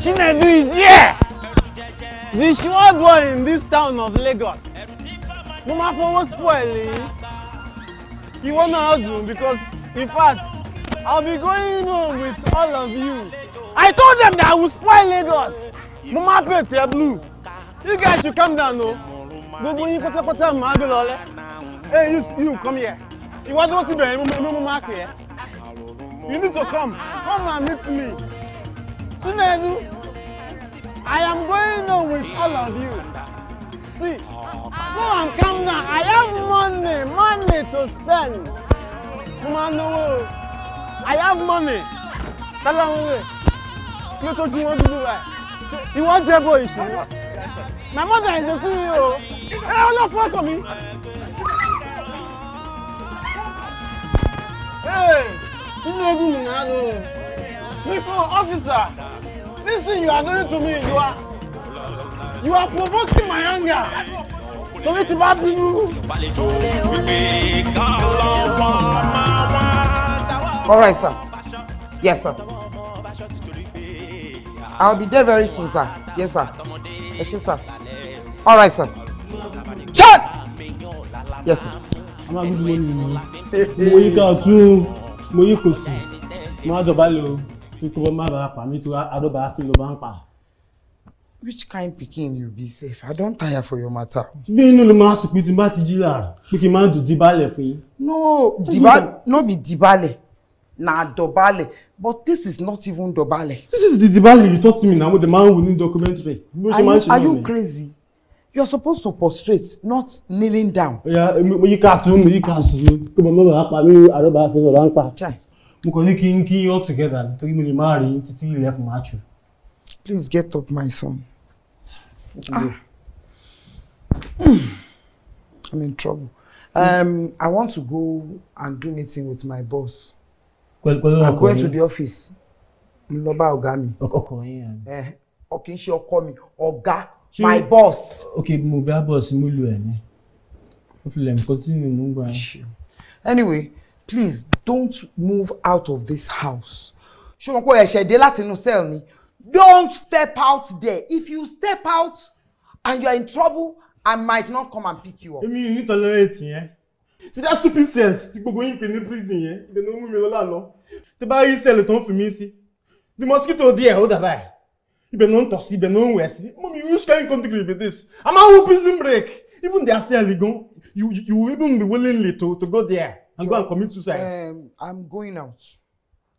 Chinedu is here! The short one in this town of Lagos mo máa fowó spoil yìí ìwọ náà dùn because in fact I'll be going home with all of you I told them that I will spoil Lagos mo máa pè ẹ blue you guys should calm down o gbogbo yín pátápátá máa gbé lọlẹ hey you you come here ìwọ tó ti bẹ̀rẹ̀ mo mo máa pè ẹ́ you need to come come and meet me Chinedu I am going home with all of you see. Go I'm come down. I have money, money to spend. Come on, no. I have money. Tẹ́lẹ̀ ń rè. Kí you want to do right? You want bo ìṣe. My mother is the CEO. Ẹ ọ lọ fún ọkọ mi. Tinubu Munaru. Nico, officer, this thing you are doing to me, you are, you are provoking my anger torí ti máa bínú. all right sir yes sir i will be there very soon sir yes sir ẹ ṣé sir all right sir shut yes sir. máa gbé mi mo yí ká tún mo yí kò sí máa dọ̀bálẹ̀ o kí n bá má pa mi tó adóbàá sí ló bá ń pa which kind pikin you be sef i don tire for your matter. bí inú ló máa sùn pé tí n bá ti jí láàárọ̀ pé kí n máa dùn dìbàlẹ̀ fún yín. no diba no be dìbàlẹ̀ na dọ̀bálẹ̀ but this is not even dọ̀bálẹ̀. this is the dìbàlẹ̀ you to me na the man we need documentary. bó ṣe are you crazy you are supposed to prostrate not kneeling down. ẹ̀yà mo yí ká tún mo yí ká sùn kí mo bá pa mí àdọ́bà fi ọ̀rọ̀ ń pa. mo kàn ní kí n kí all together nítorí mo lè má rí títí ilẹ̀ fún màá jù. please get up my son. Ah. Hmm. I'm in trouble. Um, I want to go and do meeting with my boss. Well, well, I'm going to the office. Lọ bá ọ̀gá mi. Ọkọ yín ya. Eh, o kì í ṣe ọkọ mi, ọ̀gá, my boss. Okay, mo bá boss mo lu ẹ̀ ni. Problem continue mo ń gbà. Anyway, please don't move out of this house. Ṣé o mọ̀ pé ẹ̀ṣẹ̀ dé látinú cell ni? don't step out there if you step out and you are in trouble i might not come and pick you up. èmi ní tolerate yẹn ṣe dá stupid cell tí gbogbo yín pè ní prison yẹn ibẹ̀ ni ó mú mi lọ lánàá tí bá rí cell tó ń fi mí sí the mosquito there ó dàbà ibẹ̀ ni ó ń tọ̀ sí ibẹ̀ ni ó ń wẹ̀ sí mummy which kind country be this am I who prison break even their cell gan you you even be willingly to to go there and go and commit suicide. Um, i'm going out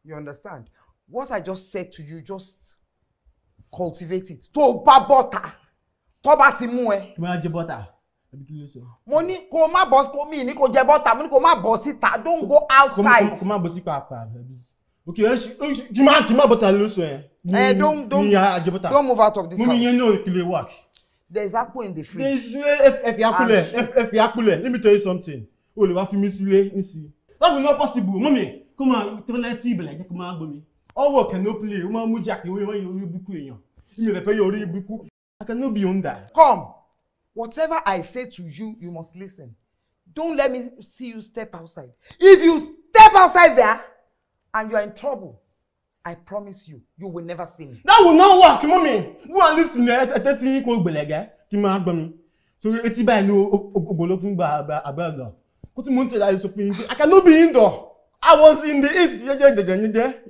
you understand what i just said to you just cultivate it tó o bá bọ́ta tó bá ti mú ẹ. kí wọ́n á jẹ bọ́ta àbí kí ló sọ. mo ní kó o má bọ́ kó mi ní kó jẹ bọ́ta mo ní kó o má bọ́ síta don't go outside. kó o má bọ́ sí pàápàá ok kí má kí má bọ́ta ló sọ yẹn. ẹ don don don move out of this house. mo ní yẹn náà kí work. there is apple in the fridge. there is ẹ fi apple ẹ ẹ fi apple let me tell you something o lè wá fi mí sílé nísìnyí. that will not possible mọ́mi kó máa tọ́lẹ́tì ìbẹ̀lẹ̀ jẹ́ kó máa gbọ́ mi ọwọ́ kẹ̀ ó máa ń mú jáde ó máa ń yọrí ibùkú èèyàn mi rẹ̀ fẹ́ yọrí ibùkú I cannot be under. Come, whatever I say to you, you must listen. Don't let me see you step outside. If you step outside there and you are in trouble, I promise you, you will never see me. That will not work, mommy. Go and listen to eh? ẹtẹ tí kò gbẹlẹgẹ kí n máa gbọ́ mi. So etí báyìí ló ògbóló fún gba àbẹ́ ọ̀nà. Kó tí mo ń tẹ̀lé àyè sọ fún yín pé I cannot be indoor. I was in the east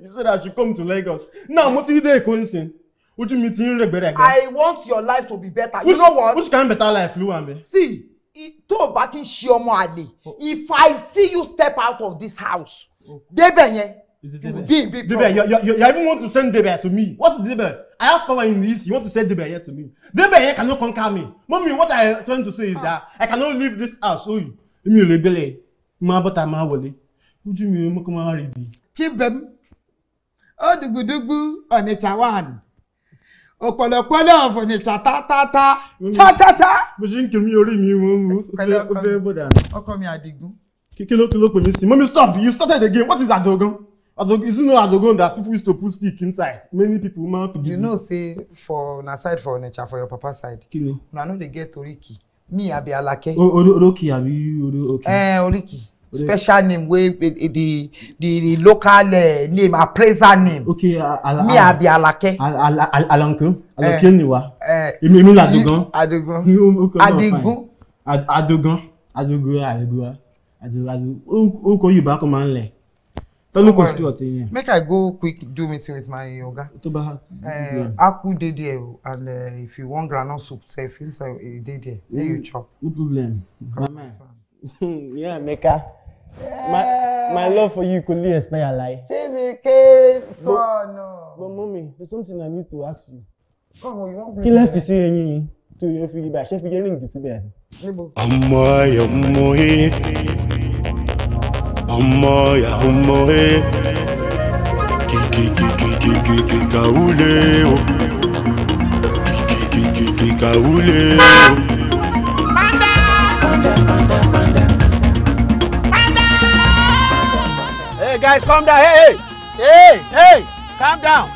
you said I should come to Lagos now what are you doing? Èkó nsìn ojú mi ti ń rẹ̀gbẹ̀rẹ̀gbẹ̀. I want your life to be better which, you know what. which kind better life ló wà mí. see tó o bá kí n oh. if I see you step out of this house oh. débẹ̀ yẹn you will be in you, you, you even want to send débẹ̀ to me what is débẹ̀ I have power in this. you want to send débẹ̀ here to me débẹ̀ here cannot conquer me Mommy, what I trying to say is ah. that I cannot leave this house Oh, you. ò lè gbélé máa bọ́ta máa wọlé ojú mi ò mú kó máa bi. chibem odùgùdùgbù ọ̀nìṣà one ọ̀pọ̀lọpọ̀lọ ọ̀fọ̀nìṣà tátátá tátátá. bó ṣe ń kí mi orí mi wọ́n wò ó fẹ́ bọ́dà. ọkọ mi àdìgún. kí ló kí ló pè stop you started again what is adogun adogun is it not adogun that people used to put stick inside many people ma fi busy. you know say for una side for onitsha for your papa side. kini una no dey get oriki me abi alake. oriki abi oriki. ẹ oriki special name wey the the the local uh, name appraiser name. okay ala mi abi alake. ala alanke alanke eh, ni wa. èmi eh, èmi la adogan. adogan adigun. adogan adogun adogun adogun o kò yorùbá kan máa ń lẹ tọ́lú kan sí ọ̀tí yẹn. make i go quick do meeting with my oga. tó bá a kú dey there and uh, if you wan groundnut soup sef inside e dey there make you chop. no problem. yeah, make a my eh. my love for you kò lè expire láyé. Chibike fọ́ọ̀nù. But mummy, there's something I need to ask you. Kí lẹ́ fi sí eyín yín tó yẹ fi ibà ṣé fi yẹ ríǹgì síbẹ̀? Ọmọ ẹ̀ ọmọ ẹ̀ ọmọ ẹ̀ ọmọ ẹ̀ kìkìkìkìkìkì kàwúlẹ̀ o kìkìkìkìkì kàwúlẹ̀ o. guys, calm down. Hey, hey, hey, hey, calm down.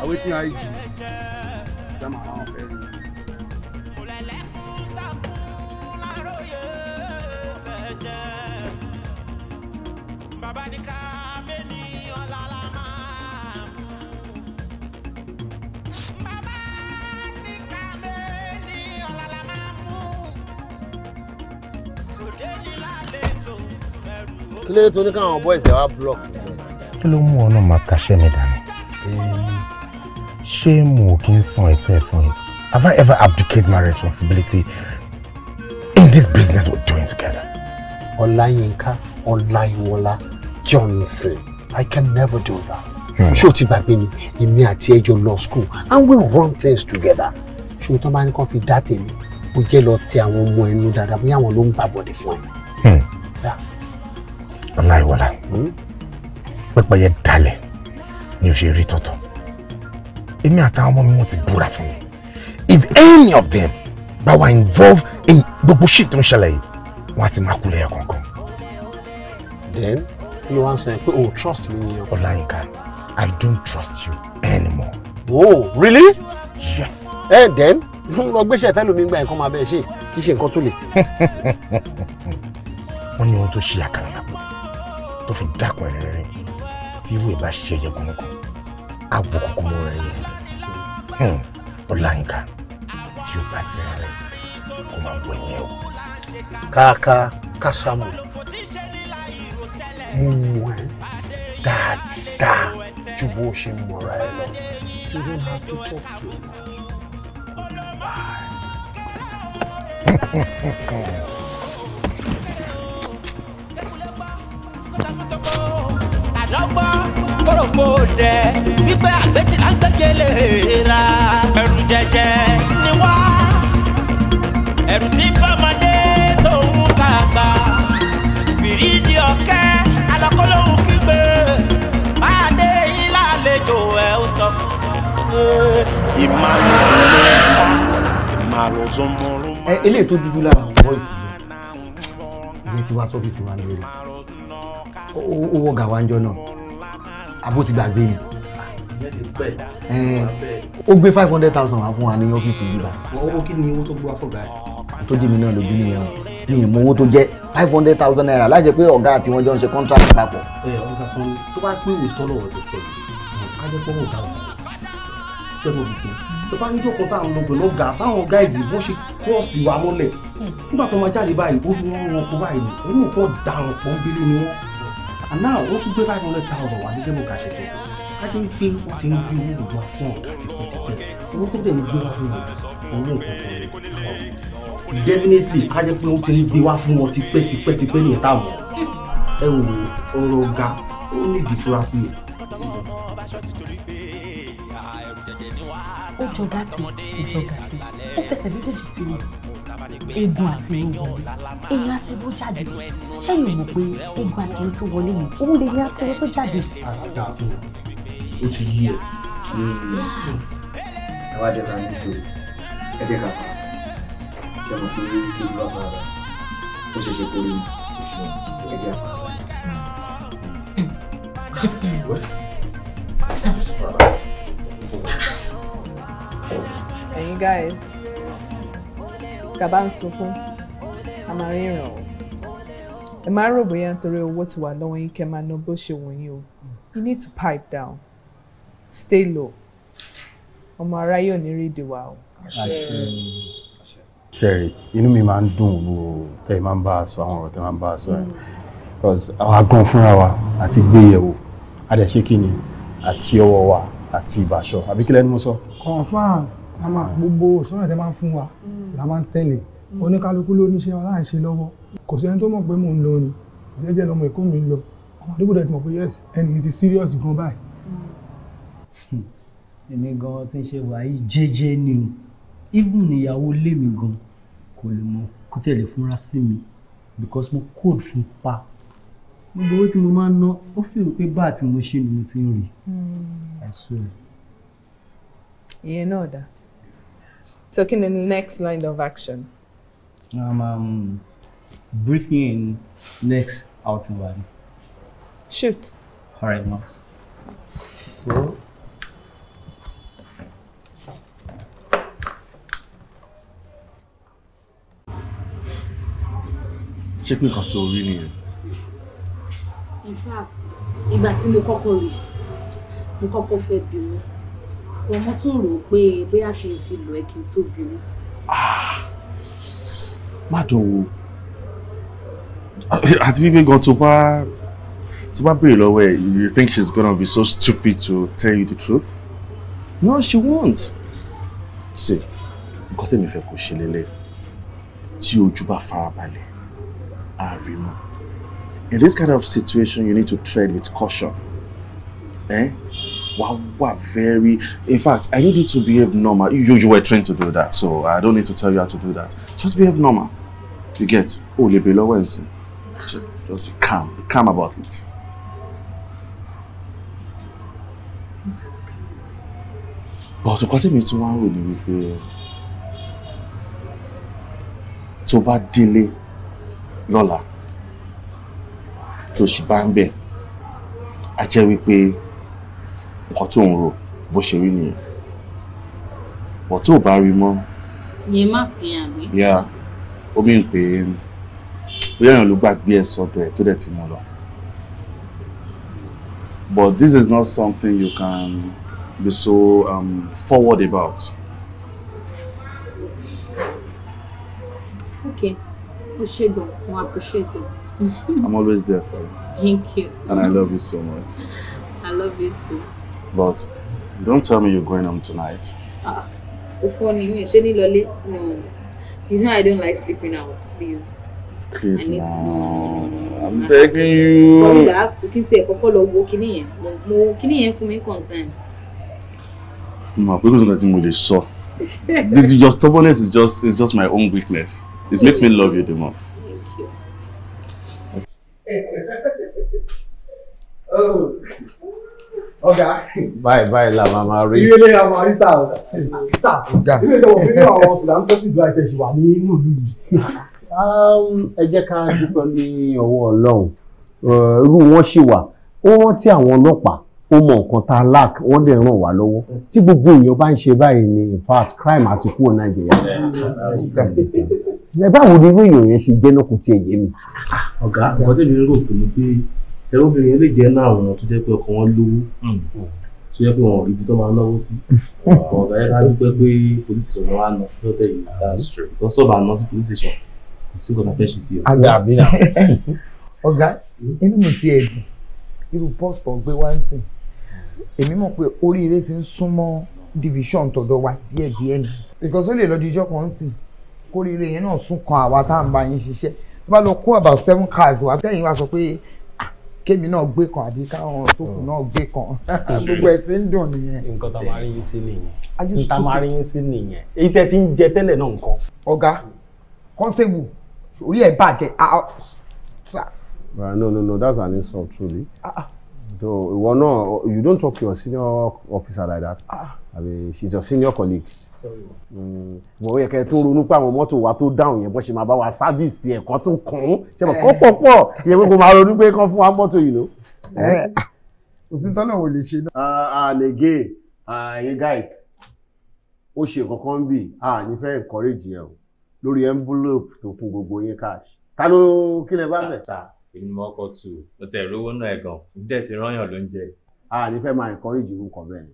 I wait till I Come on, baby. Baba ni kí tó ní káwọn boys ẹ̀ wá block. kí ló mú ọ̀nà máa taṣẹ́ mi dànù ṣé mo ò kí ń san ẹ̀tọ́ ẹ̀ fún yín have I ever abdicated my responsibility in this business we're doing together. Ọláyínká Ọláyíwọlá Johnson I can never do that. Hmm. ṣé o ti gbàgbé ni èmi àti ẹjọ law school and we run things together ṣùgbọ́n tó bá ní kó fi dá tèmi ó jẹ́ lọ tẹ àwọn ọmọ ẹnu dáadáa bóyá àwọn ló ń gbàbọ̀dẹ̀ fún ẹ aláìwọlá hmm? pẹ́pẹ́yẹ dalẹ̀ ni o ṣe rí tọ̀tọ̀ èmi àtàwọn ọmọ mi wọ́n ti búra fún mi if any of them bá wà involved in gbogbo shit tó ń ṣẹlẹ̀ yìí wọ́n á ti máa kulẹ̀ kankan. then you ló wá ń o trust me. nìyẹn. ọláyínká i don't trust you anymore. oh really. yes. ẹ then lọ gbéṣẹ́ fẹ́ lómi gba nǹkan máa bẹ́ẹ̀ ṣe kì í ṣe nǹkan tó le. wọ́n ní ohun tó ṣe àkàrà àpò tó fi dákun ẹ̀rín rẹ̀ tí irú ẹ̀ bá ṣiṣẹ́ yẹ gbọ̀ngàn àgbo kúkú mú rẹ̀ yẹn ọláyínká hmm, tí ó bá ti rẹ̀ kó máa wọ yẹn o káàká kásámù mú wọ ẹ dáadáa ju bó ṣe ń mọ̀ra ẹ lọ. You don't have to talk to him. Goodbye. lọ́gbọ́n kóró fòdẹ wípé àgbẹ̀tì là ń gbẹ́gẹ́lé ra ẹrù jẹjẹ ni wá ẹrù tí ń bá tó ń ká gbà bìrì ọ̀kẹ́ alọ́kọ́lóhùn kígbe máa dé ilé ẹ̀ ó sọ fún mi. ìmàlú mẹ́ta ìmàlú sọmọlú. ẹ eléyìí tó dúdú lára àwọn bọ́ìsì yẹn ìyẹn ti wá sọ́fíìsì wa lórí ó wọ gàwa ń jọ náà àbó ti gbàgbé ni ó gbé five hundred thousand wá fún wa ní ọ́fíìsì yìí báyìí. owó kí ni owó tó gbé wá fún ọ̀gá rẹ̀. tó jẹ́ mi náà lójú nìyẹn o mi ì owó tó jẹ́ five hundred thousand naira láì jẹ́ pé ọ̀gá àti wọn jọ ń ṣe contract papọ̀. ẹ ọ̀sán sọ tó bá pé òótọ́ lọ́wọ́ ti sọ á jẹ́ pọ́wọ́ ọ̀gá òkú ṣé mo bì í tó bá níjọ́ kan táwọn ọmọ pẹ̀lú táwọn guys bó ṣe kọ́ọ̀sì wa mọ́lẹ̀ hmm. nígbà tó máa jáde báyìí ojú wọn wọn kó báyìí èmi ò kọ́ darapọ̀ ń bílẹ̀ ni wọ́n and now wọ́n you pay five hundred thousand wá gẹ́gẹ́ bó ká ṣe sọ kájẹ́ pé wọ́n ti ń gbé owó gbogbo wa fún ọ̀gá tipẹ́tipẹ́ owó tó dẹ̀ ń gbé wá fún wọn owó nǹkan kan definitely kájẹ́ pé wọ́n ti ń gbé wá fún wọn tipẹ́tipẹ́tipẹ́ ní ìta wọn ẹ wò ọ̀rọ̀ ọ̀gá ó ní ìdífurasí o. ó jọ gàtì ó jọ gàtì ó fẹsẹ̀ méjèèjì ti rò egun àti ewu èyí láti ró jáde ṣẹ́yìn mọ̀ pé egun àti ewu tó wọlé yìí òun lè ní àti ewu tó jáde. àdá fún o ti yí ẹ ẹ wá dé láti ṣòro ẹ jẹ́ ká pa ṣe mọ̀ pé ewu bá fara rẹ̀ ó ṣẹ̀ṣẹ̀ kó lóyún oṣù ẹ jẹ́ àpá rẹ̀. Hey guys tá a bá ń sunkún a máa ríran o ẹ má rò bóyá nítorí owó ti wà lọ́wọ́ yín kẹ́ máa ná bó ṣe wù yín o you need to pipe down stay low ọmọ aráyé ò ní rí ìdí o. Cherry inú mi máa ń dùn wò ó tẹ́ ẹ máa ń bá a sọ àwọn ọ̀rọ̀ tẹ́ ẹ máa ń bá a sọ ẹ̀ because àwa gan fúnra wa àti gbé yẹ̀wò a dẹ̀ ṣe kí ni àti ọwọ́ wa àti ìbáṣọ àbíkílẹ̀ ni sọ. confam mama gbogbo òṣùwọ̀n tẹ́ máa ń fún wa. Mm la máa ń tẹ̀lé mm. oníkálukú ló níṣẹ́ wa láì ṣe lọ́wọ́ kò sí ẹni tó mọ̀ pé mò ń lọ ni ìjẹ́jẹ́ lọmọ èkó mi ń lọ àwọn àdúgbò ti mọ̀ pé yes ẹni ti serious gan báyìí. Mm. èmi gan ti ń ṣe wàyí jẹ́jẹ́ ni o even ìyàwó lé mi gan kò lè mọ kó tẹ̀lé fúnra sí mi because mo code fún pa gbogbo owó tí mo máa ń ná ó fi hàn pé bá àti mo ṣe ni mo ti ń rí. Mm. ìyẹn náà dáa taking the next line of action? Um, um breathing in, next out inward. Shoot. All right, ma'am. So. ṣé pé nǹkan tó rí nìyẹn. in fact ìgbà tí mo kọ́kọ́ rí mo kọ́kọ́ fẹ́ bí bọ̀ mo tún rò ó pé bóyá kí n fi lọ ẹ kí n tó bínú. Ah, má dánwò àti wípé gan tó bá tó bá béèrè lọ́wọ́ ẹ̀ you think she's gonna be so stupid to tell you the truth? no she won't. ṣe nǹkan tẹ̀mí fẹ́ kó ṣe lélẹ̀ tí ojú bá farabalẹ̀ á rí mọ́ in this kind of situation you need to tread with caution. Eh? Wow! wà very in fact I need you to behave normal you you were trained to do that so I don't need to tell you how to do that just behave normal you get o below. bè lọ́wọ́ ẹ̀sìn just be calm be calm about it. but to tí me tún wá ń rò ní wípé tó bá délé lọ́la tó sì bá ń nǹkan tó ń rò bó ṣe rí nìyẹn wọ́n tó bá rí mọ́. yẹn má fi hàn mí. yá omi ń pè é bóyá èèyàn ló gbàgbé ẹ sọ́dọ̀ ẹ tó dẹ̀ ti mú lọ. But this is not something you can be so um, forward about. Okay. appreciate it. I'm always there for you. Thank you. And I love you so much. I love you too. But don't tell me you're going home tonight. Ah, funny. No. Um, you know I don't like sleeping out. Please. Please, I I'm begging you. From the app to Kinsey, Koko lọ wo kinní yẹn. Mo wo kinní yẹn my concern. Ma, because nothing really so. the, your stubbornness is just its just my own weakness. It makes me love you the more. Thank you. oh ọ̀gá. báyìí báyìí la máa máa rí. ìrẹ̀lẹ̀ la máa rí sáà sáà ọ̀gá. ìrẹ̀lẹ̀ tó wọ̀ pé àwọn philanthropists láti ṣe wà ní inú ìlú yìí. Um, ẹ jẹ́ ká dúpẹ́ ní ọwọ́ ọlọ́run uh, irú wọn ṣì wà ó rántí àwọn ọlọ́pàá ó mọ nǹkan tá a lack wọ́n dẹ̀ ràn wá lọ́wọ́ tí gbogbo èèyàn bá ń ṣe báyìí ni in fact crime àti kúrò nàìjíríà. ẹ báwo ni irú èèyàn yẹn ṣe jẹ́ náà kò tiẹ̀ yé mi. ọ̀gá ọ̀gá tẹ̀lé rò pé ẹ̀rọ obìnrin lè jẹ́ náà àwọn tó jẹ́ pé ọkọ wọn lówó hmm. tó jẹ́ pé wọn ibi tó máa náwó sí hmm. ọ̀gá yẹn ká pé police station wọn á nọ sí lọ́tẹ̀ yìí that's true because ọba nọ sí police station kò sí kọ́ta fẹ́ ṣe sí o. àgbà àbí náà. ọ̀gá inú mi ti ẹ̀ dùn irú pọ́sítọ̀ gbé wá ń sìn èmi mọ̀ pé oríire ti ń súnmọ́ division tọ̀dọ̀ wa díẹ̀díẹ̀ ni because ó lè lọ dijọ́ kan sìn kóríire yẹn náà sún kan àwa tá à ń bá yín ṣiṣẹ́ bá lọ kó about seven cars wá tẹ́yìn wá sọ pé kémi náà gbé kan àbí káwọn tó kù oh. náà gbé kan gbogbo ẹ ti ń dùn nìyẹn. nǹkan tá a máa rí yín sí nìyẹn tá a máa rí yín sí nìyẹn èyí tẹ́ ti ń jẹ tẹ́lẹ̀ náà nǹkan. ọ̀gá kọ́nsẹ́bù orí ẹ̀ bàjẹ́ Uh, no, no, no, that's an insult, truly. Ah. ah. Though, well, no, you don't talk to your senior officer like that. Ah. I mean, she's your senior colleague wọ́n mm. yẹ kẹ́ tó ronú pé àwọn mọ́tò wa tó dáhùn yẹn bọ́ ṣe máa bá wa sáfíìsì ẹ̀kọ́ tó kàn án ṣe mọ̀ kọ́ pọ̀ pọ̀ ìyẹn gbogbo máa ronú pé kán fún wa mọ́tò yìí lọ. òsìtọ́ náà wò lè ṣe náà. àlege àyè guys ó ṣe kankan bì á ní fẹ́ encourage yẹn o lórí envelope tó fún gbogbo yín cash ta ló kílẹ̀ bá bẹ̀. sà èmi mọ ọkọ tù ọtẹ ìrówó náà ẹ gan ìdẹ rányàn ló ń jẹ. a ní fẹ́ máa encourage irú kan bẹ́ẹ̀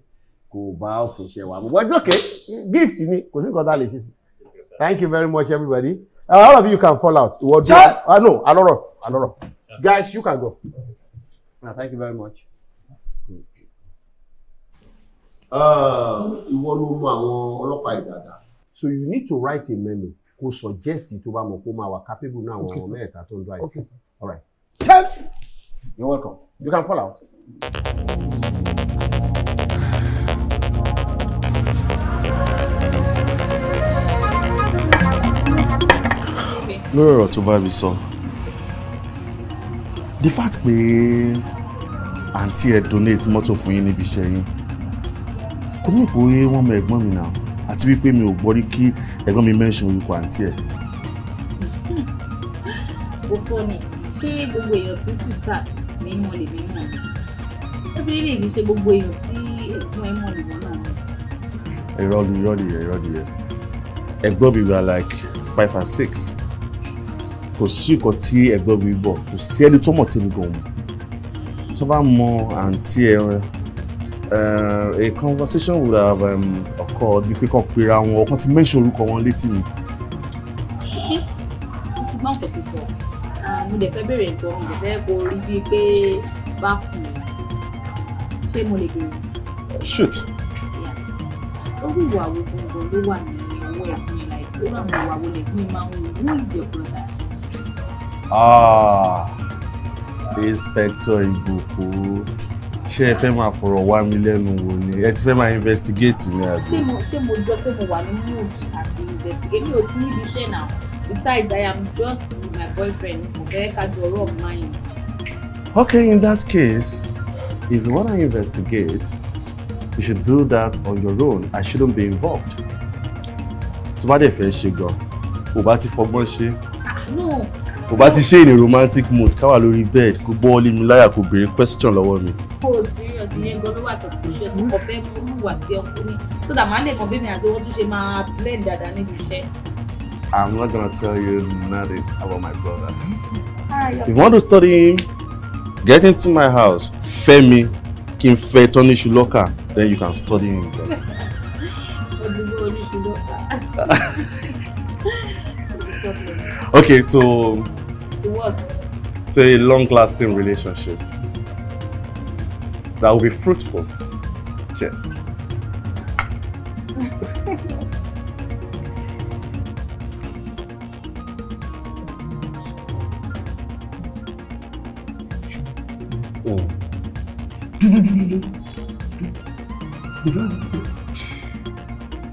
kò bá òfin ṣe wà but it's okay gift ni kò sí nǹkan tá a thank you very much everybody uh, all of you can fall out iwọ do ah no alọrọ alọrọ guys you can go na uh, thank you very much. Uh, ìwọ ló mú àwọn ọlọ́pàá ìdàdà. so you need to write a memo kó suggest tó bá mọ̀ kó máa wà capable náà àwọn ọmọ mẹ́ta tó ń dọ́ àyè. all right. ten you're welcome you can fall out. lórí ọ̀rọ̀ tó bá mi sọ the fact pé àǹtí ẹ̀ donate mọ́tò fún yín níbi iṣẹ́ yín kò ní ìpò yé wọ́n mọ ẹ̀gbọ́n mi náà àti wípé mi ò gbọ́ rí kí ẹ̀gbọ́n mi mention orúkọ àǹtí ẹ̀. òfò ni ṣé gbogbo èèyàn tí sísá mi mọ̀ lè mi mọ̀ ó ti rí lè fi ṣe gbogbo èèyàn tí ẹ̀gbọ́n ẹ̀ mọ̀ lè mọ̀ náà. irọ́ ni irọ́ nìyẹn irọ́ nìyẹn ẹ̀gbọ́n mi wà like five and six kò sí nǹkan tí ẹ̀gbọ́n mi bọ̀ kò sí ẹni tó mọ̀ tí mi gàn mọ̀ tó bá mọ àǹtí ẹ eh, a conversation would have ọkọ ní pípọ̀ pera wọn ọkọ ti mention orúkọ wọn létí mi. ti gbọ́n kò ti sọ ah, mo lè fẹ́ bèrè nǹkan mo lè fẹ́ kó rí bíi pé bá kù ṣé mo lè bèrè. shoot. orí ìwà wo gbọ̀ngàn ló wà ní ọwọ́ ẹ̀gbìn láìpẹ́ ó ràn mí ìwà wo máa ń wú ìzẹ̀kùn láìpẹ́. Ah, inspector Ìgòkò ṣé ẹ fẹ́ máa fọ̀rọ̀ wá mi lẹ́nu wò ni ẹ ti fẹ́ máa investigate mi àbí. ṣé mo ṣé mo jọ pé mo wà ní mood àti investigate mi ò sí níbi iṣẹ́ náà besides i am just with my boyfriend mo fẹ́ ká jọ ọ̀rọ̀ mind. okay in that case if you wanna investigate you should do that on your own i shouldn't be involved. tó bá dẹ̀ fẹ́ ṣe gan-an kò bá ti fọgbọ́n ṣe kò bá ti ṣe ìní romantic mood káwà lórí bed kó bọ́ lé mi láyà kó béèrè question lọ́wọ́ mi. kò serious ní ẹgbẹ́ ló wà suspicious kò kọ̀ fẹ́ wà tí ọkùnrin so that màá lè mọ bí mi àti wọ́n tún ṣe máa blend dáadáa níbi iṣẹ́. I'm not gonna tell you nothing about my brother. Ah, If you want to study him, get into my house, fẹ́ mi kí n fẹ́ tọ́ni ṣùlọ́kà then you can study him. okay, so to a long-lasting relationship that will be fruitful. Cheers.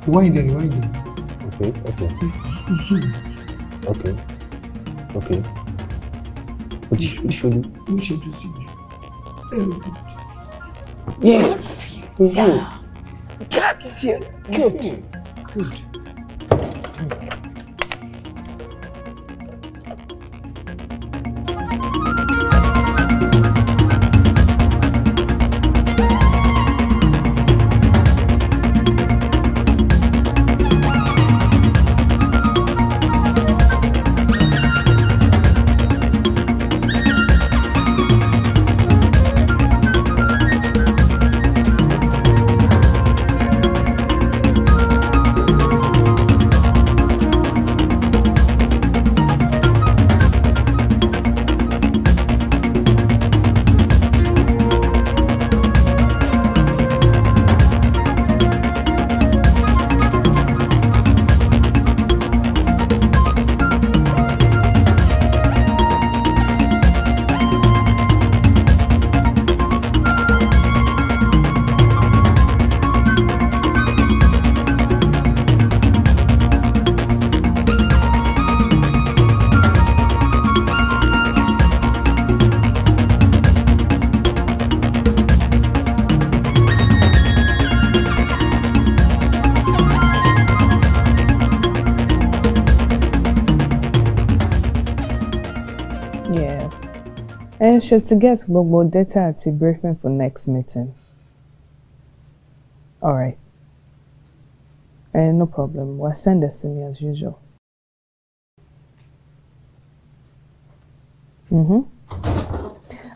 Rewind it, rewind it. Okay, okay. Okay. Okay ti ṣojú. mo ṣojú sí very good. yes yeah. yeah. that's it good. good. Then ṣe ti get gbogbo data àti briefing for next meeting. All right. Uh, no problem. We'll send it to me as usual. Mm-hmm.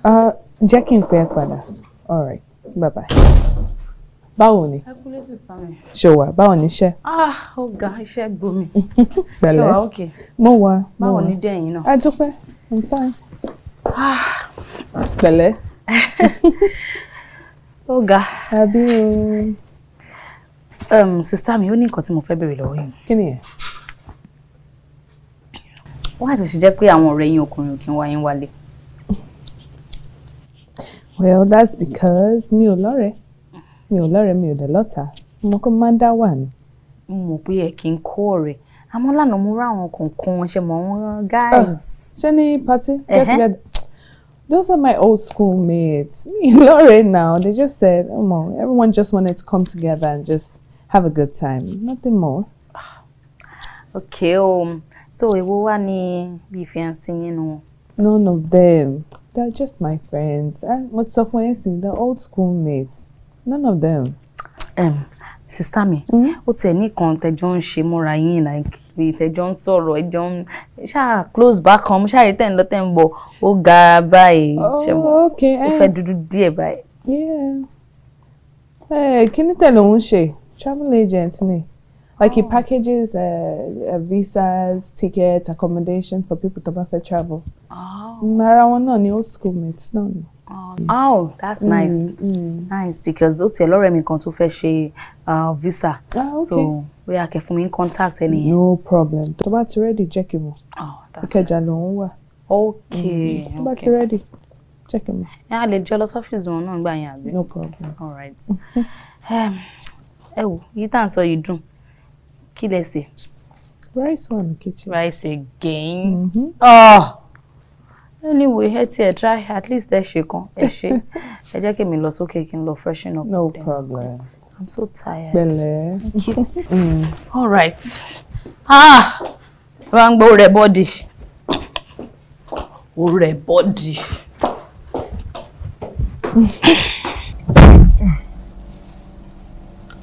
Uh, ah, Jackie, kí n All right. Bye bye. Báwo ni? Ẹ kúlé sísá mi. Ṣé wà? Báwo ni iṣẹ́? Ah, ọ̀gá iṣẹ́ gbomi. Pẹ̀lẹ́. Ṣé wà? Okay. Mo wà. Báwo ni dẹ́yìn náà? A dúpẹ́. I'm fine. Ah pẹ̀lẹ́. ó ga. àbí o. Um, sista mi ó ní nǹkan tí mo fẹ́ béèrè lọ́wọ́ yìí. kí ni yẹn. wọ́n àti òṣìṣẹ́ pé àwọn ọ̀rẹ́ yín ọkùnrin ò kí ń wá wálé. well that's because mi ò lọ́rẹ̀ẹ́ mi ò lọ́rẹ̀ẹ́ mi ò dẹ̀ lọ́ta mo kọ́ máa ń dá wà ni. mo mọ̀ pé ẹ kì í kó ọ̀rẹ́ àmọ́ lánàá mo rá àwọn kọ̀ọ̀kan ṣe mọ̀ wọ́n ah, guys. ṣé ní party get together those are my old school mates in right now. They just said, oh, mom, everyone just wanted to come together and just have a good time. Nothing more. Okay, um, so who wá ni bí fiancé yín? None of them. They're just my friends. And what's up for anything? They're old school mates. None of them. Um, sista mi mm-hmm. ó tiẹ̀ ní kan tẹjọ́ ń ṣe mọ́ra yín láìkí tẹjọ́ ń sọ̀rọ̀ ẹjọ́ ń ṣáà close back kan mo ṣáà rí tẹ̀ ń lọ tẹ̀ ń bọ̀ ó ga báyìí ṣe mo oh, ó eh. fẹ́ dúdú díẹ̀ báyìí. Eh, kí ni tẹ̀lé òun ṣe travel agent ni like he ah. packages uh, uh, visas tickets accommodation for people to bá travel. Ah. Mm, ara wọn náà ni old school mates náà ni. No? Um, oh that's mm, nice mm. nice because ó tiẹ̀ lọ́rẹ̀ẹ́ mi kan tó fẹ́ ṣe uh, visa ah, okay. so bóyá kẹ́ fún mi contact ẹnìyẹn. no problem tó bá ti ready Check him. n mọ̀ Ìkẹjà lòún wà. ok ok mm. tó bá ti ready Check him. n mọ̀. ẹ á lè jọ lọ sọ́fíìsì wọn náà no problem. all right um, ẹ wò yìí tá à ń sọ yìí dùn kí rice one, kitchen. rice again. Mm -hmm. oh anyway ẹ ti ẹ try at least ẹ ṣe kan ẹ ṣe ẹ jẹ́ kí mi lọ sókè kí n lọ freshen up. no then. problem. i'm so tired. bẹ̀lẹ̀. mm. all right. ah bá ń gbọ́ rẹ̀ bọ́dì rẹ̀ bọ́dì.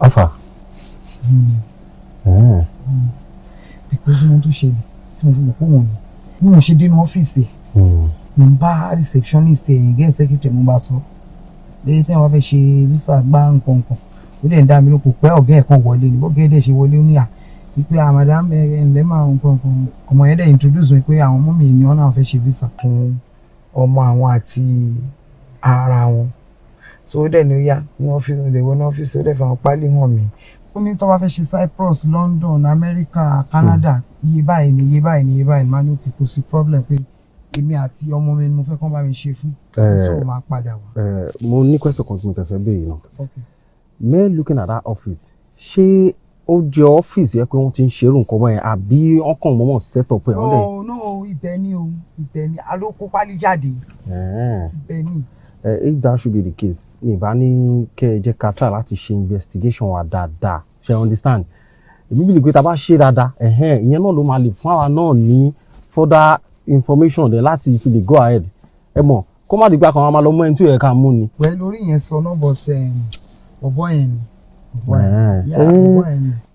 afa ìpèsè ohun tó ṣe tí mo fi mọ̀ pé òun ni bí mo ṣe dé ní ọ́fíìsì mo ń bá receptionist ẹ̀yìn gẹ́ secretary mo bá sọ lẹ́yìn tí wọ́n fẹ́ ṣe visa gbá nǹkan kan ó dẹ̀ ń dá mi lóko pé ọ̀gá ẹ̀ kan wọlé ni bọ́gẹ́ dẹ̀ ṣe wọlé ní à wípé àmàdá ẹ̀ǹdẹ́ máa ń kan kan ọmọ yẹn dẹ̀ introduce mi pé àwọn ọmọ mi ènìyàn náà fẹ́ ṣe visa. fún ọmọ àwọn àti ara wọn tó dẹ̀ ní ó yá ní ọ́fíìsì ó dẹ̀ wọ́n ní ọ́fíìsì ó dẹ̀ fàwọn pálí hàn mí ó ní tó bá fẹ́ ṣe Cyprus London America Canada iye báyìí ni iye báyìí ni iye báyìí ni máa ní òkè kò sí problem pé èmi àti ọmọ mi mo fẹ́ kán bá mi ṣe fún eh. so máa padà wá. Eh, mo ní question kan tí mo tẹ̀fẹ́ béèrè náà men looking at that office ṣé ó jẹ ọ́fíìsì yẹn pé wọ́n ti ń ṣerú nǹkan báyẹn àbí ọkàn mọ́mọ́ set up ẹ̀ wọ́n dẹ̀. no ibẹ̀ ni o ibẹ̀ ni alóko pálí eh. ibẹ̀ ni. if that should be the case mi ìbá ní kẹ́ ẹ jẹ́ ká try láti ṣe investigation wa dáadáa ṣe understand èmi bìlì pé tá a bá ṣe dáadáa ìyẹn náà ló máa lè fún àwa náà ní further information dẹ̀ láti fi lè go ahead ẹ mọ̀ kó má dìgbà kan wọn máa lọ mú ẹni tí ò yẹ ká mú ni. wẹ́ẹ́ lórí yẹn sọ náà but um, ọ̀bọ yẹn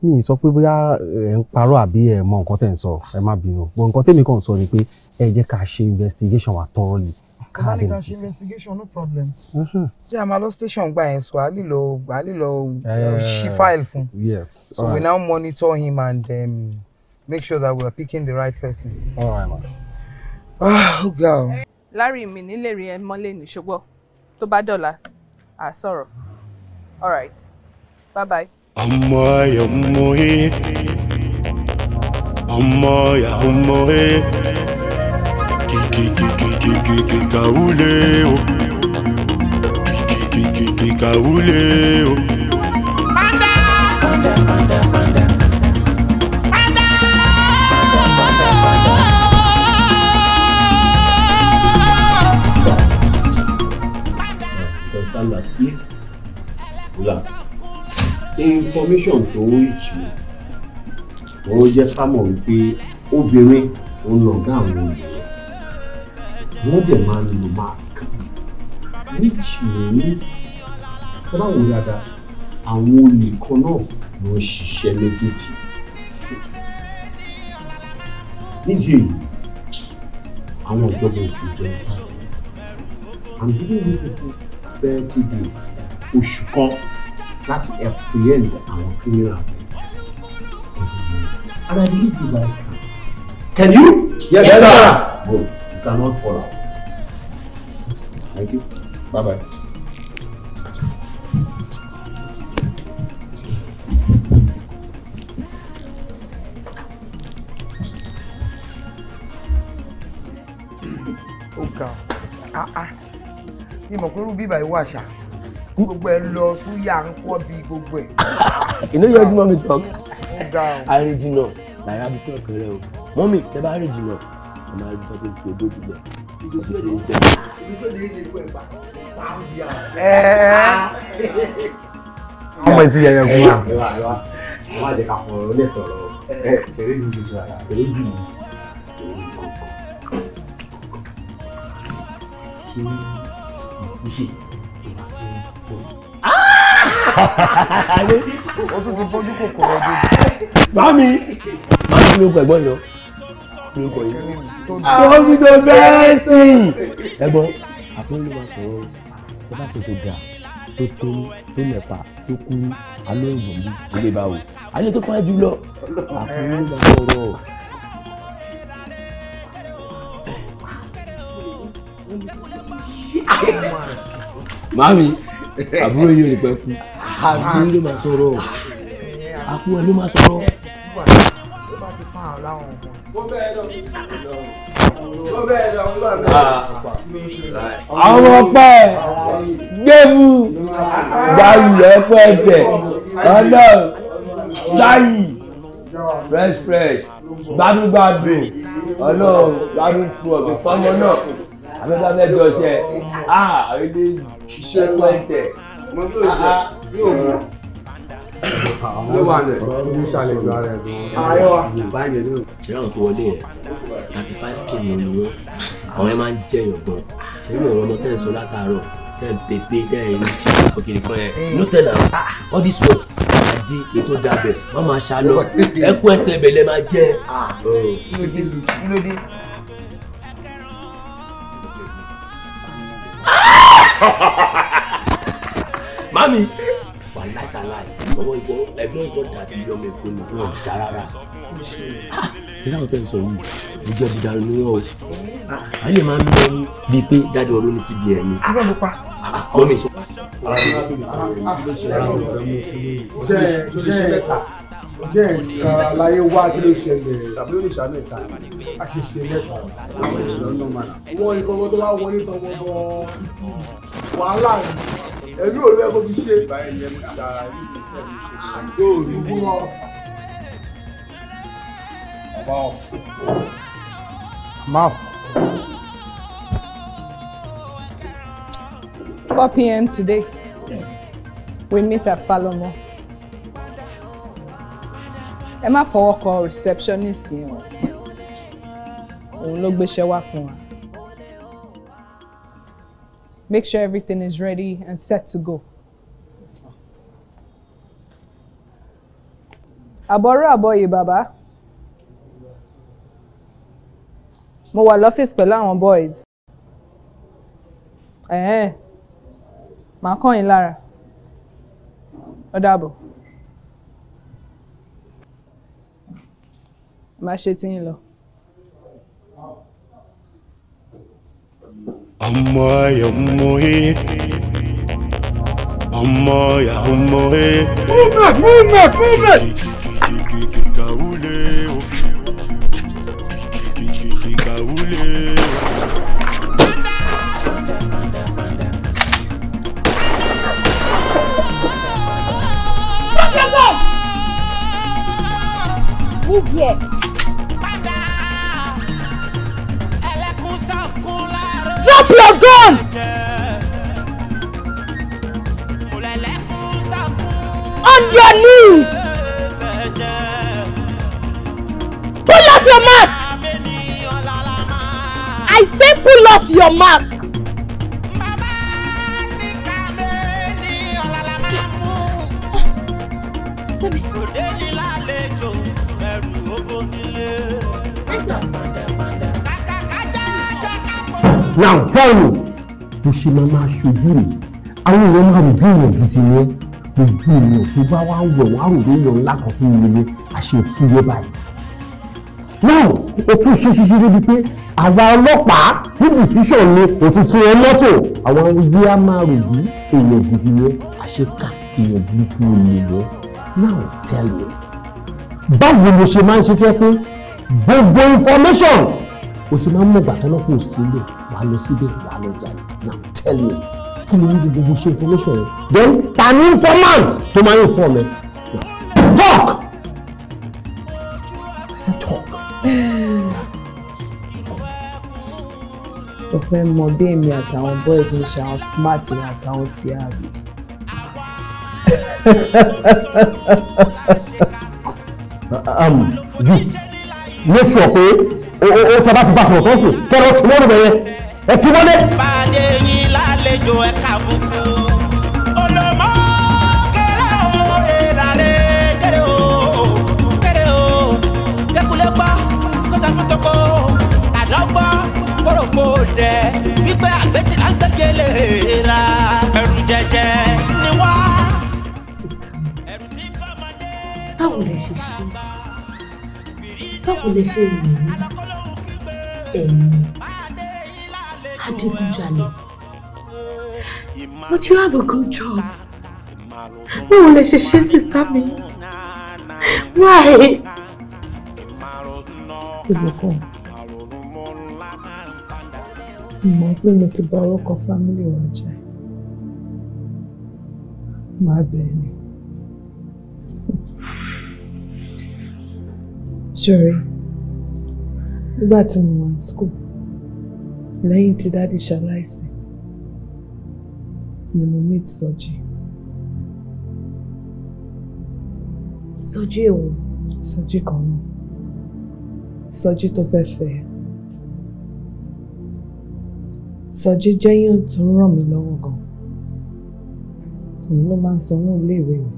ni ní sọ pé bóyá ẹ ń parọ́ àbí ẹ mọ nǹkan tẹ̀ ń sọ ẹ má bínú bọ nǹkan tẹ̀mí kàn sọ ni pé ẹ jẹ́ ká ṣe investigation wa thoroughly. ká lè ká ṣe investigation no problem. ṣé a máa lọ station gba yẹn sọ a lè lọ a lè lọ uh, ṣí file fún. yes so right. we now monitor him and um, make sure that we are picking the right person. all right ma. Am ó ga o. lárí mi nílé rí ẹ mọ́lẹ̀ ní ṣùgbọ́ tó bá dọ̀la à sọ̀rọ̀ all right bye bye. ọmọ ẹ ọmọ ẹ ọmọ ẹ ọmọ ẹ kìkìkìkìkìkì kàwúlẹ̀ o kìkìkìkìkì kàwúlẹ̀ o. information tó ń reach mi òun jẹ́ ká mọ̀ wípé obìnrin òun lọ̀gá àwọn olùyẹ wọ́n dẹ̀ máa ń lo mask which means báwo yàrá àwọn olè kan náà ló ń ṣiṣẹ́ méjèèjì nídìí èyí àwọn ìjọba òkè jẹun báyìí i'm giving you people thirty days oṣù kan láti apprehend àwọn criminals. And I believe you guys can. Can you? Yes, yes sir. sir. No, you cannot fall out. Thank you. Bye bye. ó ga ah ah ni mo kúrú bíbá ìwọ àṣà gbogbo ẹ lọ súyà ń kọ́ bí gbogbo ẹ. ìná know. dún mọ́mí tọ́k àárín jìnnà làyà bí tọ́k rẹ o mọ́mí tẹ bá rìn jìnnà ẹ máa rí tọ́kì fi odó jùlọ. ọmọ ìtì yẹyẹ fún wa. wọ́n á jẹ́ ká fọ ọ lẹ́sọ̀rọ̀ ṣeré mi ti jù àlà ṣeré jù mí. ṣé mo ti ṣe o tún ti bójú kòkòrò ọdún. bá mi bá mi gbẹ̀gbọ́n yọ mi kò yí. tó ń tó bẹ́ẹ̀ sí i. ẹ̀gbọ́n àpọ́nlé wa sọ̀rọ̀ tó bá tètè dà tó tún tó mẹ́pa tó kú alóògùn bí ilé báwo. alẹ́ tó fún ẹ jùlọ àpọ́nlé wa sọ̀rọ̀. Mami àbúrò yìí ò ní pẹ́ kú àbúrò ló máa sọ̀rọ̀ àpò ẹ̀ ló máa sọ̀rọ̀. àwọn ọ̀pẹ gbẹ̀mú gbàlùlẹ̀ ọ̀pẹ ẹ̀tẹ̀ ọ̀nà báyìí fresh fresh gbádùn gbádùn ọlọ́run gbádùn school ọ̀gbìn sọ́mọ náà abẹ́bá mẹ́bí ọṣẹ ah ilé iṣẹ́ pẹ́ntẹ̀ yóò mú àwọn tó wọlé yẹn thirty five k ni wọn àwọn yẹn máa ń jẹ yọgbọn ṣé mi ò tẹ́ ẹ̀ sọ látàárọ̀ tẹ́ ẹ̀ pépé tẹ́ ẹ̀ ń jí òkèlè kan yẹn ló tẹ̀ náà all this work ajé ètò dàbẹ̀ má máa ṣá lọ ẹkún ẹ̀tẹ̀bẹ̀ lẹ́ máa jẹ́. kí ló dé kí ló dé. mami wà láìtàláì ọwọ́ ìbọn ẹ̀gbọ́n ìbọn dàbí ọmọ èkó ni wọn jà rárá ìlà òtẹ́ ń sọ yìí mo jẹ́ dídá ní ọ́ a lè máa ń lọ ní bíi pé dáadé wọn ló ní síbi ẹ̀ ni. irọ́ ló pa. mọ́mí. ṣe ṣe ṣe mẹ́ta jẹ́ ẹ̀ka láyé wá kí ló ṣẹlẹ̀ tàbí ó lè ṣàánú ìta àṣìṣe mẹ́ta àwọn ìṣòro náà máa. wọ́n ìkọ̀kọ̀ tó wá wọlé tọmọtọ wàhálà ẹ̀mí ò lọ ẹ̀kọ́ fi ṣe. àjò òrùkú wọn. bàbá ọ̀. máa. 4 p.m. today. We meet at Palomo ẹ má fọwọ́ kan receptionist yẹn o òun ló gbéṣẹ́ wá fún wa. Make sure everything is ready and set to go. Àbọ̀rọ̀ àbọ̀yè bàbá. Mo wà lọ́fíìsì pẹ̀lú àwọn boys. Ẹ̀ẹ́n, màá kàn yín lára. Ó máa ṣe tí ń lọ. ọmọ ẹ ọmọ ẹ ọmọ ẹ Move here. Drop your gun! On your knees! Pull off your mask! I say pull off your mask! now tell me bó ṣe máa máa ṣojú rẹ̀ àwọn èèyàn máa rò bí èèyàn gidi ni ẹ gbogbo èèyàn tó bá wá wọ̀ wá rò ló yọ ńlá kan fún mi lé àṣẹ ìfúyẹ́ báyìí. now o tún ṣe ṣiṣẹ́ débi pé àwa ọlọ́pàá ní dìfíṣàn ni òtún fún ẹ mọ́tò àwọn oyè á máa rò bí èèyàn gidi ni ẹ àṣẹ ká èèyàn burúkú ni ẹ now tell me báwo ló ṣe máa ń ṣe fẹ́ pé gbogbo information o ti máa ń mọ̀ bàtà kò síbẹ̀ wà lọ síbẹ̀ wà lọ jalè now tell me kí ni wọ́n fi gbogbo ṣe information rẹ̀ then ta ni informant tó máa ń inform ẹ talk I said talk. o fẹ́ mọ bí èmi àtàwọn boys ń ṣe àwọn smart ní àtàwọn tí a rí. um, you make sure pé o tọ́ bá ti bá sọ̀rọ̀ tó ń sùn kẹ́rọ tí wọ́n bẹ̀rẹ̀ ẹ ti wọlé. bàdé yín lálejò ẹ kàbùkù olómọ kẹrẹ o ìlàlẹ kẹrẹ o kẹrẹ o dẹkulẹgbà kọsàtúntòkò àdọgbà kọrọfò dẹ gbígbẹ àgbẹtì láńtẹkẹlẹ ra ẹrù jẹjẹ ni wá. báwo lè ṣe ṣe báwo lè ṣe rìn mí ẹ̀yìn adigunjalè but you have a good job báwo lè ṣe ṣe sísá mi why. ìbùkún mọ̀ pé mo ti bà orúkọ fámílì wa jẹ́ màá bẹ̀ẹ́ ni. sọ̀rọ̀ nígbà tí mo wà ní school lẹ́yìn tí dáàdì ṣaláìsí ni mo meet Sọjí. Sọjí èwo? Sọjí kan náà. Sọjí tó fẹ́ fẹ́. Sọjí jẹ́yàn tó ń ràn mí lọ́wọ́ gan. Òun ló máa ń sanwó iléèwé mi.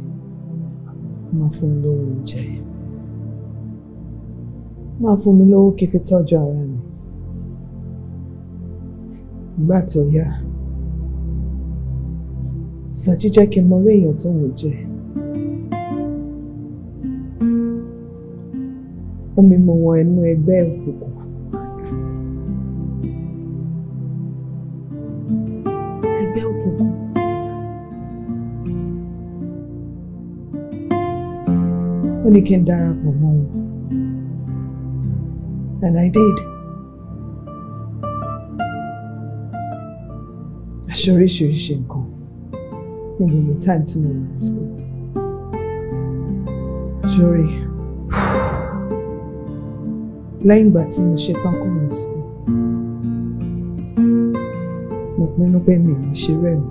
Ó máa fún mi lówó oúnjẹ máa fún mi lówó kí n fi tọ́jú ara mi ìgbà tó yá Sọjí jẹ́ kí n mọ orí èèyàn tó wọ́n jẹ́ omi mo wọ ẹnu Ẹgbẹ́ òkùnkùn. ó ní kí n darapọ̀ mọ́ wọn. And I did. Aṣọ oríṣiríṣi you ní gbogbo time to move wà ní school. Sorry. Lẹ́yìn ìgbà tí mo ṣe pákó mi school, mo pinnu pé mi ò ní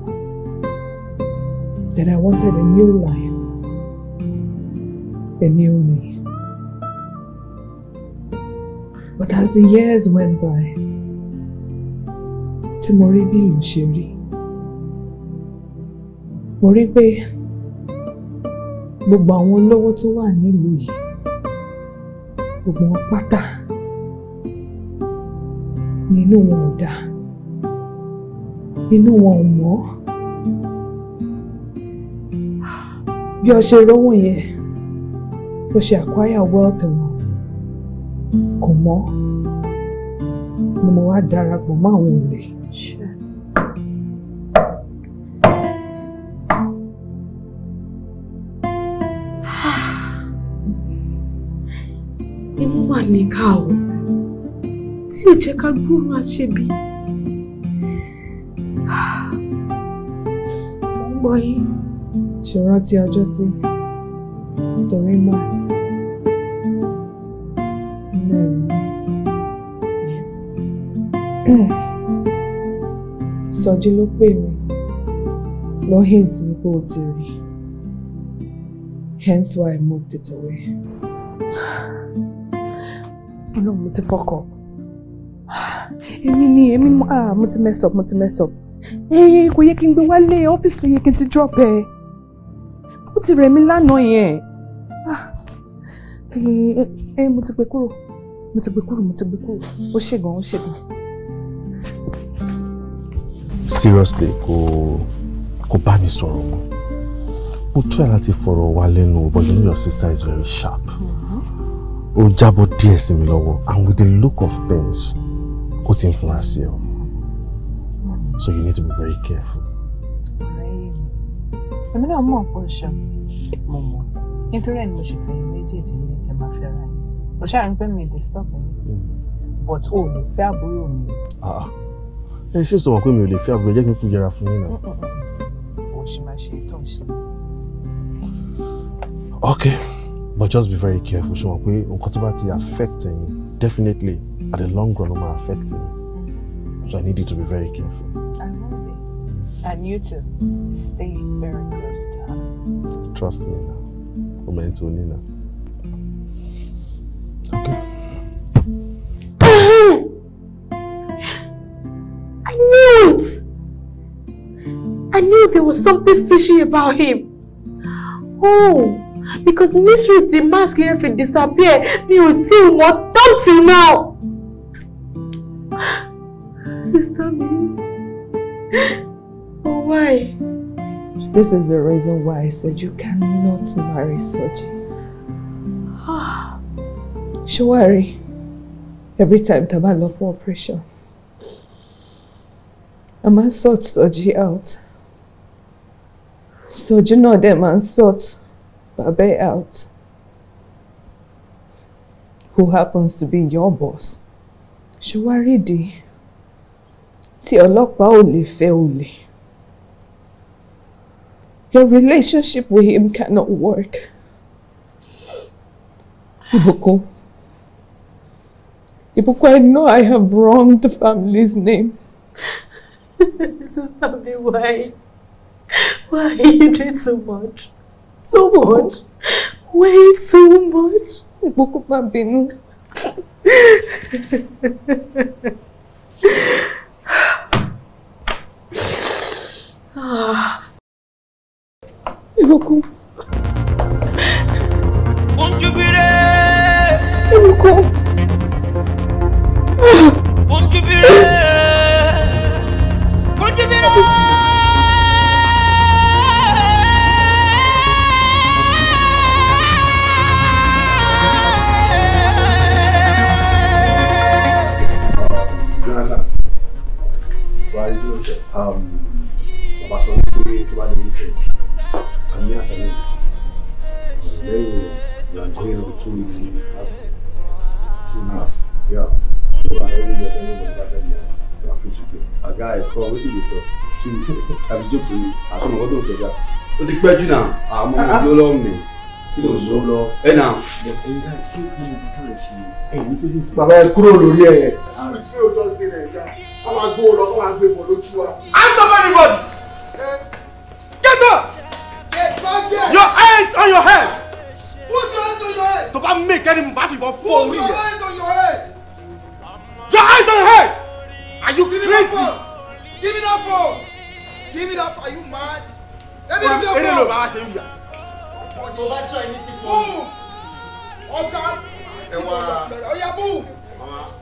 That I wanted a new life, a new me. as the years went by, tí mo rí bí ìlú ṣe rí, mo rí pé gbogbo àwọn olówó tó wà nílùú yìí, gbogbo wọn pátá ni inú wọn ò dáa, inú wọn ò mọ́. Bí ọ ṣe rówó yẹn, ó ṣe acquire wealth wọn kàn mọ́ ni mo wá darapọ̀ mọ́ àwọn olè. inú mà níkà o tí ò jẹ́ ká gbóòórùn àṣebí. mo ń gbọ́ yín. ṣèrántí ọjọ́ sí torí mask. Sọjí ló pè mí ló hint mi pé o ti rí hence why I moved it away. Ọlọ́run mo ti fọkàn. Èmi ni èmi mo ah, ti mess up mo ti mess up. Ee kò yẹ kí n gbé wálé ọ́fíìsì ló yẹ kí n ti drop ẹ. Ó ti rẹ̀ mí lánàá yẹn. Ah, ẹ mo ti gbé kúrò mo ti gbé kúrò mo ti gbé kúrò ó ṣègùn ó ṣègùn seriously kò kò bá mi sọ̀rọ̀ mọ́ mo try láti fọ̀rọ̀ wá lẹ́nu but you know your sister is very sharp mm-hmm. ó jábọ́ díẹ̀ sí mi lọ́wọ́ and with the look of things ó ti ń fura sí ọ so you need to be very careful. èmi náà mọ̀ pé ṣe mo mọ̀ nítorí ẹni mo ṣe fẹ́ méjèèjì ní ẹ máa fẹ́ ra yín ọ̀ṣà rẹ̀ ń pẹ́ mi disturb me. Mm. but o ò lè fẹ́ àbúrò mi. Ah, ah ẹ ṣe sọ wọn pé mi ò lè fẹ́ àbúrò jẹ́ kí n kú yẹra fún yín náà. wọ́n ṣe máa ṣe tó ń ṣe. okay but just be very careful ṣe wọn pé nǹkan tó bá ti affect ẹ̀yin definitely at the long run ó máa affect ẹ̀yin so I need you to be very careful. I will and you too stay very close to her. trust me now o mẹ́rin tó ní náà okay. there was something fishy about him. Oh, because mystery ti mask yẹn fi disappear mi ò sí wọn tán till now. Sister mi, oh why? This is the reason why I said you cannot marry Soji. Shawari, every time Taba lọ fún operation, I must sort Soji out. So do you know that man bàbá ẹ̀ out who happens to be your boss ṣùwárídì tí ọlọ́pàá ò lè fẹ́ olè. Your relationship with him cannot work. Ibuko. Ibuko, I know I have wronged the family's name. Sister, be wise. Why you doing so much? so much? Way too much? Ìgbókò má bínú. Ìgbókò. Oúnjúbíré! Ìgbókò. Um, bàbá sọ wípé tó bá débi kẹ àmì àṣàlẹ lẹ́yìn ìrìnàjò yẹn two weeks ní two weeks yà yóò wà ẹni bẹ ẹni bẹ bá bẹni wà fún ti pé. àga ẹ̀kọ́ ó sì lè tọ́ two weeks tàbí jókòó ni àtúnwò ọdún ìṣẹ̀dá ó ti pẹ́ jù náà àmọ́ ìjọ lọ́wọ́ mi yóò sọ lọ ẹ nà. bàbá ẹ kúrò lórí ẹ. six weeks ní o just dey naija kọ́ máa gbó lọ kọ́ máa gbé bọ̀ lójú wa. answer everybody. get up. your hands on your head. put your hands on your head. To bá make any move bá for four fún put your hands on your head. your eyes on your head. are you crazy. give me that phone. give me that phone. are you mad. Let me bí o fọ. eré ló bá wá ṣe ń yà. tó bá tọ́ ẹni ti fọ́. move. ọ̀gá. ẹ wá. ọ̀yà move. mama.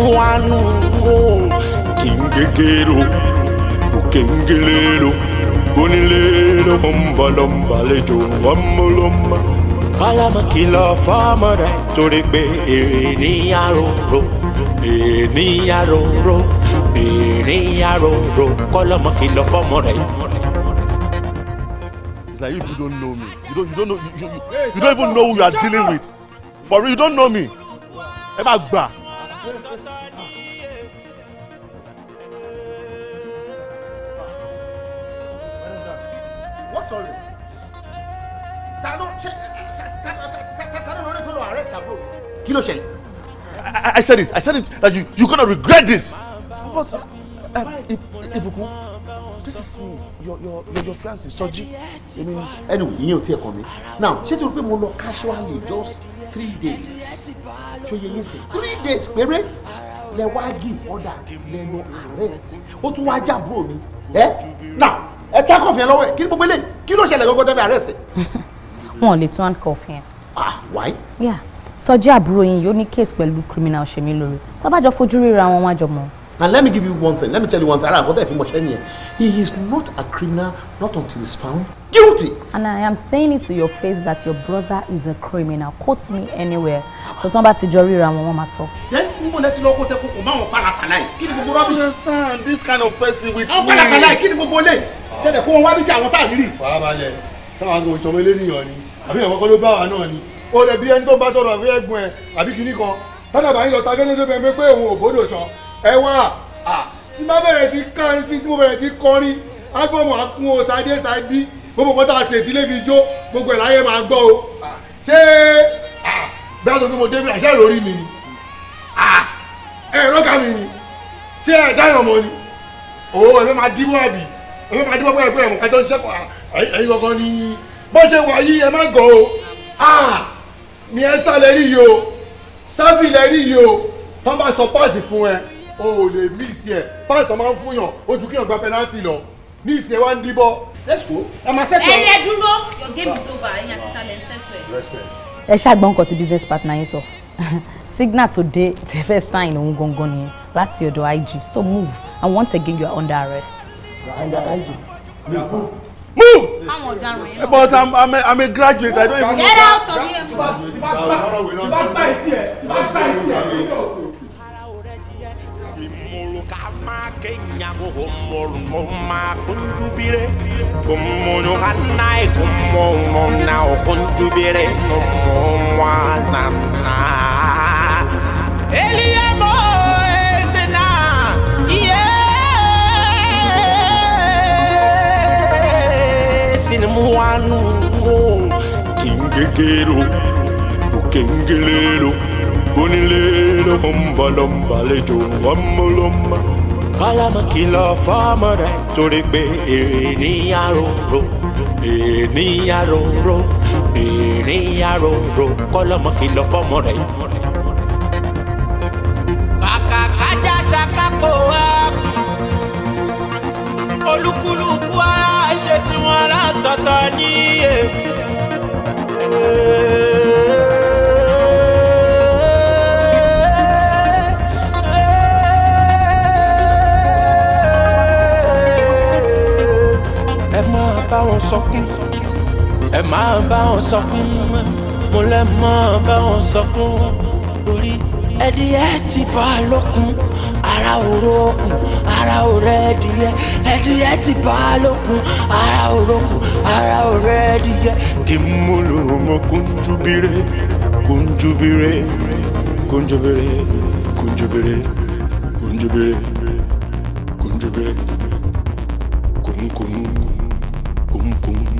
mwanungo oh, kingegero ukengelelo gonilelo ombalombalito wamoloma alamakila famara torí pé ènìyàròrò ènìyàròrò ènìyàròrò kọlọmọkìlọ fọmọ It's like if you don't know me you don't you don't know you you, you, don't even know who you are dealing with for real you don't know me ẹ bá What's all this? Ta ló ṣe ta ta ló lórí tó arrest àbúrò? bro. Kilo ṣẹlẹ̀? I said it I said it that you you gonna regret this. But Ibukun uh, this is me your your your, your fiance Soji. I mean anyway you take on me. mí. Now ṣé torí pé mo lọ casually just three days tó yẹ yín sè three five days péré lẹ wá gí ọ̀dà lẹ́nu arrest ó tún wá jàbúrò mi ẹ now ẹ kí akọ̀fin lọ́wọ́ ẹ kí ni gbogbo eléyìí kí ló ṣẹlẹ̀ gọ́gọ́ tẹ́fẹ̀ arrest. wọn ò lè tún handcuff yẹn. ah why. yeah sọjí àbúrò yín yóò ní case pẹ̀lú criminal ṣe mí lórí tábàjọ fojú ríra wọn wájọ mọ́. and let me give you one thing let me tell you one thing ara àkọ́tẹ̀ fi mọ̀ṣẹ́ nìyẹn He is not a criminal, not until he's found guilty. And I am saying it to your face that your brother is a criminal. Quote me anywhere. So tó bá ti jọ ríra wọn, wọ́n Then níbo lẹ ti lọ kó tẹ́kọ̀ọ́ kò bá wọn pàlàpàlà I understand this kind of person with me. Àwọn pàlàpàlà yìí kí ni gbogbo lè? Ah. Tẹ̀lẹ̀ kó wọn wá bí ti àwọn táàrí rì. Farabalẹ̀, táwọn àgọ́ ìṣọmọ eléníyàn ni, àbí ìwọ̀n kọ́ ló bá wa náà ni. O rẹ̀ bí ẹni tó ń bá sọ̀rọ̀ àbí ẹ̀gbọ́n ẹ̀ àbí kinní kan. Tọ́lá bàyí lọ ta gẹ́gẹ́ ló bẹ pé òun ò bódò sọ. Ẹ wá ah tí má bẹ̀rẹ̀ sí kán sí tí mo bẹ̀rẹ̀ sí kọrin ágbọ̀mù akún o sadé sadí gbogbo nǹkan tá a ṣe tí lè fi jó gbogbo ẹ̀ láyé máa gbọ́ o ṣé bí a tó ní mo dé fún àṣẹ lórí mi ni ẹ̀rọ ká mi ni ṣé ẹ̀ dáyọ̀ mọ́ ni òwò ẹ̀fẹ́ máa dìbò àbí ẹ̀fẹ́ máa dìbò pẹ́ẹ́pẹ́ ẹ̀mú kájọ́ ṣiṣẹ́ ẹ̀yìn kankan ni bó ṣe wà yí ẹ má gọ̀ o ni ẹ́sítà lẹ́rí yìí o sáfì lẹ́rí yìí o tọ́ bá sọ pọ́ọ̀sì fún ẹ o ò lè mí ìsì ẹ̀ páìsàn máa ń fún yàn ojú kí yàn gba pẹ́nátì lọ ní ìsì ẹ̀ wá ń díbọ́ let's go ẹ máa ṣètò. ẹni ẹ dúró your game is over ẹ̀yin àti talẹ̀ ń ṣètò ẹ̀. ẹ ṣàgbọ́n nǹkan tí business partner yín sọ signal today The first sign òun gangan nìyẹn láti ọ̀dọ̀ IG so move and once again you are under arrest. you are under arrest. move. Move! But I'm, I'm, a, I'm a graduate, I don't even know. Get out of here! kenyago kumulmuma kunjubire kumunyu hanai kumumuna kunjubire numumwanana eliyamo endena iye sinmuwanu kingegero Bálámà kìlọ̀ fọ́mọ rẹ̀ torí pé ènìyàn rorò ènìyàn rorò ènìyàn rorò kọ́lọ́mọ kìlọ̀ fọ́mọ rẹ̀. Kàkà kájà ṣàkàkọ́ wa olúkúlùkù wa ṣe tiwọn látọ̀tọ̀ ní èmi. bá wọn sọkún ẹ máa bá wọn sọkún mo lẹ máa bá wọn sọkún orí ẹdíyẹ ti bá a lókun ara òrókùn ara òrẹ ẹdíyẹ ẹdíyẹ ti bá a lókun ara òrókùn ara òrẹ ẹdíyẹ kí mo lò mọ kóńjúbire kóńjúbire kóńjúbire kóńjúbire kóńjúbire kóńjúbire kóńkóńkó. Como